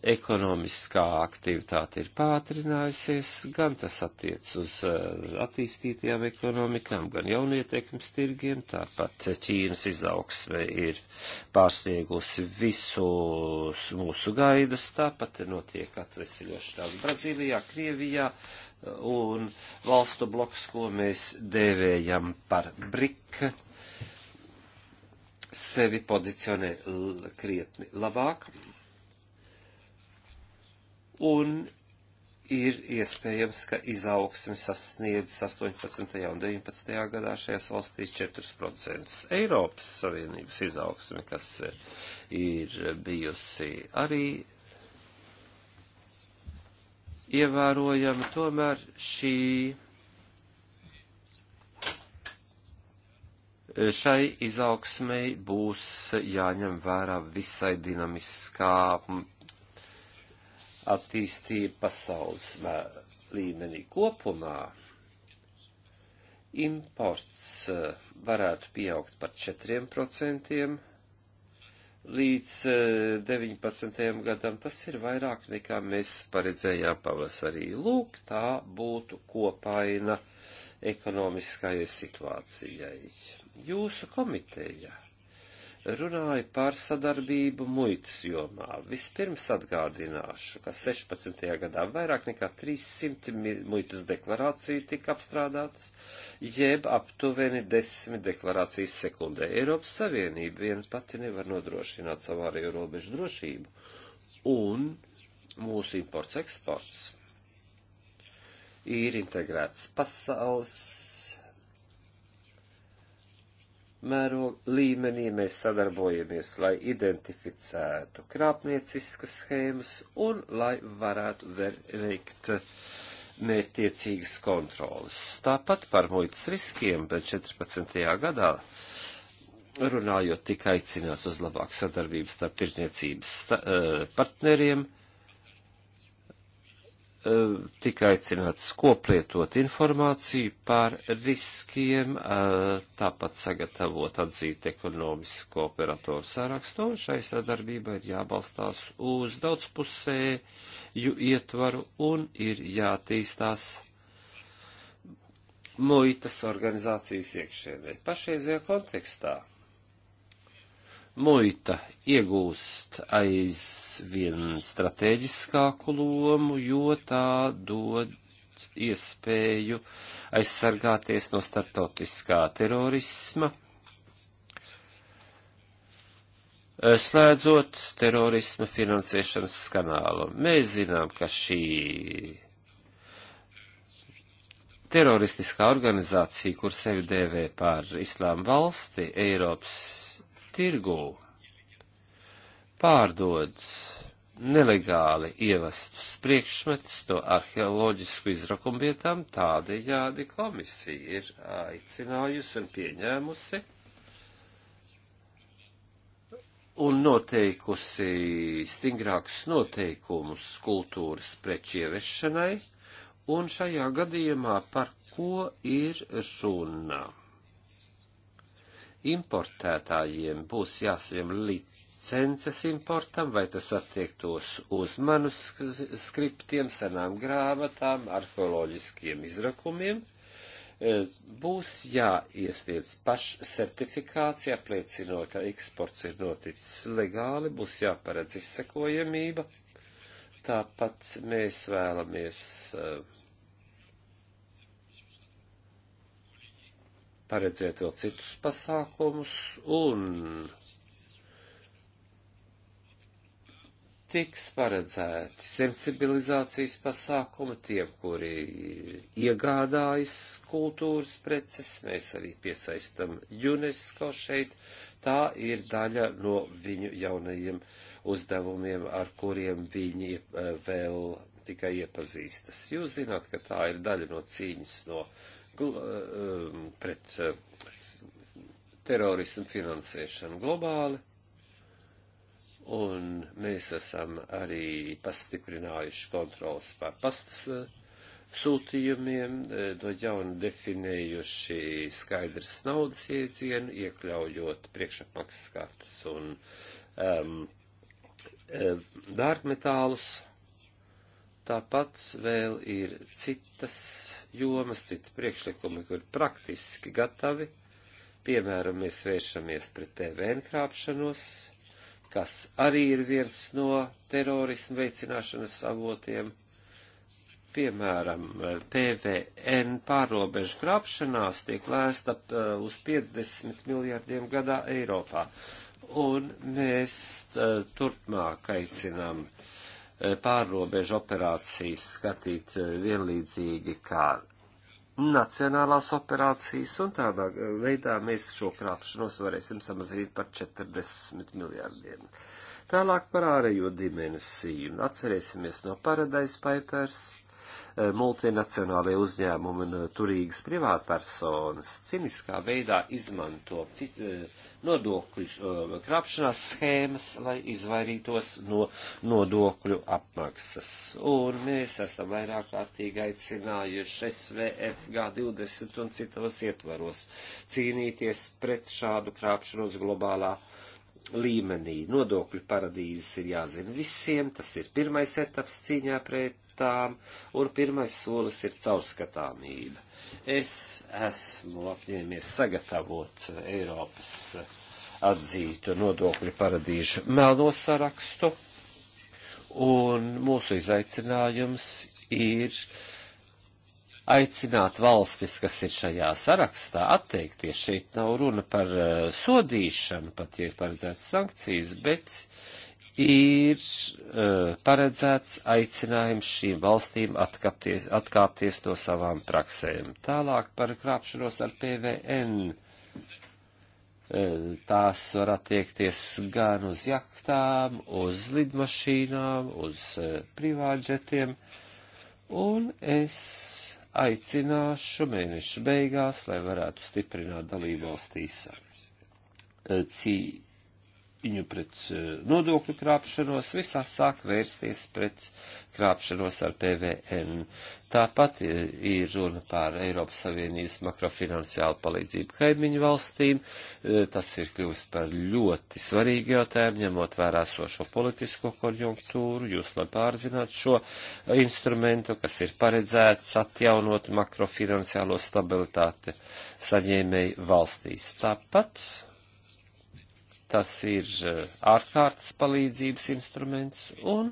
ekonomiskā aktivitāte ir pātrinājusies, gan tas attiec uz eh, attīstītajām ekonomikām, gan jaunietekmes tirgiem, tāpat Ķīnas izaugsme ir pārsniegusi visus mūsu gaidas, tāpat notiek atvesļošanās Brazīlijā, Krievijā eh, un valstu bloks, ko mēs dēvējam par brika sevi pozicionē krietni labāk, un ir iespējams, ka izaugsme sasniedz 18. un 19. gadā šajās valstīs 4%. Eiropas Savienības izaugsme, kas ir bijusi arī ievērojama, tomēr šī. Šai izaugsmei būs jāņem vērā visai dinamiskā attīstība pasaules līmenī kopumā imports e, varētu pieaugt par 4% līdz 19. E, gadam. Tas ir vairāk nekā mēs paredzējām pavasarī. Lūk, tā būtu kopaina ekonomiskajai situācijai. Jūsu komiteja runāja par sadarbību muitas jomā. Vispirms atgādināšu, ka 16. gadā vairāk nekā 300 muitas deklarāciju tika apstrādāts, jeb aptuveni 10 deklarācijas sekundē. Eiropas Savienība vien pati nevar nodrošināt savu ārējo robežu drošību, un mūsu imports eksports ir integrēts pasaules mēroga līmenī mēs sadarbojamies, lai identificētu krāpnieciskas schēmas un lai varētu veikt mērķtiecīgas kontrolas. Tāpat par muitas riskiem, bet 14. gadā runājot tika aicināts uz labāku sadarbību starp tirdzniecības eh, partneriem. Uh, Eh, tika aicināts koplietot informāciju par riskiem, eh, tāpat sagatavot atzīt ekonomisko operatoru sārakstu, un šai sadarbībai ir jābalstās uz daudzpusēju ietvaru un ir jātīstās muitas organizācijas iekšēnē. Pašreizajā kontekstā muita iegūst aizvien strateģiskāku lomu, jo tā dod iespēju aizsargāties no starptautiskā terorisma, slēdzot terorisma finansēšanas kanālu. Mēs zinām, ka šī teroristiskā organizācija, kur sevi dēvē par Islāma valsti, Eiropas tirgū pārdod nelegāli ievestus priekšmetus no arheoloģisku izrakumvietām, tādējādi komisija ir aicinājusi un pieņēmusi un noteikusi stingrākus noteikumus kultūras preču ieviešanai, un šajā gadījumā par ko ir runā? importētājiem būs jāsiem licences importam, vai tas attiektos uz manuskriptiem, senām grāmatām, arheoloģiskiem izrakumiem. E, būs jāiesniedz pašsertifikācija, apliecinot, ka eksports ir noticis legāli, būs jāparedz izsekojamība. Tāpat mēs vēlamies uh, paredzēt vēl citus pasākumus un tiks paredzēti sensibilizācijas pasākumi tiem, kuri iegādājas kultūras preces. Mēs arī piesaistam UNESCO šeit. Tā ir daļa no viņu jaunajiem uzdevumiem, ar kuriem viņi eh, vēl tikai iepazīstas. Jūs zināt, ka tā ir daļa no cīņas no Eh, eh, pret eh, terorismu finansēšanu globāli, un mēs esam arī pastiprinājuši kontrols pār pastas sūtījumiem, no jauna definējuši skaidrs naudas iedzienu, iekļaujot priekšapmaksas kartas un um, dārgmetālus. Um, Tāpat vēl ir citas jomas, citi priekšlikumi, kur praktiski gatavi. Piemēram, mēs vēršamies pret PVN krāpšanos, kas arī ir viens no terorismu veicināšanas avotiem. Piemēram, PVN pārobežu krāpšanās tiek lēsta eh, uz 50 miljardiem gadā Eiropā. Un mēs eh, turpmāk aicinām uh, E, pārrobežu operācijas skatīt e, vienlīdzīgi kā nacionālās operācijas, un tādā e, veidā mēs šo krāpšanos varēsim samazināt par 40 miljārdiem. Tālāk par ārējo dimensiju. Atcerēsimies no Paradise Papers Eh, multinacionālie uzņēmumi un eh, turīgas privātpersonas ciniskā veidā izmanto fiz, eh, nodokļu krāpšanās schēmas, lai izvairītos no nodokļu apmaksas. Un mēs esam vairāk kārtīgi aicinājuši SVF, G20 un citos ietvaros cīnīties pret šādu krāpšanos globālā līmenī. Nodokļu paradīzes ir jāzina visiem, tas ir pirmais etaps cīņā pret lietām, un pirmais solis ir caurskatāmība. Es esmu apņēmies sagatavot Eiropas atzītu nodokļu paradīžu melno sarakstu, un mūsu izaicinājums ir aicināt valstis, kas ir šajā sarakstā, atteikties. Šeit nav runa par eh, sodīšanu, pat ja ir paredzētas sankcijas, bet uh, ir uh, paredzēts aicinājums šīm valstīm atkāpties, atkāpties no savām praksēm. Tālāk par krāpšanos ar PVN. Uh, eh, tās var attiekties gan uz jaktām, uz lidmašīnām, uz uh, eh, privātžetiem, un es aicināšu mēnešu beigās, lai varētu stiprināt dalībvalstīs cīņu cīņu pret eh, nodokļu krāpšanos, visā sāk vērsties pret krāpšanos ar PVN. Tāpat eh, ir runa par Eiropas Savienības makrofinansiālu palīdzību kaimiņu valstīm. Eh, tas ir kļuvis par ļoti svarīgu jautājumu, ņemot vērā sošo politisko konjunktūru. Jūs labi pārzināt šo instrumentu, kas ir paredzēts atjaunot makrofinansiālo stabilitāti saņēmēju valstīs. Tāpat tas ir eh, ārkārtas palīdzības instruments un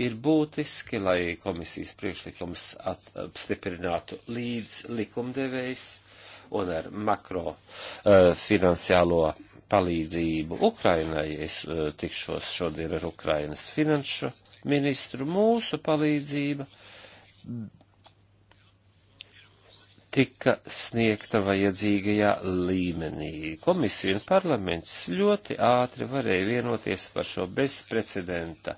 ir būtiski, lai komisijas priekšlikums apstiprinātu līdz likumdevējs un ar makro uh, finansiālo palīdzību Ukrainai. Es uh, tikšos šodien ar Ukrainas finanšu ministru mūsu palīdzība tika sniegta vajadzīgajā līmenī. Komisija un parlaments ļoti ātri varēja vienoties par šo bezprecedenta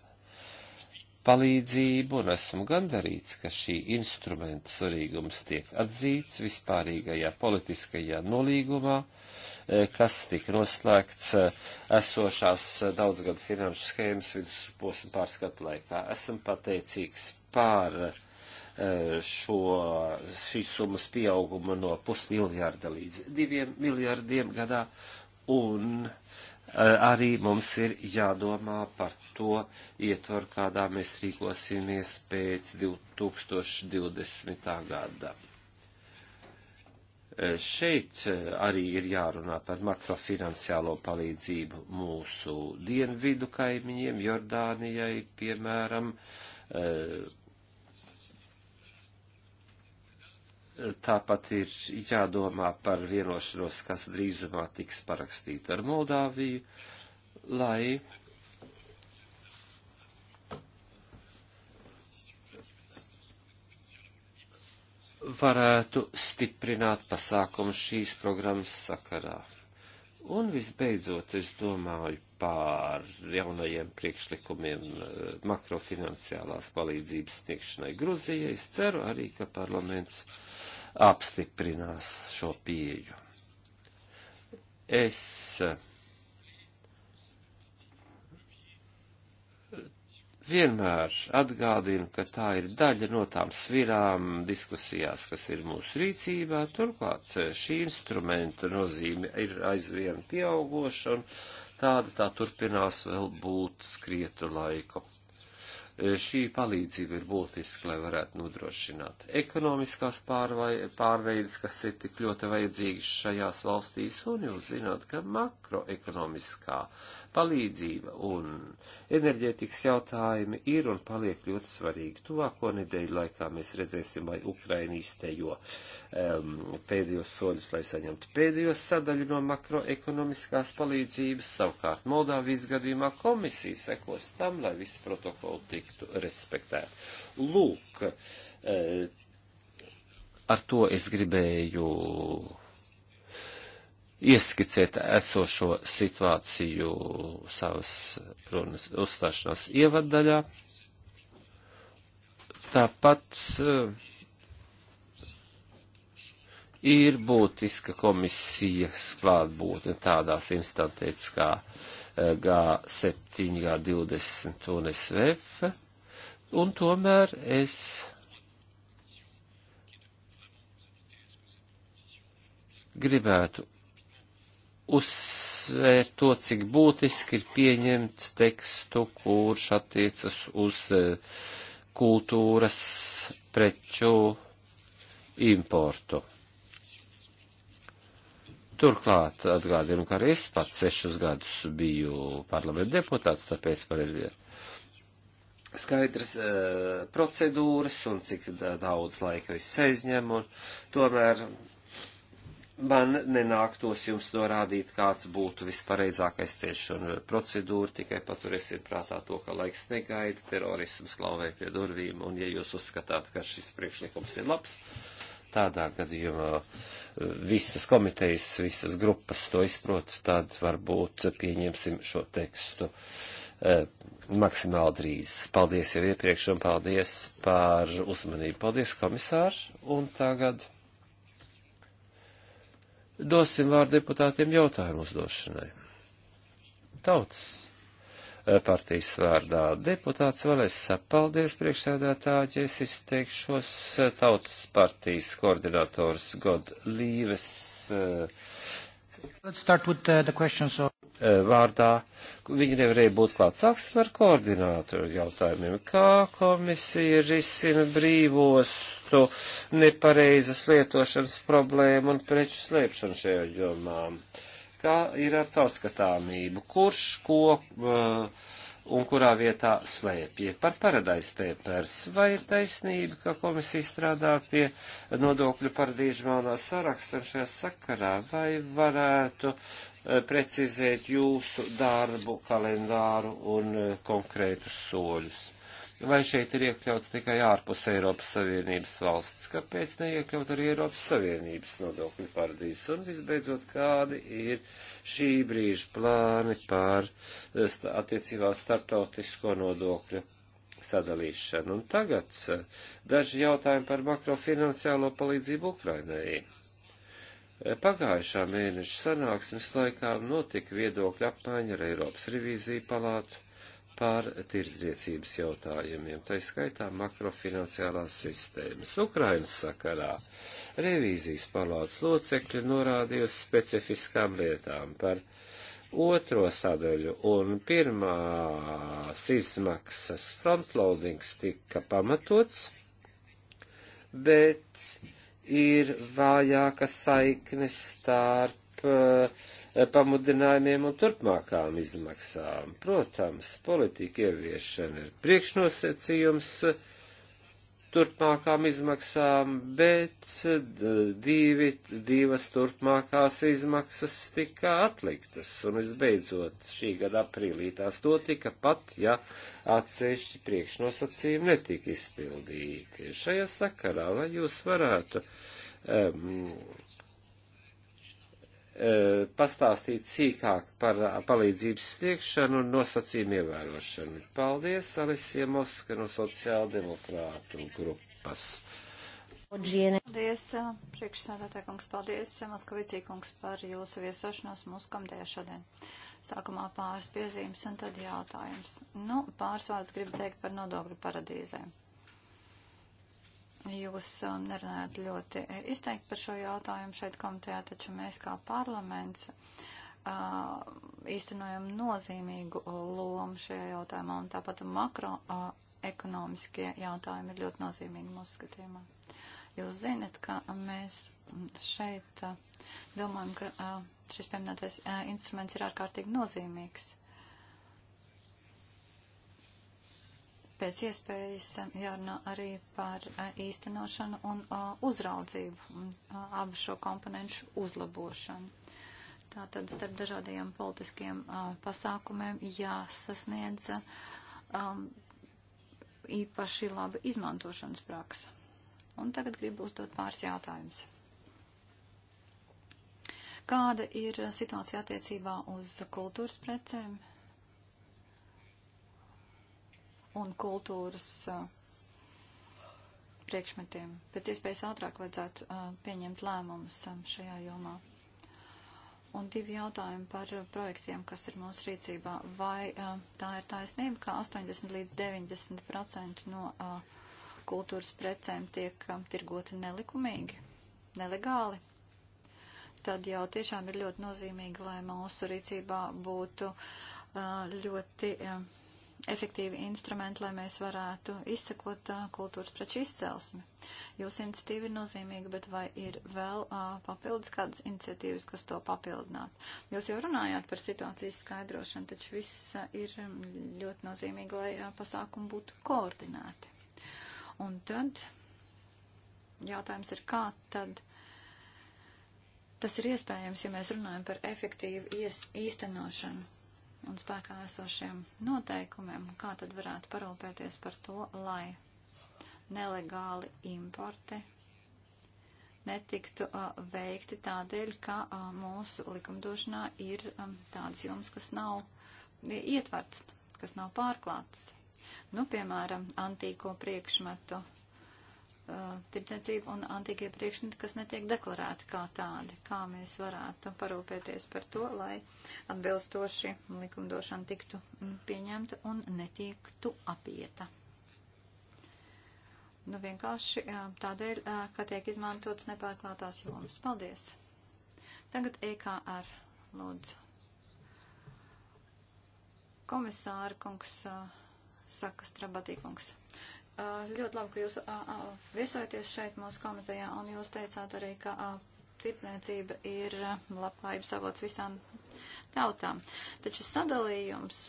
palīdzību, un esmu gandarīts, ka šī instrumenta svarīgums tiek atzīts vispārīgajā politiskajā nolīgumā, eh, kas tika noslēgts eh, esošās eh, daudzgadu finanšu schēmas vidusposma pārskatu laikā. Esmu pateicīgs pār uh, šo, šīs summas pieaugumu no pusmiljārda līdz diviem miljārdiem gadā, un eh, arī mums ir jādomā par to ietvaru, kādā mēs rīkosimies pēc 2020. gada. Eh, šeit eh, arī ir jārunā par makrofinanciālo palīdzību mūsu dienvidu kaimiņiem, Jordānijai, piemēram, Tāpat ir jādomā par vienošanos, kas drīzumā tiks parakstīta ar Moldāviju, lai varētu stiprināt pasākumu šīs programmas sakarā. Un visbeidzot, es domāju pār jaunajiem priekšlikumiem eh, makrofinansiālās palīdzības sniegšanai Gruzijai. Es ceru arī, ka parlaments uh, apstiprinās šo pieju. Es eh, vienmēr atgādinu, ka tā ir daļa no tām svirām diskusijās, kas ir mūsu rīcībā. Turklāt eh, šī instrumenta nozīme ir aizvien pieaugoša un tāda tā turpinās vēl būt skrietu laiku. Šī palīdzība ir būtiska, lai varētu nodrošināt ekonomiskās pārvai, pārveidas, kas ir tik ļoti vajadzīgas šajās valstīs, un jūs zināt, ka makroekonomiskā palīdzība un enerģētikas jautājumi ir un paliek ļoti svarīgi. Tuvāko nedēļu laikā mēs redzēsim, vai Ukraina iztejo um, pēdējos soļus, lai saņemtu pēdējos sadaļu no makroekonomiskās palīdzības. Savukārt Moldāvijas gadījumā komisija sekos tam, lai viss protokoli tik tiktu respektēta. Lūk, e, ar to es gribēju ieskicēt esošo situāciju savas runas uzstāšanās ievadaļā. Tāpat e, ir būtiska komisijas klātbūtne tādās instantēs kā uh, G7, G20 un SVF, un tomēr es gribētu uzsvērt to, cik būtiski ir pieņemt tekstu, kurš attiecas uz eh, kultūras preču importu. Turklāt atgādinu, ka arī es pats sešus gadus biju parlamenta deputāts, tāpēc par skaidras e, procedūras un cik daudz laika viss aizņem, un tomēr man nenāktos jums norādīt, kāds būtu vispareizākais ceļš un procedūra, tikai paturēsiet prātā to, ka laiks negaida, terorisms klauvē pie durvīm, un ja jūs uzskatāt, ka šis priekšlikums ir labs, tādā gadījumā eh, visas komitejas, visas grupas to izprotas, tad varbūt pieņemsim šo tekstu eh, maksimāli drīz. Paldies jau iepriekš un paldies par uzmanību. Paldies, komisārs, un tagad dosim vārdu deputātiem jautājumu uzdošanai. Tautas Eh, partijas vārdā. Deputāts Valesa, paldies priekšsēdētāji, es izteikšos eh, tautas partijas koordinators God Līves. Eh, Let's start with the, uh, the questions of vārdā. Viņi nevarēja būt klāt. Sāksim ar koordinātoru jautājumiem. Kā komisija risina brīvostu nepareizas lietošanas problēmu un preču slēpšanu šajā jomā? Uh, kā ir ar caurskatāmību, kurš ko eh, un kurā vietā slēpja. Par paradise papers vai ir taisnība, ka komisija strādā pie nodokļu paradīžu melnā saraksta un šajā sakarā vai varētu eh, precizēt jūsu darbu kalendāru un eh, konkrētus soļus? vai šeit ir iekļauts tikai ārpus Eiropas Savienības valsts, kāpēc neiekļaut arī Eiropas Savienības nodokļu paradīzes, un visbeidzot, kādi ir šī brīža plāni pār eh, attiecībā starptautisko nodokļu sadalīšanu. Un tagad eh, daži jautājumi par makrofinanciālo palīdzību Ukrainai. Eh, pagājušā mēneša sanāksmes laikā notika viedokļa apmaiņa ar Eiropas revīziju palātu pār tirdzniecības jautājumiem, tā skaitā makrofinanciālās sistēmas. Ukrainas sakarā revīzijas palātas locekļi norādīja uz specifiskām lietām par otro sadaļu un pirmās izmaksas frontloadings tika pamatots, bet ir vājāka saikne starp uh, Eh, pamudinājumiem un turpmākām izmaksām. Protams, politika ieviešana ir priekšnosacījums turpmākām izmaksām, bet eh, divi, divas turpmākās izmaksas tika atliktas, un visbeidzot šī gada aprīlī tās notika pat, ja atsevišķi priekšnosacījumi netika izpildīti. Šajā sakarā, vai jūs varētu um, E, pastāstīt sīkāk par palīdzības sniegšanu un nosacījumu ievērošanu. Paldies, Alisija Moska no sociāldemokrātu grupas. Paldies, priekšsēdētāj kungs, paldies, Moskavicī kungs, par jūsu viesošanos mūsu komitejā šodien. Sākumā pāris piezīmes un tad jautājums. Nu, pāris vārds gribu teikt par nodokļu paradīzēm. Jūs um, nerunājat ļoti eh, izteikti par šo jautājumu šeit komitejā, taču mēs kā parlaments uh, īstenojam nozīmīgu uh, lomu šajā jautājumā, un tāpat makroekonomiskie uh, jautājumi ir ļoti nozīmīgi mūsu skatījumā. Jūs zinat, ka mēs mm, šeit domājam, ka šis pieminētais instruments ir ārkārtīgi nozīmīgs pēc iespējas jārunā arī par eh, īstenošanu un eh, uzraudzību, eh, abu šo komponentu uzlabošanu. Tātad starp dažādajiem politiskiem pasākumiem jāsasniedz um, īpaši laba izmantošanas praksa. Un tagad gribu uzdot pāris jautājumus. Kāda ir situācija attiecībā uz kultūras precēm? un kultūras priekšmetiem. Pēc iespējas ātrāk vajadzētu pieņemt lēmumus šajā jomā. Un divi jautājumi par projektiem, kas ir mūsu rīcībā. Vai tā ir taisnība, ka 80 līdz 90 procenti no kultūras precēm tiek tirgoti nelikumīgi, nelegāli? Tad jau tiešām ir ļoti nozīmīgi, lai mūsu rīcībā būtu ļoti. Uh, efektīvi instrumenti, lai mēs varētu izsekot uh, kultūras preču izcelsmi. Jūsu iniciatīva ir nozīmīga, bet vai ir vēl uh, papildus kādas iniciatīvas, kas to papildinātu? Jūs jau runājāt par situācijas skaidrošanu, taču viss uh, ir ļoti nozīmīgi, lai uh, pasākumi būtu koordinēti. Un tad jautājums ir, kā tad tas ir iespējams, ja mēs runājam par efektīvu ies, īstenošanu? un spēkā esošiem noteikumiem, kā tad varētu parūpēties par to, lai nelegāli importi netiktu uh, veikti tādēļ, ka uh, mūsu likumdošanā ir um, tāds jums, kas nav ietverts, kas nav pārklāts. Nu, piemēram, antīko priekšmetu uh, tirdzniecība un antīkie priekšmeti, kas netiek deklarēti kā tādi. Kā mēs varētu parūpēties par to, lai atbilstoši likumdošana tiktu mm, pieņemta un netiektu apieta? Nu, vienkārši uh, tādēļ, uh, ka tiek izmantotas nepārklātās jomas. Paldies! Tagad EKR, lūdzu. Komisāra kungs, uh, saka Strabatīkungs. kungs ļoti labi, ka jūs viesojaties šeit mūsu komitejā, un jūs teicāt arī, ka tirdzniecība ir labklājības avots visām tautām. Taču sadalījums,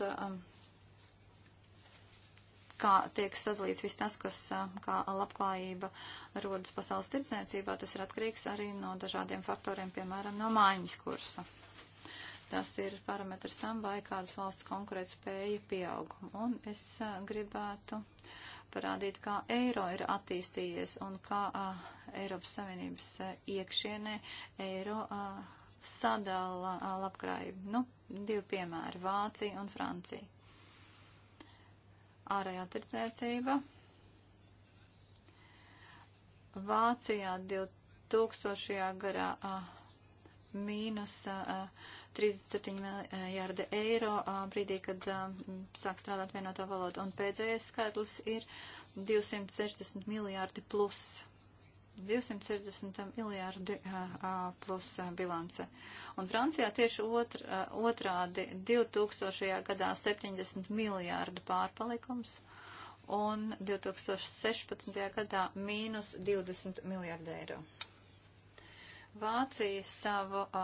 kā tiek sadalīts viss tas, kas kā labklājība rodas pasaules tirdzniecībā, tas ir atkarīgs arī no dažādiem faktoriem, piemēram, no mājiņas kursa. Tas ir parametrs tam, vai kādas valsts konkurētspēja pieaug. Un es gribētu uh, parādīt, kā eiro ir attīstījies un kā uh, Eiropas Savienības uh, iekšienē eiro uh, sadala uh, labkrājību. Nu, divi piemēri - Vācija un Francija. Ārējā tirdzniecība. Vācijā 2000. garā. Uh, mīnus 37 miljārdi eiro brīdī, kad sāk strādāt vienotā valoda. Un pēdējais skaitlis ir 260 miljārdi plus. 260 miljārdi plus bilance. Un Francijā tieši otr, otrādi 2000. gadā 70 miljārdi pārpalikums un 2016. gadā mīnus 20 miljārdi eiro. Vācija savu a,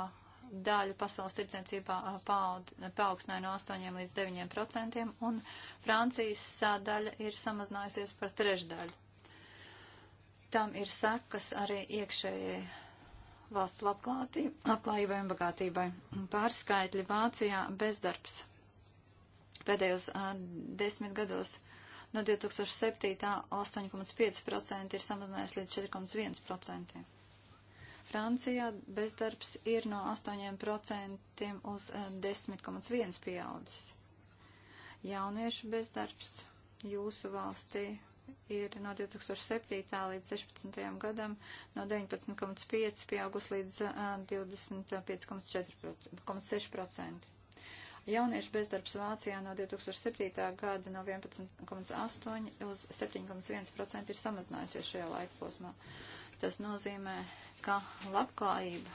daļu pasaules tirdzniecībā paaugstināja no 8 līdz 9 procentiem, un Francijas sadaļa ir samazinājusies par trešdaļu. Tam ir sekas arī iekšējai valsts labklājībai un bagātībai. Pārskaitļi Vācijā bezdarbs pēdējos a, desmit gados no 2007. 8,5% ir samazinājies līdz 4,1%. Francijā bezdarbs ir no 8% uz 10,1 eh, pieaudzis. Jauniešu bezdarbs jūsu valstī ir no 2007. līdz 16. gadam no 19,5 pieaugus līdz 25,6%. Eh, Jauniešu bezdarbs Vācijā no 2007. gada no 11,8 uz 7,1% ir samazinājusies šajā laika posmā. Tas nozīmē, ka labklājība,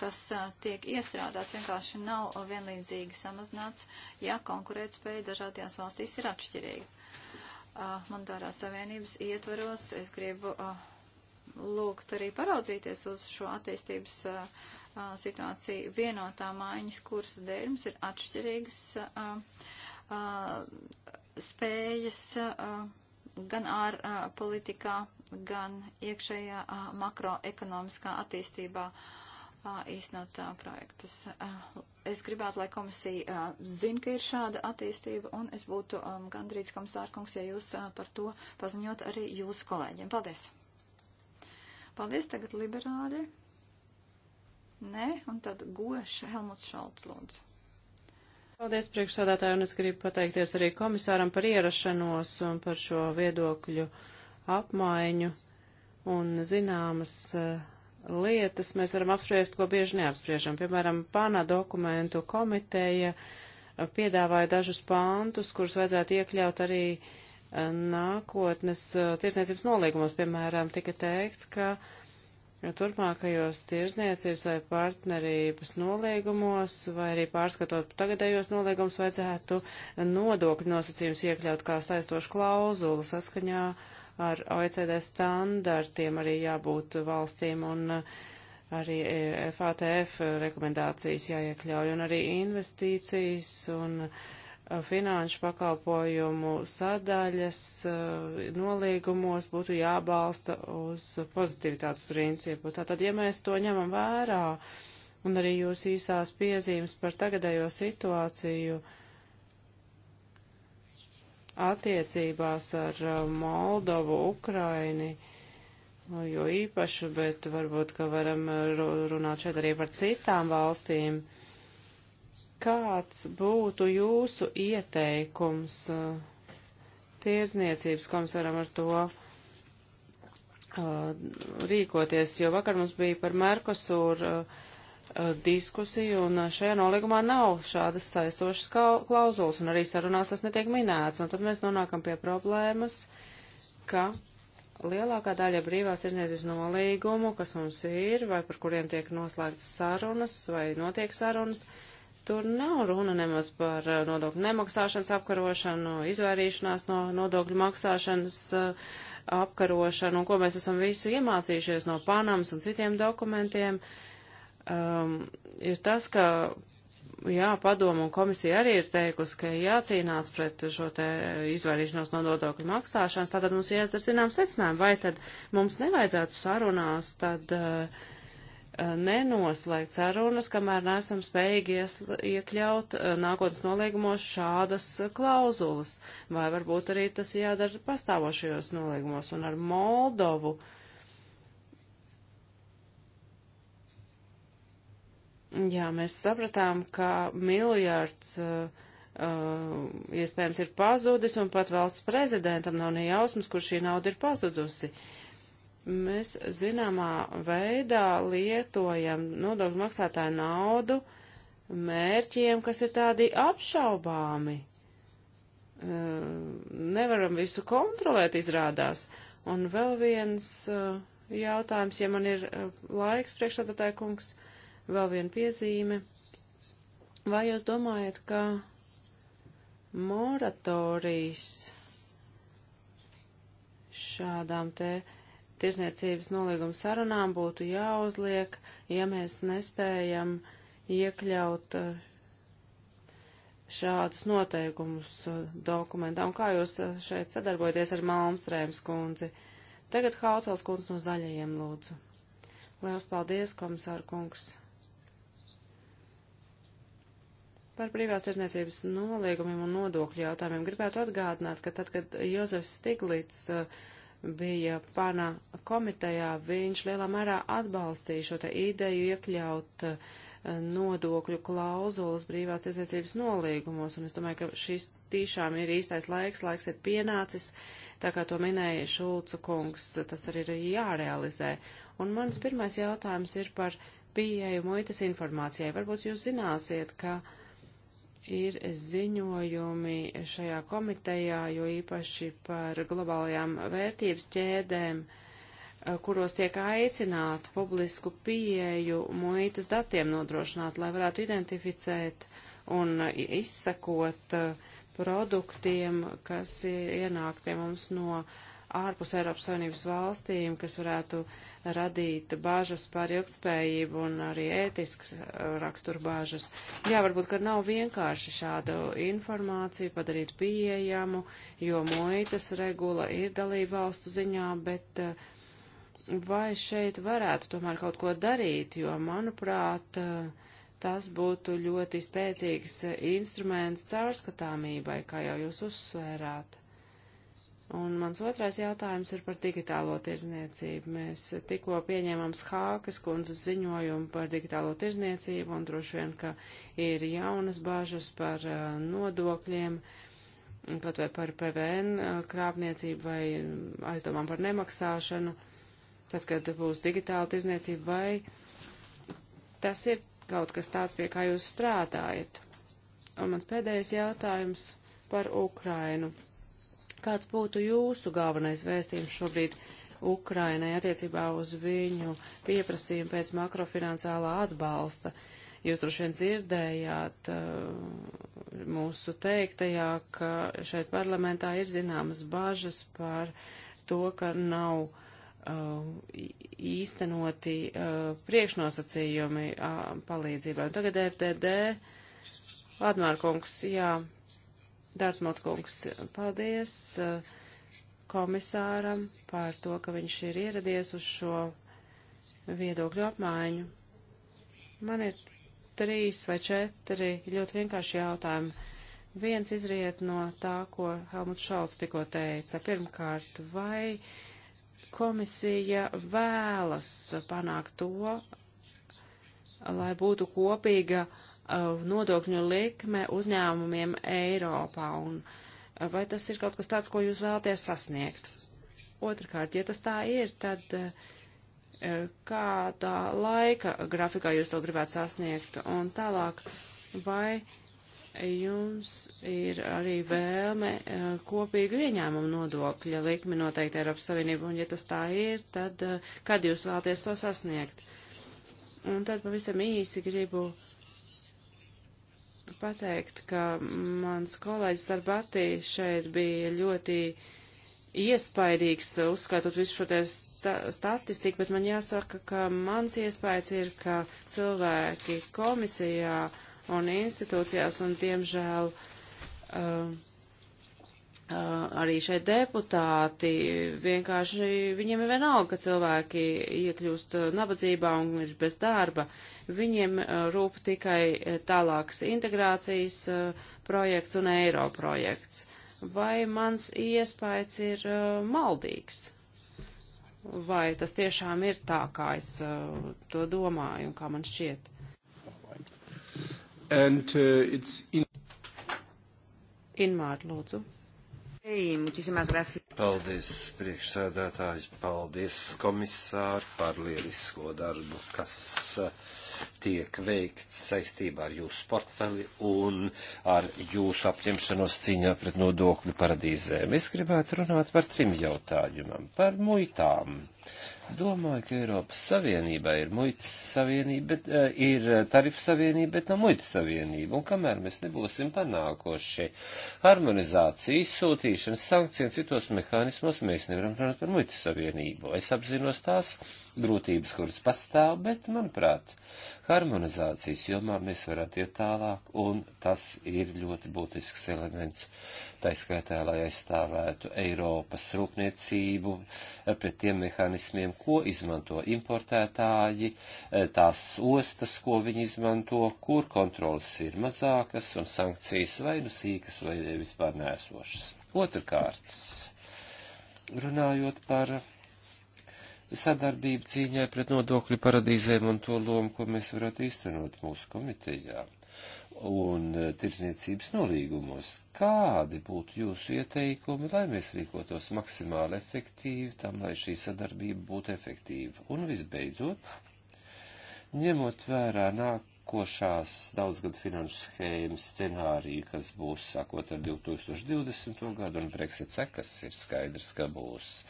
kas tiek iestrādāts, vienkārši nav vienlīdzīgi samazināts, ja konkurētspēja dažādajās valstīs ir atšķirīga. Monetārās savienības ietvaros es gribu lūgt arī paraudzīties uz šo attīstības situāciju vienotā mājiņas kursa dēļ. Mums ir atšķirīgas spējas gan ārpolitikā, gan iekšējā makroekonomiskā attīstībā īstenot projektus. Es gribētu, lai komisija zina, ka ir šāda attīstība, un es būtu gandrīz komisārkungs, ja jūs par to paziņot arī jūsu kolēģiem. Paldies! Paldies tagad liberāļi. Nē, un tad goša Helmuts Šalts lūdzu. Paldies priekšsādātāju, un es gribu pateikties arī komisāram par ierašanos un par šo viedokļu uh, apmaiņu un zināmas eh, lietas mēs varam apspriest, ko bieži neapspriežam. Piemēram, pānā dokumentu komiteja eh, piedāvāja dažus pāntus, kurus vajadzētu iekļaut arī eh, nākotnes tirsniecības nolīgumos. Piemēram, tika teikts, ka turpmākajos tirsniecības vai partnerības nolīgumos vai arī pārskatot tagadējos nolīgumus vajadzētu nodokļu nosacījums iekļaut kā saistošu klauzulu saskaņā uh, ar OECD standartiem arī jābūt valstīm un eh, arī FATF eh, eh, rekomendācijas jāiekļauj un arī investīcijas un finanšu pakalpojumu sadaļas nolīgumos būtu jābalsta uz pozitivitātes principu. Tātad, ja mēs to ņemam vērā, un arī jūs īsās piezīmes par tagadējo situāciju, uh, attiecībās ar uh, Moldovu, Ukraini, nu, jo īpaši, bet varbūt, ka varam uh, runāt šeit arī par citām valstīm. Kāds būtu jūsu ieteikums uh, tiesniecības komisaram ar to rīkoties, jo vakar mums bija par Merkosūru Uh, diskusiju, un uh, šajā nolīgumā nav šādas saistošas klauzulas, un arī sarunās tas netiek minēts, un tad mēs nonākam pie problēmas, ka lielākā daļa brīvās izniedzības nolīgumu, kas mums ir, vai par kuriem tiek noslēgtas sarunas, vai notiek sarunas, tur nav runa nemaz par uh, nodokļu nemaksāšanas apkarošanu, izvairīšanās no nodokļu maksāšanas, apkarošanu, un ko mēs esam visu iemācījušies no Panamas un citiem dokumentiem, um, ir tas, ka jā, padomu un komisija arī ir teikusi, ka jācīnās pret šo te izvairīšanos no nodokļu maksāšanas, tātad mums jāizdara zinām secinājumu, vai tad mums nevajadzētu sarunās, tad uh, uh nenoslēgt sarunas, kamēr nesam spējīgi ies, iekļaut uh, nākotnes noliegumos šādas klauzulas, vai varbūt arī tas jādara pastāvošajos noliegumos un ar Moldovu. Uh, Jā, mēs sapratām, ka miljārds uh, uh, iespējams ir pazudis, un pat valsts prezidentam nav ne jausmas, kur šī nauda ir pazudusi. Mēs zināmā veidā lietojam nodokļu maksātāju naudu mērķiem, kas ir tādi apšaubāmi. Uh, nevaram visu kontrolēt, izrādās. Un vēl viens uh, jautājums, ja man ir uh, laiks, priekšstādātāja kungs. Vēl viena piezīme. Vai jūs domājat, ka moratorijas šādām te tirzniecības nolīguma sarunām būtu jāuzliek, ja mēs nespējam iekļaut uh, šādus noteikumus uh, dokumentā. Un kā jūs uh, šeit sadarbojaties ar Malmstrēms kundzi? Tagad Hautels kundze no zaļajiem lūdzu. Liels paldies, komisāra kungs! Par privās tirdzniecības noliegumiem un nodokļu jautājumiem gribētu atgādināt, ka tad, kad Jozefs Stiglits uh, bija pana komitejā, viņš lielā mērā atbalstīja šo te ideju iekļaut uh, nodokļu klauzulas brīvās tirdzniecības nolīgumos, un es domāju, ka šis tīšām ir īstais laiks, laiks ir pienācis, tā kā to minēja Šulcu kungs, tas arī ir jārealizē. Un mans pirmais jautājums ir par pieeju muitas informācijai. Varbūt jūs zināsiet, ka uh, ir ziņojumi šajā komitejā, jo īpaši par globālajām vērtības ķēdēm, eh, kuros tiek aicināta publisku pieeju muitas datiem nodrošināt, lai varētu identificēt un izsakot eh, produktiem, kas ienāk pie mums no uh, ārpus Eiropas Savienības valstīm, kas varētu radīt bāžas par ilgtspējību un arī ētiskas eh, rakstura bāžas. Jā, varbūt, ka nav vienkārši šādu informāciju padarīt pieejamu, jo muitas regula ir dalība valstu ziņā, bet eh, vai šeit varētu tomēr kaut ko darīt, jo, manuprāt, eh, tas būtu ļoti spēcīgs instruments caurskatāmībai, kā jau jūs uzsvērāt. Un mans otrais jautājums ir par digitālo tirzniecību. Mēs tikko pieņēmām Schākas kundzes ziņojumu par digitālo tirzniecību un droši vien, ka ir jaunas bāžas par uh, nodokļiem, pat vai par PVN uh, krāpniecību vai aizdomām par nemaksāšanu. Tad, kad būs digitāla tirzniecība, vai tas ir kaut kas tāds, pie kā jūs strādājat? Un mans pēdējais jautājums par Ukrainu Kāds būtu jūsu galvenais vēstījums šobrīd Ukrainai attiecībā uz viņu pieprasījumu pēc makrofinansālā atbalsta? Jūs droši vien dzirdējāt uh, mūsu teiktajā, ka šeit parlamentā ir zināmas bažas par to, ka nav uh, īstenoti uh, priekšnosacījumi palīdzībai. Tagad FTD Admārkungs, jā, Dārtmot kungs, paldies eh, komisāram par to, ka viņš ir ieradies uz šo viedokļu apmaiņu. Man ir trīs vai četri ļoti vienkārši jautājumi. Viens izriet no tā, ko Helmuts Šalts tikko teica. Pirmkārt, vai komisija vēlas panākt to, lai būtu kopīga uh, Uh, nodokļu likme uzņēmumiem Eiropā, un uh, vai tas ir kaut kas tāds, ko jūs vēlaties sasniegt? Otrakārt, ja tas tā ir, tad uh, kādā laika grafikā jūs to gribētu sasniegt, un tālāk, vai jums ir arī vēlme kopīgu ieņēmumu nodokļa likmi noteikti Eiropas Savienību, un ja tas tā ir, tad kad jūs vēlaties to sasniegt? Un tad pavisam īsi gribu uh, pateikt, ka mans kolēģis Darbatī šeit bija ļoti iespaidīgs, uzskaitot visu šo te sta statistiku, bet man jāsaka, ka mans iespējas ir, ka cilvēki komisijā un institūcijās un, diemžēl, uh, arī šeit deputāti, vienkārši viņiem ir vienalga, ka cilvēki iekļūst nabadzībā un ir bez darba. Viņiem rūp tikai tālāks integrācijas projekts un eiro projekts. Vai mans iespējas ir maldīgs? Vai tas tiešām ir tā, kā es to domāju un kā man šķiet? And, uh, it's in... Inmār, lūdzu. Paldies, priekšsēdētāji, paldies komisāri par lielisko darbu, kas. Uh, tiek veikts saistībā ar jūsu portfeli un ar jūsu apņemšanos cīņā pret nodokļu paradīzēm. Es gribētu runāt par trim jautājumam. Par muitām. Domāju, ka Eiropas Savienībā ir muitas savienība, bet, eh, ir eh, tarifu savienība, bet nav muitas savienība. Un kamēr mēs nebūsim panākoši harmonizāciju, izsūtīšanas, sankciju un citos mehānismos, mēs nevaram runāt par muitas savienību. Es apzinos tās grūtības, kuras pastāv, bet, manuprāt, harmonizācijas jomā mēs varētu iet tālāk, un tas ir ļoti būtisks elements, taiskaitā, lai aizstāvētu Eiropas rūpniecību eh, pret tiem mehānismiem, ko izmanto importētāji, eh, tās ostas, ko viņi izmanto, kur kontrolas ir mazākas un sankcijas vai nu sīkas vai vispār nēsošas. Otrkārt, runājot par sadarbību cīņai pret nodokļu paradīzēm un to lomu, ko mēs varētu īstenot mūsu komitejā un eh, tirsniecības nolīgumos. Kādi būtu jūsu ieteikumi, lai mēs rīkotos maksimāli efektīvi, tam, lai šī sadarbība būtu efektīva? Un visbeidzot, ņemot vērā nākošās daudzgad finanšu schēmas scenāriju, kas būs sākot ar 2020. gadu un Brexit sekas, ir skaidrs, ka būs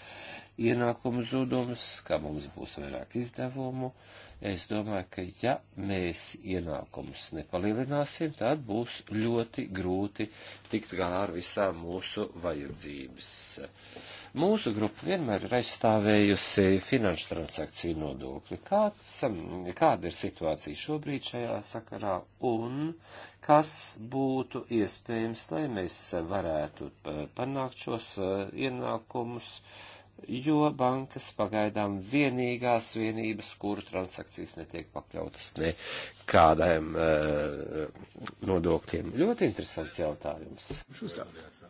ienākumu zudums, ka mums būs vairāk izdevumu. Es domāju, ka ja mēs ienākumus nepalielināsim, tad būs ļoti grūti tikt galā ar visām mūsu vajadzības. Mūsu grupa vienmēr ir aizstāvējusi finanšu transakciju nodokli. Kāds, um, kāda ir situācija šobrīd šajā sakarā un kas būtu iespējams, lai mēs varētu uh, panākt šos uh, ienākumus? jo bankas pagaidām vienīgās vienības, kuru transakcijas netiek pakļautas ne kādiem e, eh, nodokļiem. Ļoti interesants jautājums. Šustādījās.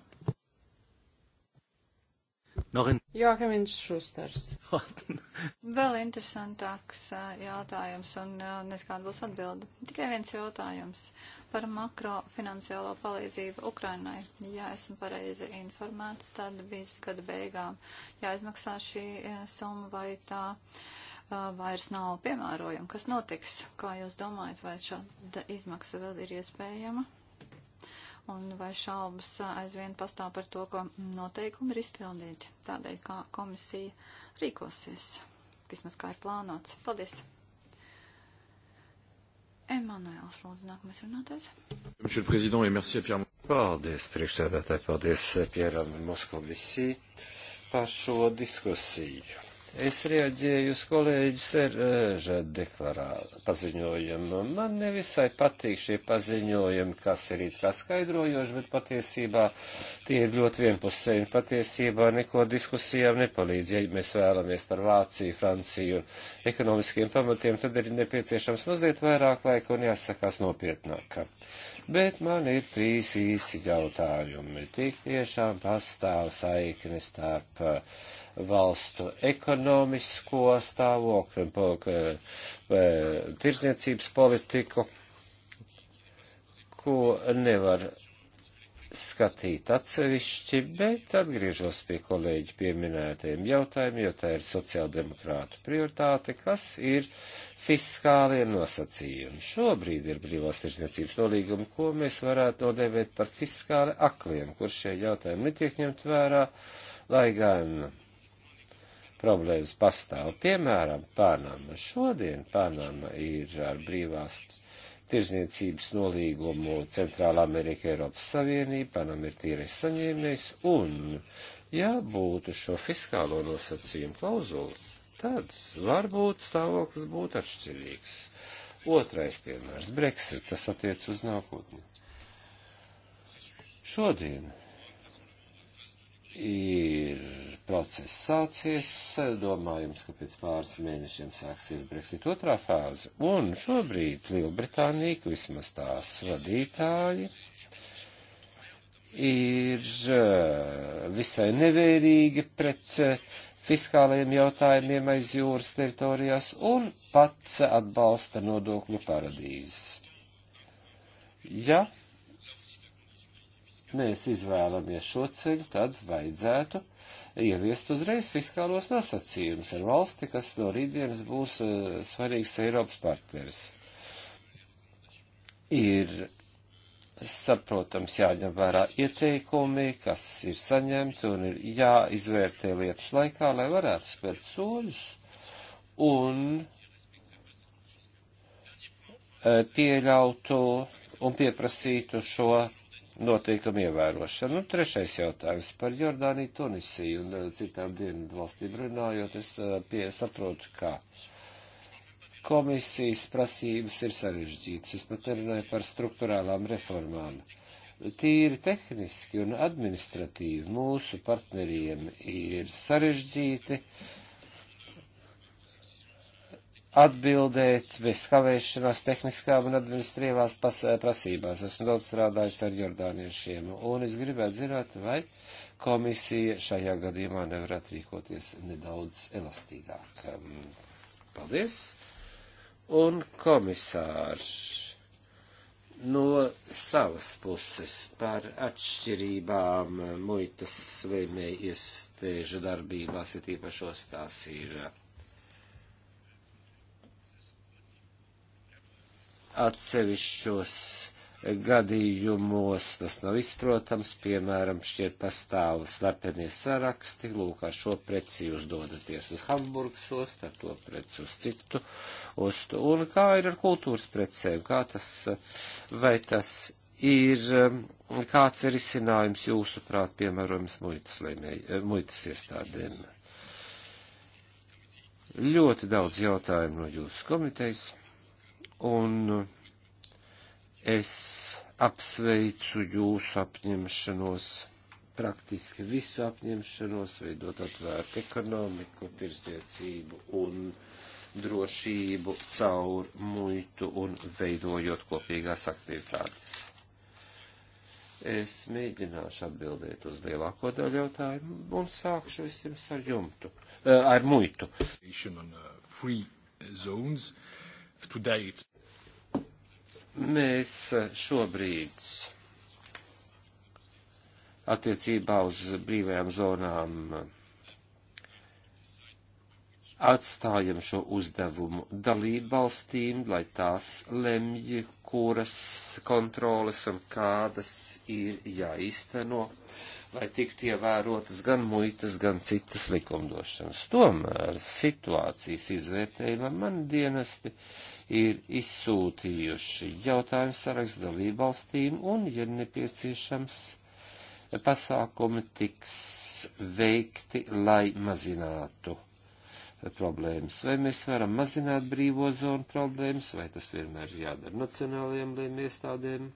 Noch in... Jākamiņš Šusters. Vēl interesantāks jautājums un nezinu, kāda būs atbilde. Tikai viens jautājums par makrofinanciālo palīdzību Ukrainai. Ja esmu pareizi informēts, tad bijis gada beigām jāizmaksā šī summa vai tā vairs nav piemērojama. Kas notiks? Kā jūs domājat, vai šāda izmaksa vēl ir iespējama? un vai šaubas aizvien pastāv par to, ka noteikumi ir izpildīti tādēļ, kā komisija rīkosies, vismaz kā ir plānots. Paldies! Emanuēls, lūdzu, nākamais runātājs. Paldies, priekšsēdētāji, paldies Pieram Moskovisī par šo diskusiju Es rieģēju uz kolēģis Erža deklarā paziņojumu. Man nevisai patīk šie paziņojumi, kas ir it kā skaidrojoši, bet patiesībā tie ir ļoti vienpusēji un patiesībā neko diskusijām nepalīdz. Ja mēs vēlamies par Vāciju, Franciju un ekonomiskiem pamatiem, tad ir nepieciešams mazliet vairāk laika un jāsakās nopietnāk. Bet man ir trīs īsi jautājumi. Tik tiešām pastāv saikne starp uh, valstu ekonomisko stāvokli un e, tirsniecības politiku, ko nevar skatīt atsevišķi, bet atgriežos pie kolēģi pieminētajiem jautājumiem, jo tā ir sociāldemokrātu prioritāte, kas ir fiskālie nosacījumi. Šobrīd ir brīvās tirsniecības nolīgumi, ko mēs varētu nodēvēt par fiskāli akliem, kur šie jautājumi netiek ņemt vērā, lai gan problēmas pastāv. Piemēram, Panama. Šodien Panama ir ar brīvās tirzniecības nolīgumu Centrāla Amerika Eiropas Savienība, Panama ir tīrais saņēmējs, un, ja būtu šo fiskālo nosacījumu klauzulu, tad varbūt stāvoklis būtu atšķirīgs. Otrais piemērs - Brexit, tas attiec uz nākotni. Šodien ir process sācies, domājams, ka pēc pāris mēnešiem sāksies Brexit otrā fāze, un šobrīd Lielbritānija, vismaz tās vadītāji, ir eh, visai nevērīgi pret eh, fiskālajiem jautājumiem aiz jūras teritorijās un pats atbalsta nodokļu paradīzes. Ja mēs izvēlamies šo ceļu, tad vajadzētu ieviest uzreiz fiskālos nosacījumus ar valsti, kas no rītdienas būs uh, svarīgs Eiropas partneris. Ir, saprotams, jāņem vērā ieteikumi, kas ir saņemti un ir jāizvērtē lietas laikā, lai varētu spērt soļus un uh, pieļautu un pieprasītu šo noteikumu ievērošanu. Un trešais jautājums par Jordāniju, Tunisiju un eh, citām dienvidu valstīm runājot, es eh, pie saprotu, ka komisijas prasības ir sarežģītas. Es pat runāju par struktūrālām reformām. Tīri tehniski un administratīvi mūsu partneriem ir sarežģīti. Uh, atbildēt bez kavēšanās tehniskām un administrīvās eh, prasībās. Esmu daudz strādājis ar jordāniešiem, un es gribētu zināt, vai komisija šajā gadījumā nevar atrīkoties nedaudz elastīgāk. Paldies! Un komisārs no savas puses par atšķirībām muitas slimē iestēžu darbībās, ir ja īpašos tās ir. Uh, atsevišķos gadījumos tas nav izprotams, piemēram, šķiet pastāv slepenie saraksti, lūk, ar šo preci jūs dodaties uz Hamburgas ostu, ar to preci uz citu ostu, un kā ir ar kultūras precēm, kā tas, vai tas ir, kāds ir izcinājums jūsuprāt, piemērojams, muitas, lēmē, muitas iestādēm? Ļoti daudz jautājumu no jūsu komitejas un uh, es apsveicu jūsu apņemšanos, praktiski visu apņemšanos, veidot atvērtu ekonomiku, tirsniecību un drošību caur muitu un veidojot kopīgās aktivitātes. Es mēģināšu atbildēt uz lielāko daļu jautājumu un sākšu vispirms ar jumtu, eh, ar muitu. Uh, Today, Mēs šobrīd attiecībā uz brīvajām zonām atstājam šo uzdevumu dalību valstīm, lai tās lemj, kuras kontroles un kādas ir jāizteno, lai tiktu ievērotas gan muitas, gan citas likumdošanas. Tomēr situācijas izvērtējumā man dienesti uh, ir izsūtījuši jautājumu sarakstu dalību valstīm un, ja nepieciešams, pasākumi tiks veikti, lai mazinātu problēmas. Vai mēs varam mazināt brīvo zonu problēmas, vai tas vienmēr ir jādara nacionālajiem lēmiem iestādēm?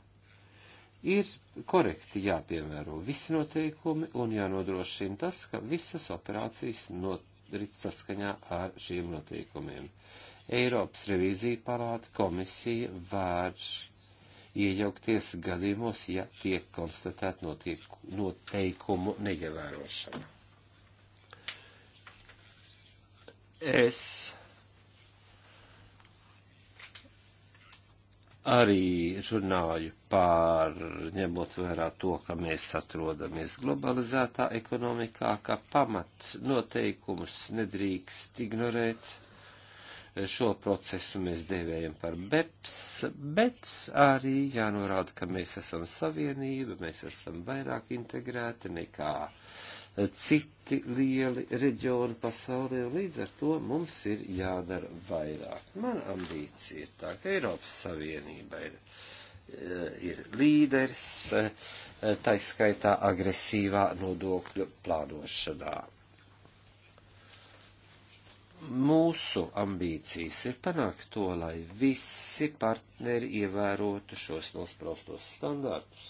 Ir korekti jāpiemēro visi noteikumi un jānodrošina tas, ka visas operācijas notiek saskaņā ar šiem noteikumiem. Uh, Eiropas revīzija palāta komisija var iejaukties gadījumos, ja tiek konstatēt notiek, noteikumu neievērošana. Es arī runāju par ņemot vērā to, ka mēs atrodamies globalizētā ekonomikā, ka pamats noteikumus nedrīkst ignorēt Šo procesu mēs dēvējam par BEPS, bet arī jānorāda, ka mēs esam savienība, mēs esam vairāk integrēti nekā citi lieli reģioni pasaulē, un līdz ar to mums ir jādara vairāk. Mana ambīcija ir tā, ka Eiropas Savienība ir eh, ir līderis, eh, eh, taiskaitā agresīvā nodokļu plānošanā. Mūsu ambīcijas ir panākt to, lai visi partneri ievērotu šos nospraustos standārtus.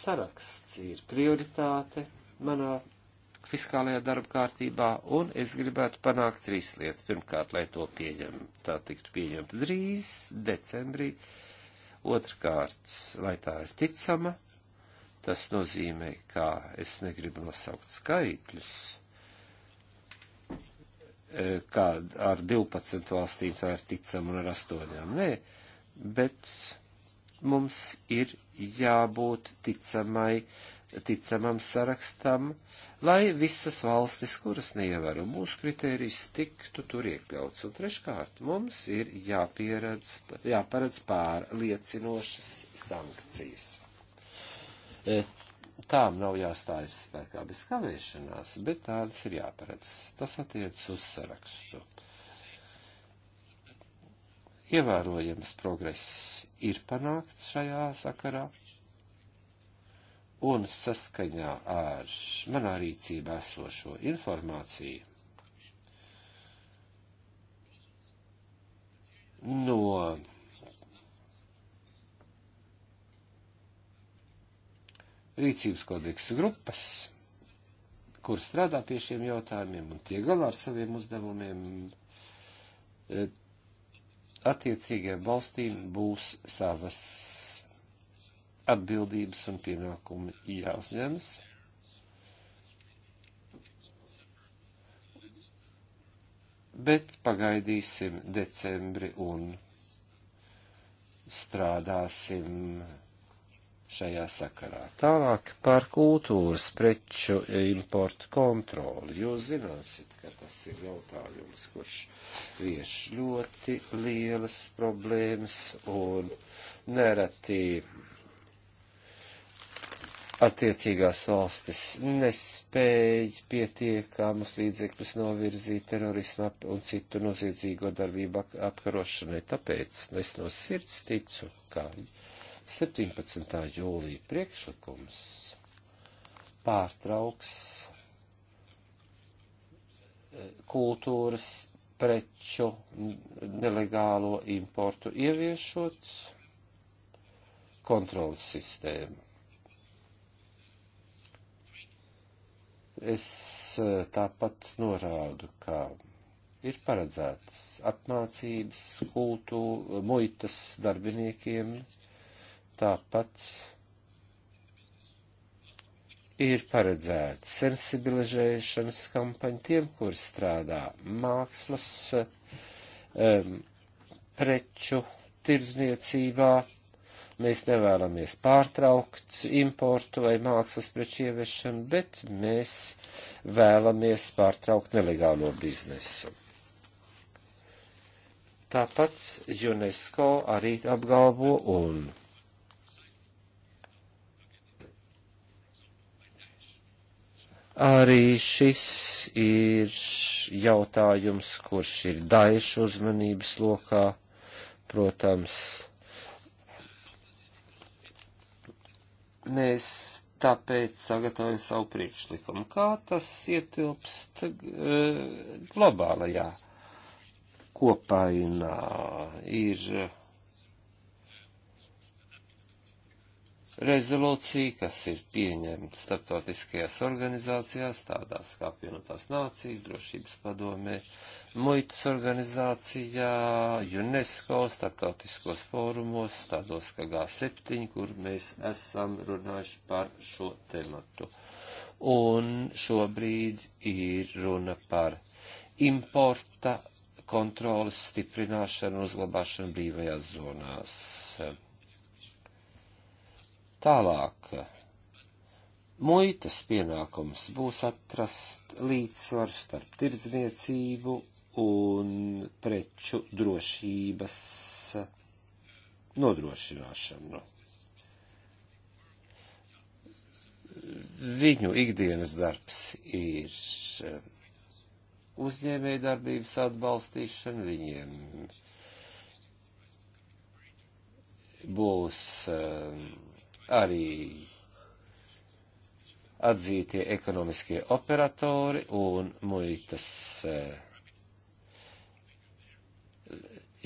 Saraksts ir prioritāte manā fiskālajā darba kārtībā, un es gribētu panākt trīs lietas. Pirmkārt, lai to pieņem, tā tiktu pieņemta drīz, decembrī. Otrkārt, lai tā ir ticama. Tas nozīmē, ka es negribu nosaukt skaitļus, e, kā ar 12 valstīm tā ir ticama un ar 8. Nē, bet mums ir jābūt ticamai, ticamam sarakstam, lai visas valstis, kuras neievēro mūsu kritērijas, tiktu tur iekļauts. Un treškārt, mums ir jāpieredz, jāparedz pārliecinošas sankcijas. E, tām nav jāstājas spēkā bez kavēšanās, bet tādas ir jāparedz. Tas attiecas uz sarakstu. Ievērojams progress ir panākts šajā sakarā, un saskaņā ar manā rīcībā esošo informāciju no rīcības kodeksa grupas, kur strādā pie šiem jautājumiem un tiek galā ar saviem uzdevumiem, e, attiecīgajām valstīm būs savas atbildības un pienākumi jāuzņemas. Bet pagaidīsim decembri un strādāsim šajā sakarā. Tālāk par kultūras preču importu kontroli. Jūs zināsiet, ka tas ir jautājums, kurš vieš ļoti lielas problēmas un nereti attiecīgās valstis nespēja pietiekamus līdzekļus novirzīt terorismu un citu noziedzīgo darbību apkarošanai. Tāpēc es no sirds ticu, ka. Kā 17. jūlija priekšlikums pārtrauks eh, kultūras preču nelegālo importu ieviešot kontrolas sistēmu. Es eh, tāpat norādu, ka ir paredzētas apmācības kultu muitas darbiniekiem tāpat ir paredzēta sensibilizēšanas kampaņa tiem, kur strādā mākslas um, preču tirdzniecībā. Mēs nevēlamies pārtraukt importu vai mākslas preču ieviešanu, bet mēs vēlamies pārtraukt nelegālo biznesu. Tāpat UNESCO arī apgalvo un Arī šis ir jautājums, kurš ir daišu uzmanības lokā, protams. Mēs tāpēc sagatavojam savu priekšlikumu. Kā tas ietilpst eh, globālajā kopainā? Ir rezolūcija, kas ir pieņemta starptautiskajās organizācijās, tādās kā apvienotās nācijas, drošības padomē, muitas organizācijā, UNESCO, starptautiskos fórumos, tādos kā G7, kur mēs esam runājuši par šo tematu. Un šobrīd ir runa par importa kontrolas stiprināšanu un uzglabāšanu brīvajās zonās Tālāk. Muitas pienākums būs atrast līdzsvaru starp tirdzniecību un preču drošības nodrošināšanu. Viņu ikdienas darbs ir uzņēmēja darbības atbalstīšana, viņiem būs uh, arī atzītie ekonomiskie operatori un muitas eh,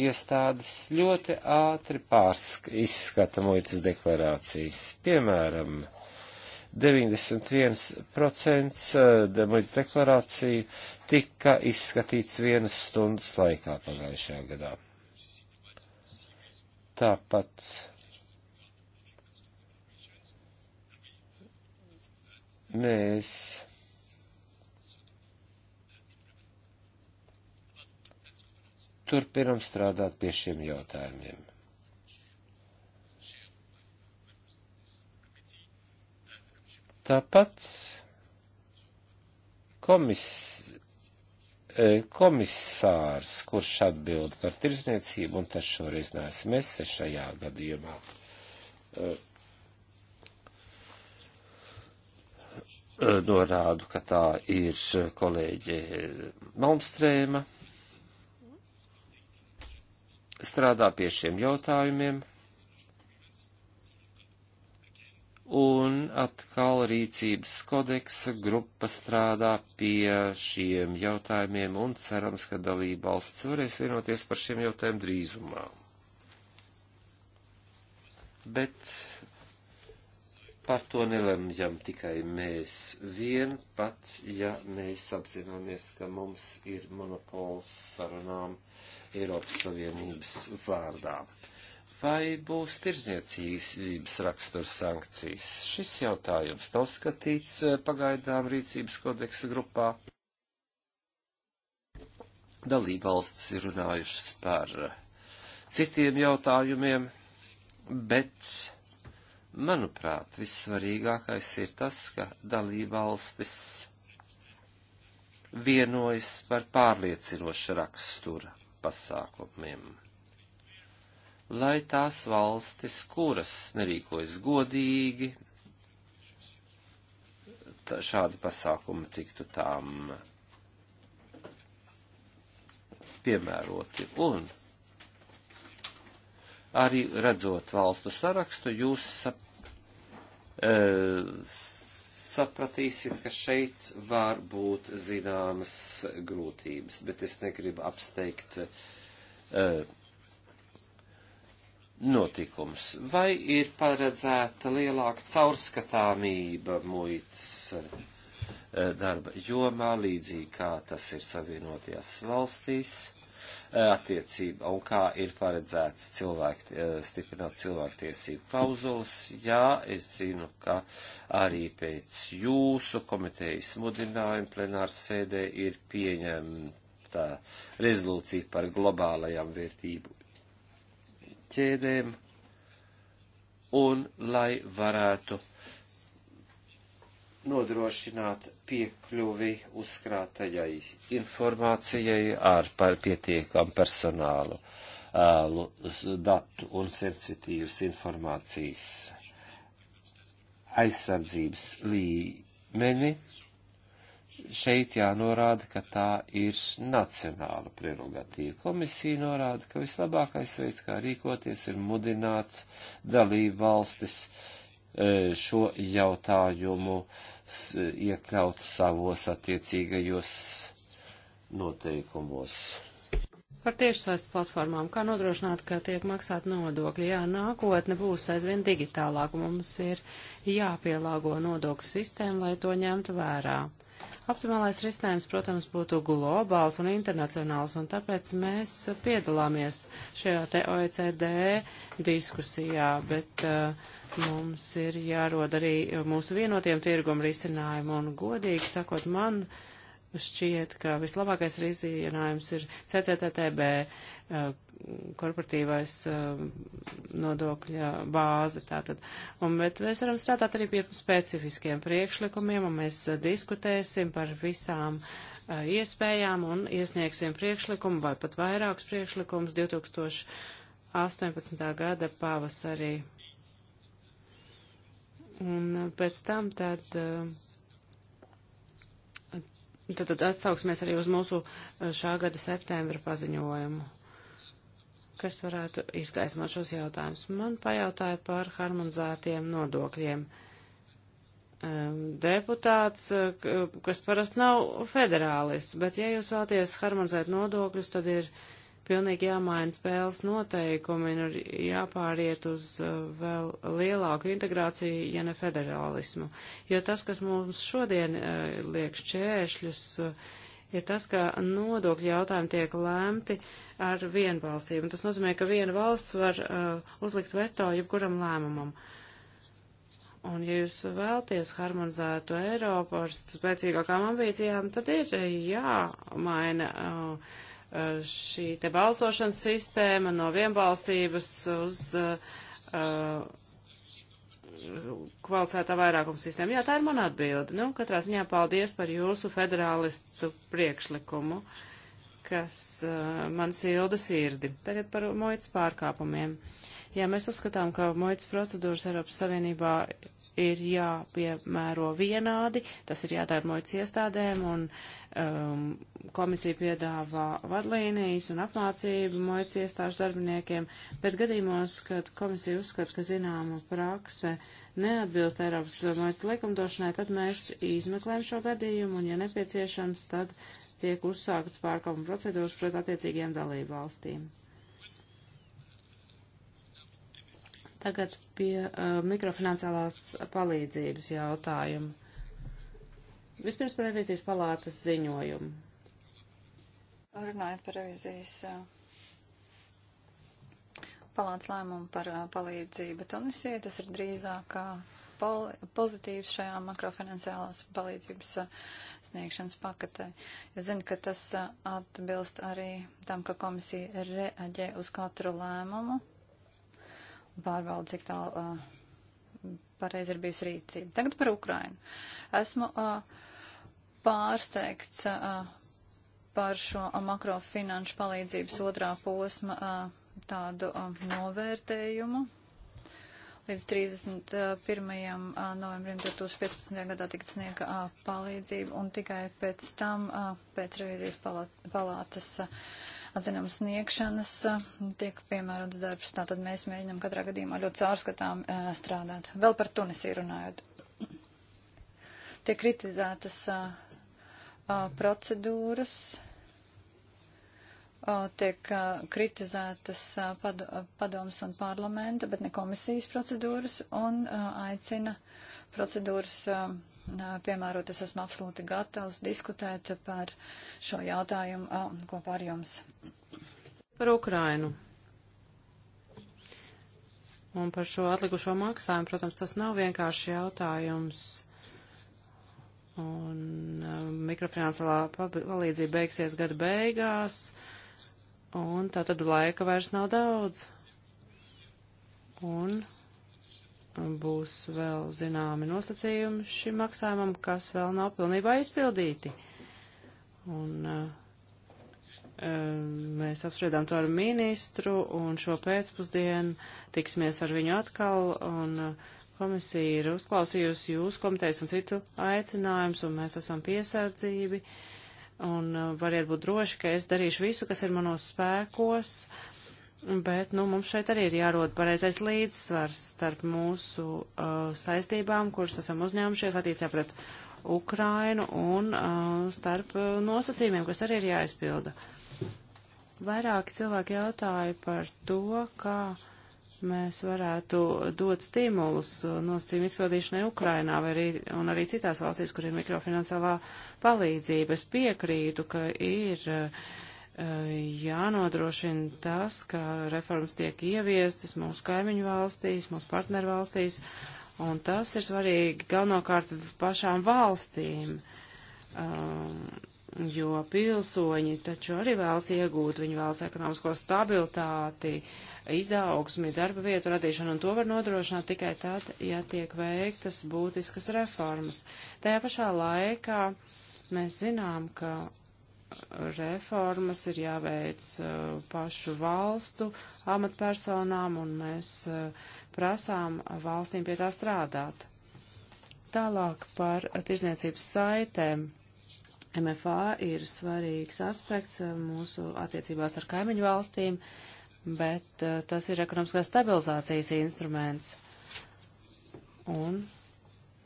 iestādes ļoti ātri pārskata muitas deklarācijas. Piemēram, 91% eh, muitas deklarāciju tika izskatīts vienas stundas laikā pagājušajā gadā. Tāpat mēs turpinam strādāt pie šiem jautājumiem. Tāpat komis, e, komisārs, kurš atbild par tirzniecību, un tas šoreiz neesmu es šajā gadījumā, e, Eh, norādu, ka tā ir eh, kolēģe Malmstrēma. Strādā pie šiem jautājumiem. Un atkal rīcības kodeksa grupa strādā pie šiem jautājumiem un cerams, ka dalība valsts varēs vienoties par šiem jautājumiem drīzumā. Bet Par to nelemjam tikai mēs vien, pat ja mēs apzināmies, ka mums ir monopols sarunām Eiropas Savienības vārdā. Vai būs tirzniecības raksturs sankcijas? Šis jautājums nav skatīts eh, pagaidām rīcības kodeksa grupā. Dalībvalstis ir runājušas par citiem jautājumiem, bet Manuprāt, vissvarīgākais ir tas, ka dalībvalstis vienojas par pārliecinošu rakstura pasākumiem. Lai tās valstis, kuras nerīkojas godīgi, šādi pasākumi tiktu tām piemēroti. Un arī redzot valstu sarakstu, jūs saprotat, sapratīsiet, ka šeit var būt zināmas grūtības, bet es negribu apsteigt uh, notikums. Vai ir paredzēta lielāka caurskatāmība muitas uh, darba jomā, līdzīgi kā tas ir savienotajās valstīs? Eh, attiecība un kā ir paredzēts cilvēku, eh, stiprināt cilvēktiesību klauzulas. Jā, es zinu, ka arī pēc jūsu komitejas mudinājuma plenārs sēdē ir pieņemta rezolūcija par globālajām vērtību ķēdēm un lai varētu uh, nodrošināt piekļuvi uzkrātajai informācijai ar par pietiekam personālu datu un sensitīvas informācijas aizsardzības līmeni. Šeit jānorāda, ka tā ir nacionāla prerogatīva. Komisija norāda, ka vislabākais veids, kā rīkoties, ir mudināts dalību valstis uh, E, šo jautājumu iekļaut savos attiecīgajos noteikumos. Par tiešsaistes platformām, kā nodrošināt, ka tiek maksāt nodokļi? Jā, nākotne būs aizvien digitālāk, mums ir jāpielāgo nodokļu sistēmu, lai to ņemtu vērā. Optimālais risinājums, protams, būtu globāls un internacionāls, un tāpēc mēs piedalāmies šajā te OECD diskusijā, bet uh, mums ir jārod arī mūsu vienotiem tirgum risinājumu, un godīgi sakot, man šķiet, ka vislabākais risinājums ir CCTTB uh, korporatīvais uh, nodokļa bāze. Tātad. Un, bet mēs varam strādāt arī pie specifiskiem priekšlikumiem, un mēs uh, diskutēsim par visām uh, iespējām un iesniegsim priekšlikumu vai pat vairākus priekšlikumus 2018. gada pavasarī. Un uh, pēc tam tad. Uh, Tad, tad atsauksimies arī uz mūsu uh, šā gada septembra paziņojumu kas varētu izgaismot šos jautājumus. Man pajautāja par harmonizētiem nodokļiem. Deputāts, eh, kas parasti nav federālists, bet ja jūs vēlaties harmonizēt nodokļus, tad ir pilnīgi jāmaina spēles noteikumi un ir jāpāriet uz eh, vēl lielāku integrāciju, ja ne federālismu. Jo tas, kas mums šodien eh, liek šķēršļus, uh, ir tas, ka nodokļu jautājumi tiek lēmti ar vienbalsību. Un tas nozīmē, ka viena valsts var uh, uzlikt veto jebkuram lēmumam. Un ja jūs vēlties harmonizētu Eiropu ar spēcīgākām ambīcijām, tad ir jāmaina uh, uh šī te balsošanas sistēma no vienbalsības uz. Uh, uh, kvalificētā vairākuma sistēma. Jā, tā ir mana atbilde. Nu, katrā ziņā paldies par jūsu federālistu priekšlikumu, kas uh, man silda sirdi. Tagad par moitas pārkāpumiem. Jā, mēs uzskatām, ka moitas procedūras Eiropas Savienībā ir jāpiemēro vienādi, tas ir jādara moitas iestādēm un uh, um, komisija piedāvā vadlīnijas un apmācību mojas iestāžu darbiniekiem, bet gadījumos, kad komisija uzskata, ka zināma prakse neatbilst Eiropas mojas likumdošanai, tad mēs izmeklējam šo gadījumu un, ja nepieciešams, tad tiek uzsāktas pārkāpuma procedūras pret attiecīgiem dalību valstīm. Tagad pie uh, mikrofinanciālās palīdzības jautājuma. Vispirms par revizijas palātas ziņojumu. Runājot par revizijas uh, palātas lēmumu par uh, palīdzību Tunisijai, tas ir drīzāk uh, pozitīvs šajā makrofinanciālās palīdzības sniegšanas paketē. Es zinu, ka tas atbilst arī tam, ka komisija reaģē uz katru lēmumu, pārbauda, cik tālu uh, pareizi ir bijusi rīcība. Tagad par Ukrainu. Esmu uh, pārsteigts uh, par šo uh, makrofinanšu palīdzības otrā posma uh, tādu um, novērtējumu. Līdz 31. novembrim 2015. gadā tika sniegta palīdzība un tikai pēc tam, a, pēc revizijas palātas a, atzinuma sniegšanas eh, tiek piemērots darbs. Tātad mēs mēģinām katrā gadījumā ļoti caurskatām eh, strādāt. Vēl par Tunisiju runājot. Eh, tiek kritizētas procedūras, tiek kritizētas padomas un parlamenta, bet ne komisijas procedūras un aicina procedūras piemērot. Es esmu absolūti gatavs diskutēt par šo jautājumu kopā ar jums. Par Ukrainu. Un par šo atlikušo maksājumu, protams, tas nav vienkārši jautājums. Un um, mikrofinansālā palīdzība beigsies gada beigās, un tā tad laika vairs nav daudz. Un būs vēl zināmi nosacījumi šim maksājumam, kas vēl nav pilnībā izpildīti. Un uh, mēs apspriedām to ar ministru, un šo pēcpusdienu tiksimies ar viņu atkal, un uh, komisija ir uzklausījusi jūsu komitejas un citu aicinājumus, un mēs esam piesardzīvi, un uh, variet būt droši, ka es darīšu visu, kas ir manos spēkos. Uh, Bet nu, mums šeit arī ir jārod pareizais līdzsvars starp mūsu uh, saistībām, kuras esam uzņēmušies attiecībā pret Ukrainu, un uh, starp uh, nosacījumiem, kas arī ir jāizpilda. Vairāki cilvēki jautāja par to, kā mēs varētu dot stimulus uh, nosacījumu izpildīšanai Ukrainā vai arī, un arī citās valstīs, kur ir mikrofinansālā palīdzība. Es piekrītu, ka ir. Uh, Eh, jānodrošina tas, ka reformas tiek ieviestas mūsu kaimiņu valstīs, mūsu partneru valstīs, un tas ir svarīgi galvenokārt pašām valstīm, um, jo pilsoņi taču arī vēlas iegūt, viņi vēlas ekonomisko stabilitāti, izaugsmi, darba vietu radīšanu, un to var nodrošināt tikai tad, ja tiek veiktas būtiskas reformas. Tajā pašā laikā mēs zinām, ka reformas ir jāveic uh, pašu valstu amatpersonām, un mēs uh, prasām valstīm pie tā strādāt. Tālāk par tirzniecības saitēm. MFA ir svarīgs aspekts uh, mūsu attiecībās ar kaimiņu valstīm, bet tas ir ekonomiskās stabilizācijas instruments. Un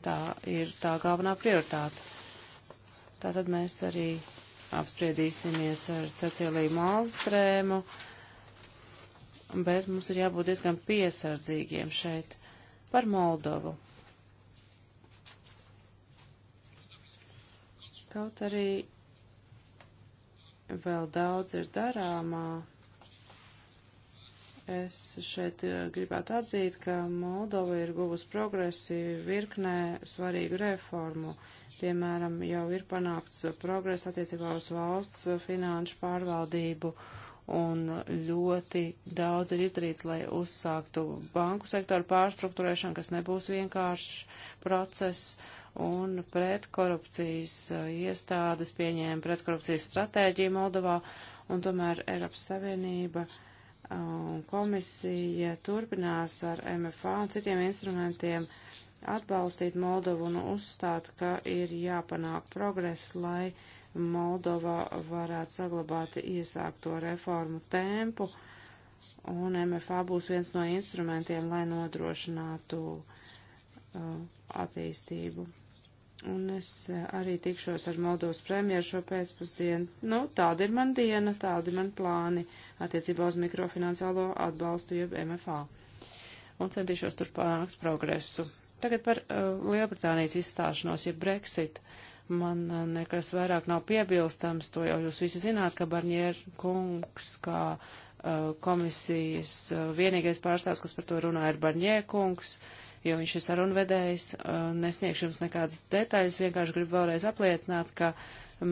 tā ir tā galvenā prioritāte. Tātad mēs arī apspriedīsimies ar Ceciliju Malmstrēmu, bet mums ir jābūt diezgan piesardzīgiem šeit par Moldovu. Kaut arī vēl daudz ir darāmā Es šeit eh, gribētu atzīt, ka Moldova ir guvusi progresi virknē svarīgu reformu. Piemēram, jau ir panākts progress attiecībā uz valsts finanšu pārvaldību un ļoti daudz ir izdarīts, lai uzsāktu banku sektoru pārstruktūrēšanu, kas nebūs vienkāršs process, un pretkorupcijas eh, iestādes pieņēma pretkorupcijas stratēģiju Moldovā, un tomēr Eiropas Savienība. Uh, un komisija turpinās ar MFA un citiem instrumentiem atbalstīt Moldovu un uzstāt, ka ir jāpanāk progress, lai Moldova varētu saglabāt iesākto reformu tempu, un MFA būs viens no instrumentiem, lai nodrošinātu uh, attīstību. Un es eh, arī tikšos ar Moldovas premjeru šo pēcpusdienu. Nu, tāda ir man diena, tādi man plāni attiecībā uz mikrofinansālo atbalstu jeb MFA. Un centīšos tur panākt progresu. Tagad par uh, Lielbritānijas izstāšanos, jeb Brexit. Man uh, nekas vairāk nav piebilstams, to jau jūs visi zināt, ka Barņēr kungs, kā uh, komisijas uh, vienīgais pārstāvs, kas par to runā, ir Barņēr kungs. Uh, jo viņš ir sarunvedējs. Uh, nesniegšu jums nekādas detaļas, vienkārši gribu vēlreiz apliecināt, ka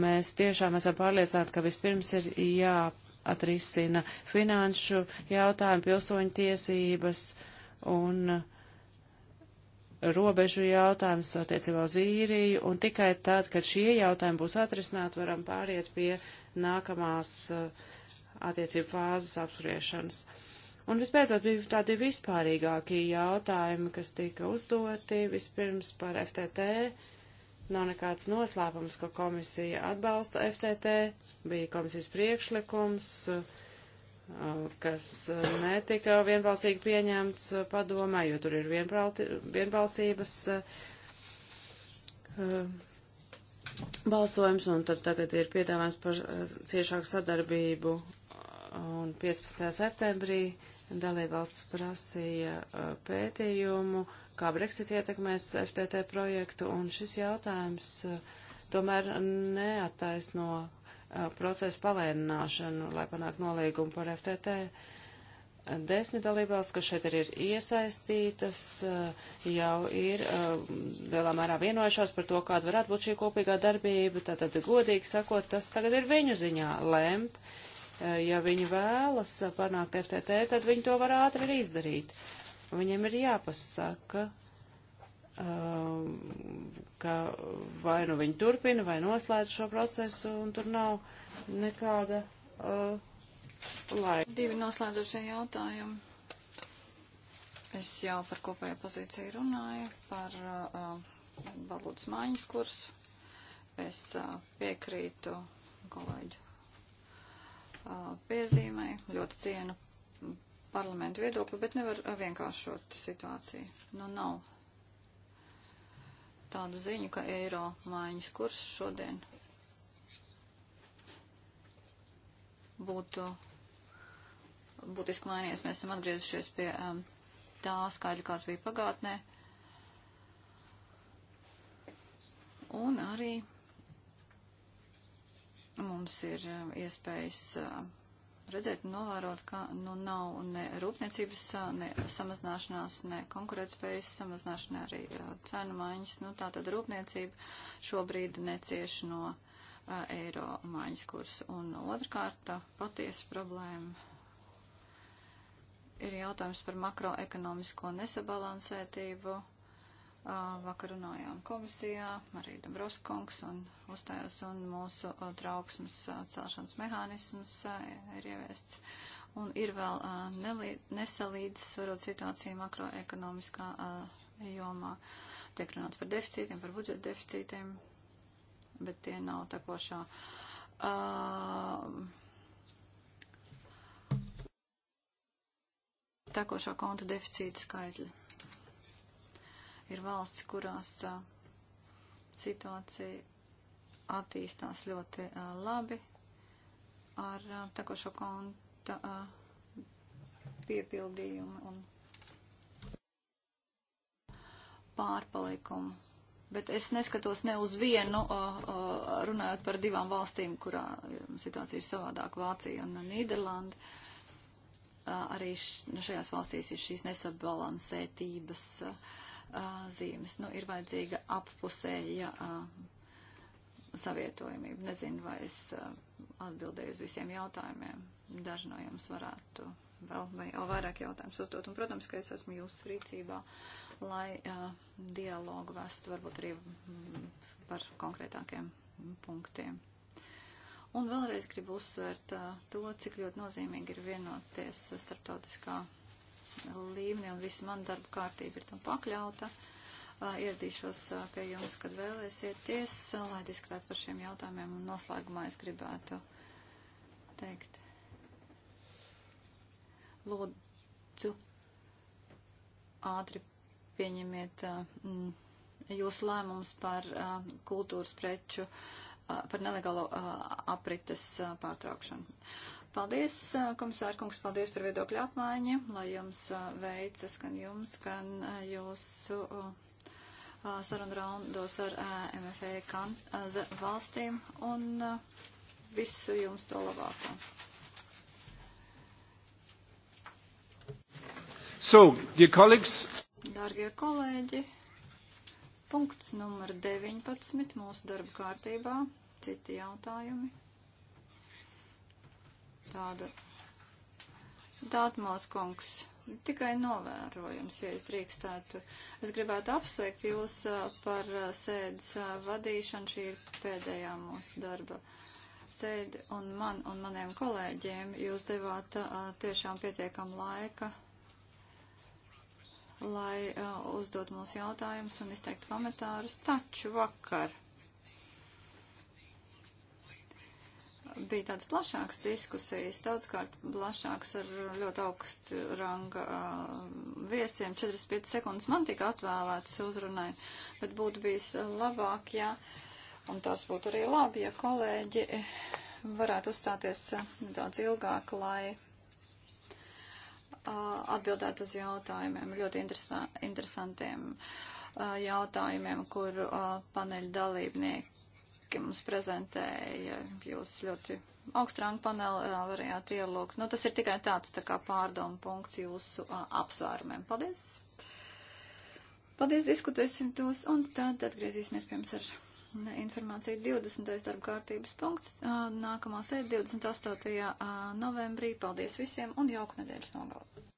mēs tiešām esam pārliecināti, ka vispirms ir jāatrisina finanšu jautājumi, pilsoņu tiesības un robežu jautājums attiecībā uz īriju, un tikai tad, kad šie jautājumi būs atrisināti, varam pāriet pie nākamās uh, attiecību fāzes apspriešanas. Uh, Un vispēcot bija tādi vispārīgākie jautājumi, kas tika uzdoti vispirms par FTT. Nav nekāds noslēpums, ka komisija atbalsta FTT, bija komisijas priekšlikums, uh, kas uh, netika vienbalsīgi pieņemts uh, padomē, jo tur ir vienbalsības balsojums, un tad tagad ir piedāvājums par ciešāku sadarbību un 15. septembrī Dalībvalsts prasīja pētījumu, kā Brexit ietekmēs FTT projektu, un šis jautājums tomēr neattaisno procesu palēnināšanu, lai panāktu nolīgumu par FTT. Desmit dalībvalsts, kas šeit arī ir iesaistītas, jau ir lielā mērā vienojušās par to, kāda varētu būt šī kopīgā darbība. Tātad, godīgi sakot, tas tagad ir viņu ziņā lemt. Uh, Eh, ja viņi vēlas panākt FTT, tad viņi to var ātri arī izdarīt. Viņiem ir jāpasaka, eh, ka vai nu viņi turpina, vai noslēdz šo procesu, un tur nav nekāda uh, eh, laika. Divi noslēdzošie jautājumi. Es jau par kopējo pozīciju runāju, par uh, valodas mājas kursu. Es uh, piekrītu kolēģu piezīmē, ļoti cienu parlamentu viedokli, bet nevar vienkāršot situāciju. Nu, nav tādu ziņu, ka eiro mājiņas kurs šodien būtu būtiski mainījies. Mēs esam atgriezušies pie um, tā skaļa, kāds bija pagātnē. Un arī Mums ir eh, iespējas eh, redzēt un novērot, ka nu nav ne rūpniecības eh, ne samazināšanās, ne konkurētspējas samazināšana, arī cenu maiņas. Nu, tā tad rūpniecība šobrīd necieš no a, eiro maiņas kursa. Un otrkārt, patiesa problēma ir jautājums par makroekonomisko nesabalansētību Vakar runājām komisijā, arī Dabroskungs un uzstājos un mūsu trauksmes celšanas mehānisms ir ieviests. Un ir vēl nesalīdzsvarot situāciju makroekonomiskā jomā. Tiek runāts par deficītiem, par budžeta deficītiem, bet tie nav tekošā. Uh, tekošā konta deficīta skaitļi. Ir valsts, kurās situācija attīstās ļoti labi ar tekošo konta piepildījumu un pārpalikumu. Bet es neskatos ne uz vienu, runājot par divām valstīm, kurā situācija ir savādāk - Vācija un Nīderlanda. Arī nu, šajās valstīs ir šīs nesabalansētības. Uh, zīmes. Nu, ir vajadzīga apusēja savietojamība. Nezinu, vai es atbildēju uz visiem jautājumiem. Daži no jums varētu vēl, vai vēl vairāk jautājumus uzdot. Un, protams, ka es esmu jūsu rīcībā, lai uh, dialogu vestu varbūt arī mm, par konkrētākiem punktiem. Un vēlreiz gribu uzsvērt uh, to, cik ļoti nozīmīgi ir vienoties starptautiskā līmenī un visa mana darba kārtība ir tam pakļauta. Ieradīšos pie jums, kad vēlēsieties, lai diskutētu par šiem jautājumiem un noslēgumā es gribētu teikt. Lūdzu, ātri pieņemiet jūsu lēmumus par kultūras preču, par nelegālo aprites pārtraukšanu. Paldies, komisāra kungs, paldies par viedokļu apmaiņu, lai jums veicas gan jums, gan jūsu sarunu raundos ar MFA e kan, valstīm un visu jums to labāko. So, dear colleagues. Dargie kolēģi, punkts numur 19 mūsu darba kārtībā. Citi jautājumi tāda. Dātmos kungs, tikai novērojums, ja es drīkstētu. Es gribētu apsveikt jūs par sēdes vadīšanu. Šī ir pēdējā mūsu darba sēde, un man un maniem kolēģiem jūs devāt tiešām pietiekam laika, lai uzdot mūsu jautājumus un izteikt komentārus. Taču vakar. bija tādas plašākas diskusijas, daudzkārt plašākas ar ļoti augstu ranga viesiem. 45 sekundes man tika atvēlētas uzrunai, bet būtu bijis labāk, ja, un tas būtu arī labi, ja kolēģi varētu uzstāties nedaudz ilgāk, lai atbildētu uz jautājumiem, ļoti interesantiem jautājumiem, kur paneļa dalībnieki lieliski mums prezentēja. Jūs ļoti augstrāngu paneli varējāt ielūgt. Nu, tas ir tikai tāds tā kā pārdomu punkts jūsu a, apsvērumiem. Paldies! Paldies, diskutēsim tos, un tad atgriezīsimies pie jums ar informāciju. 20. darba kārtības punkts a, nākamā sēde 28. novembrī. Paldies visiem un jauku nedēļas nogalu!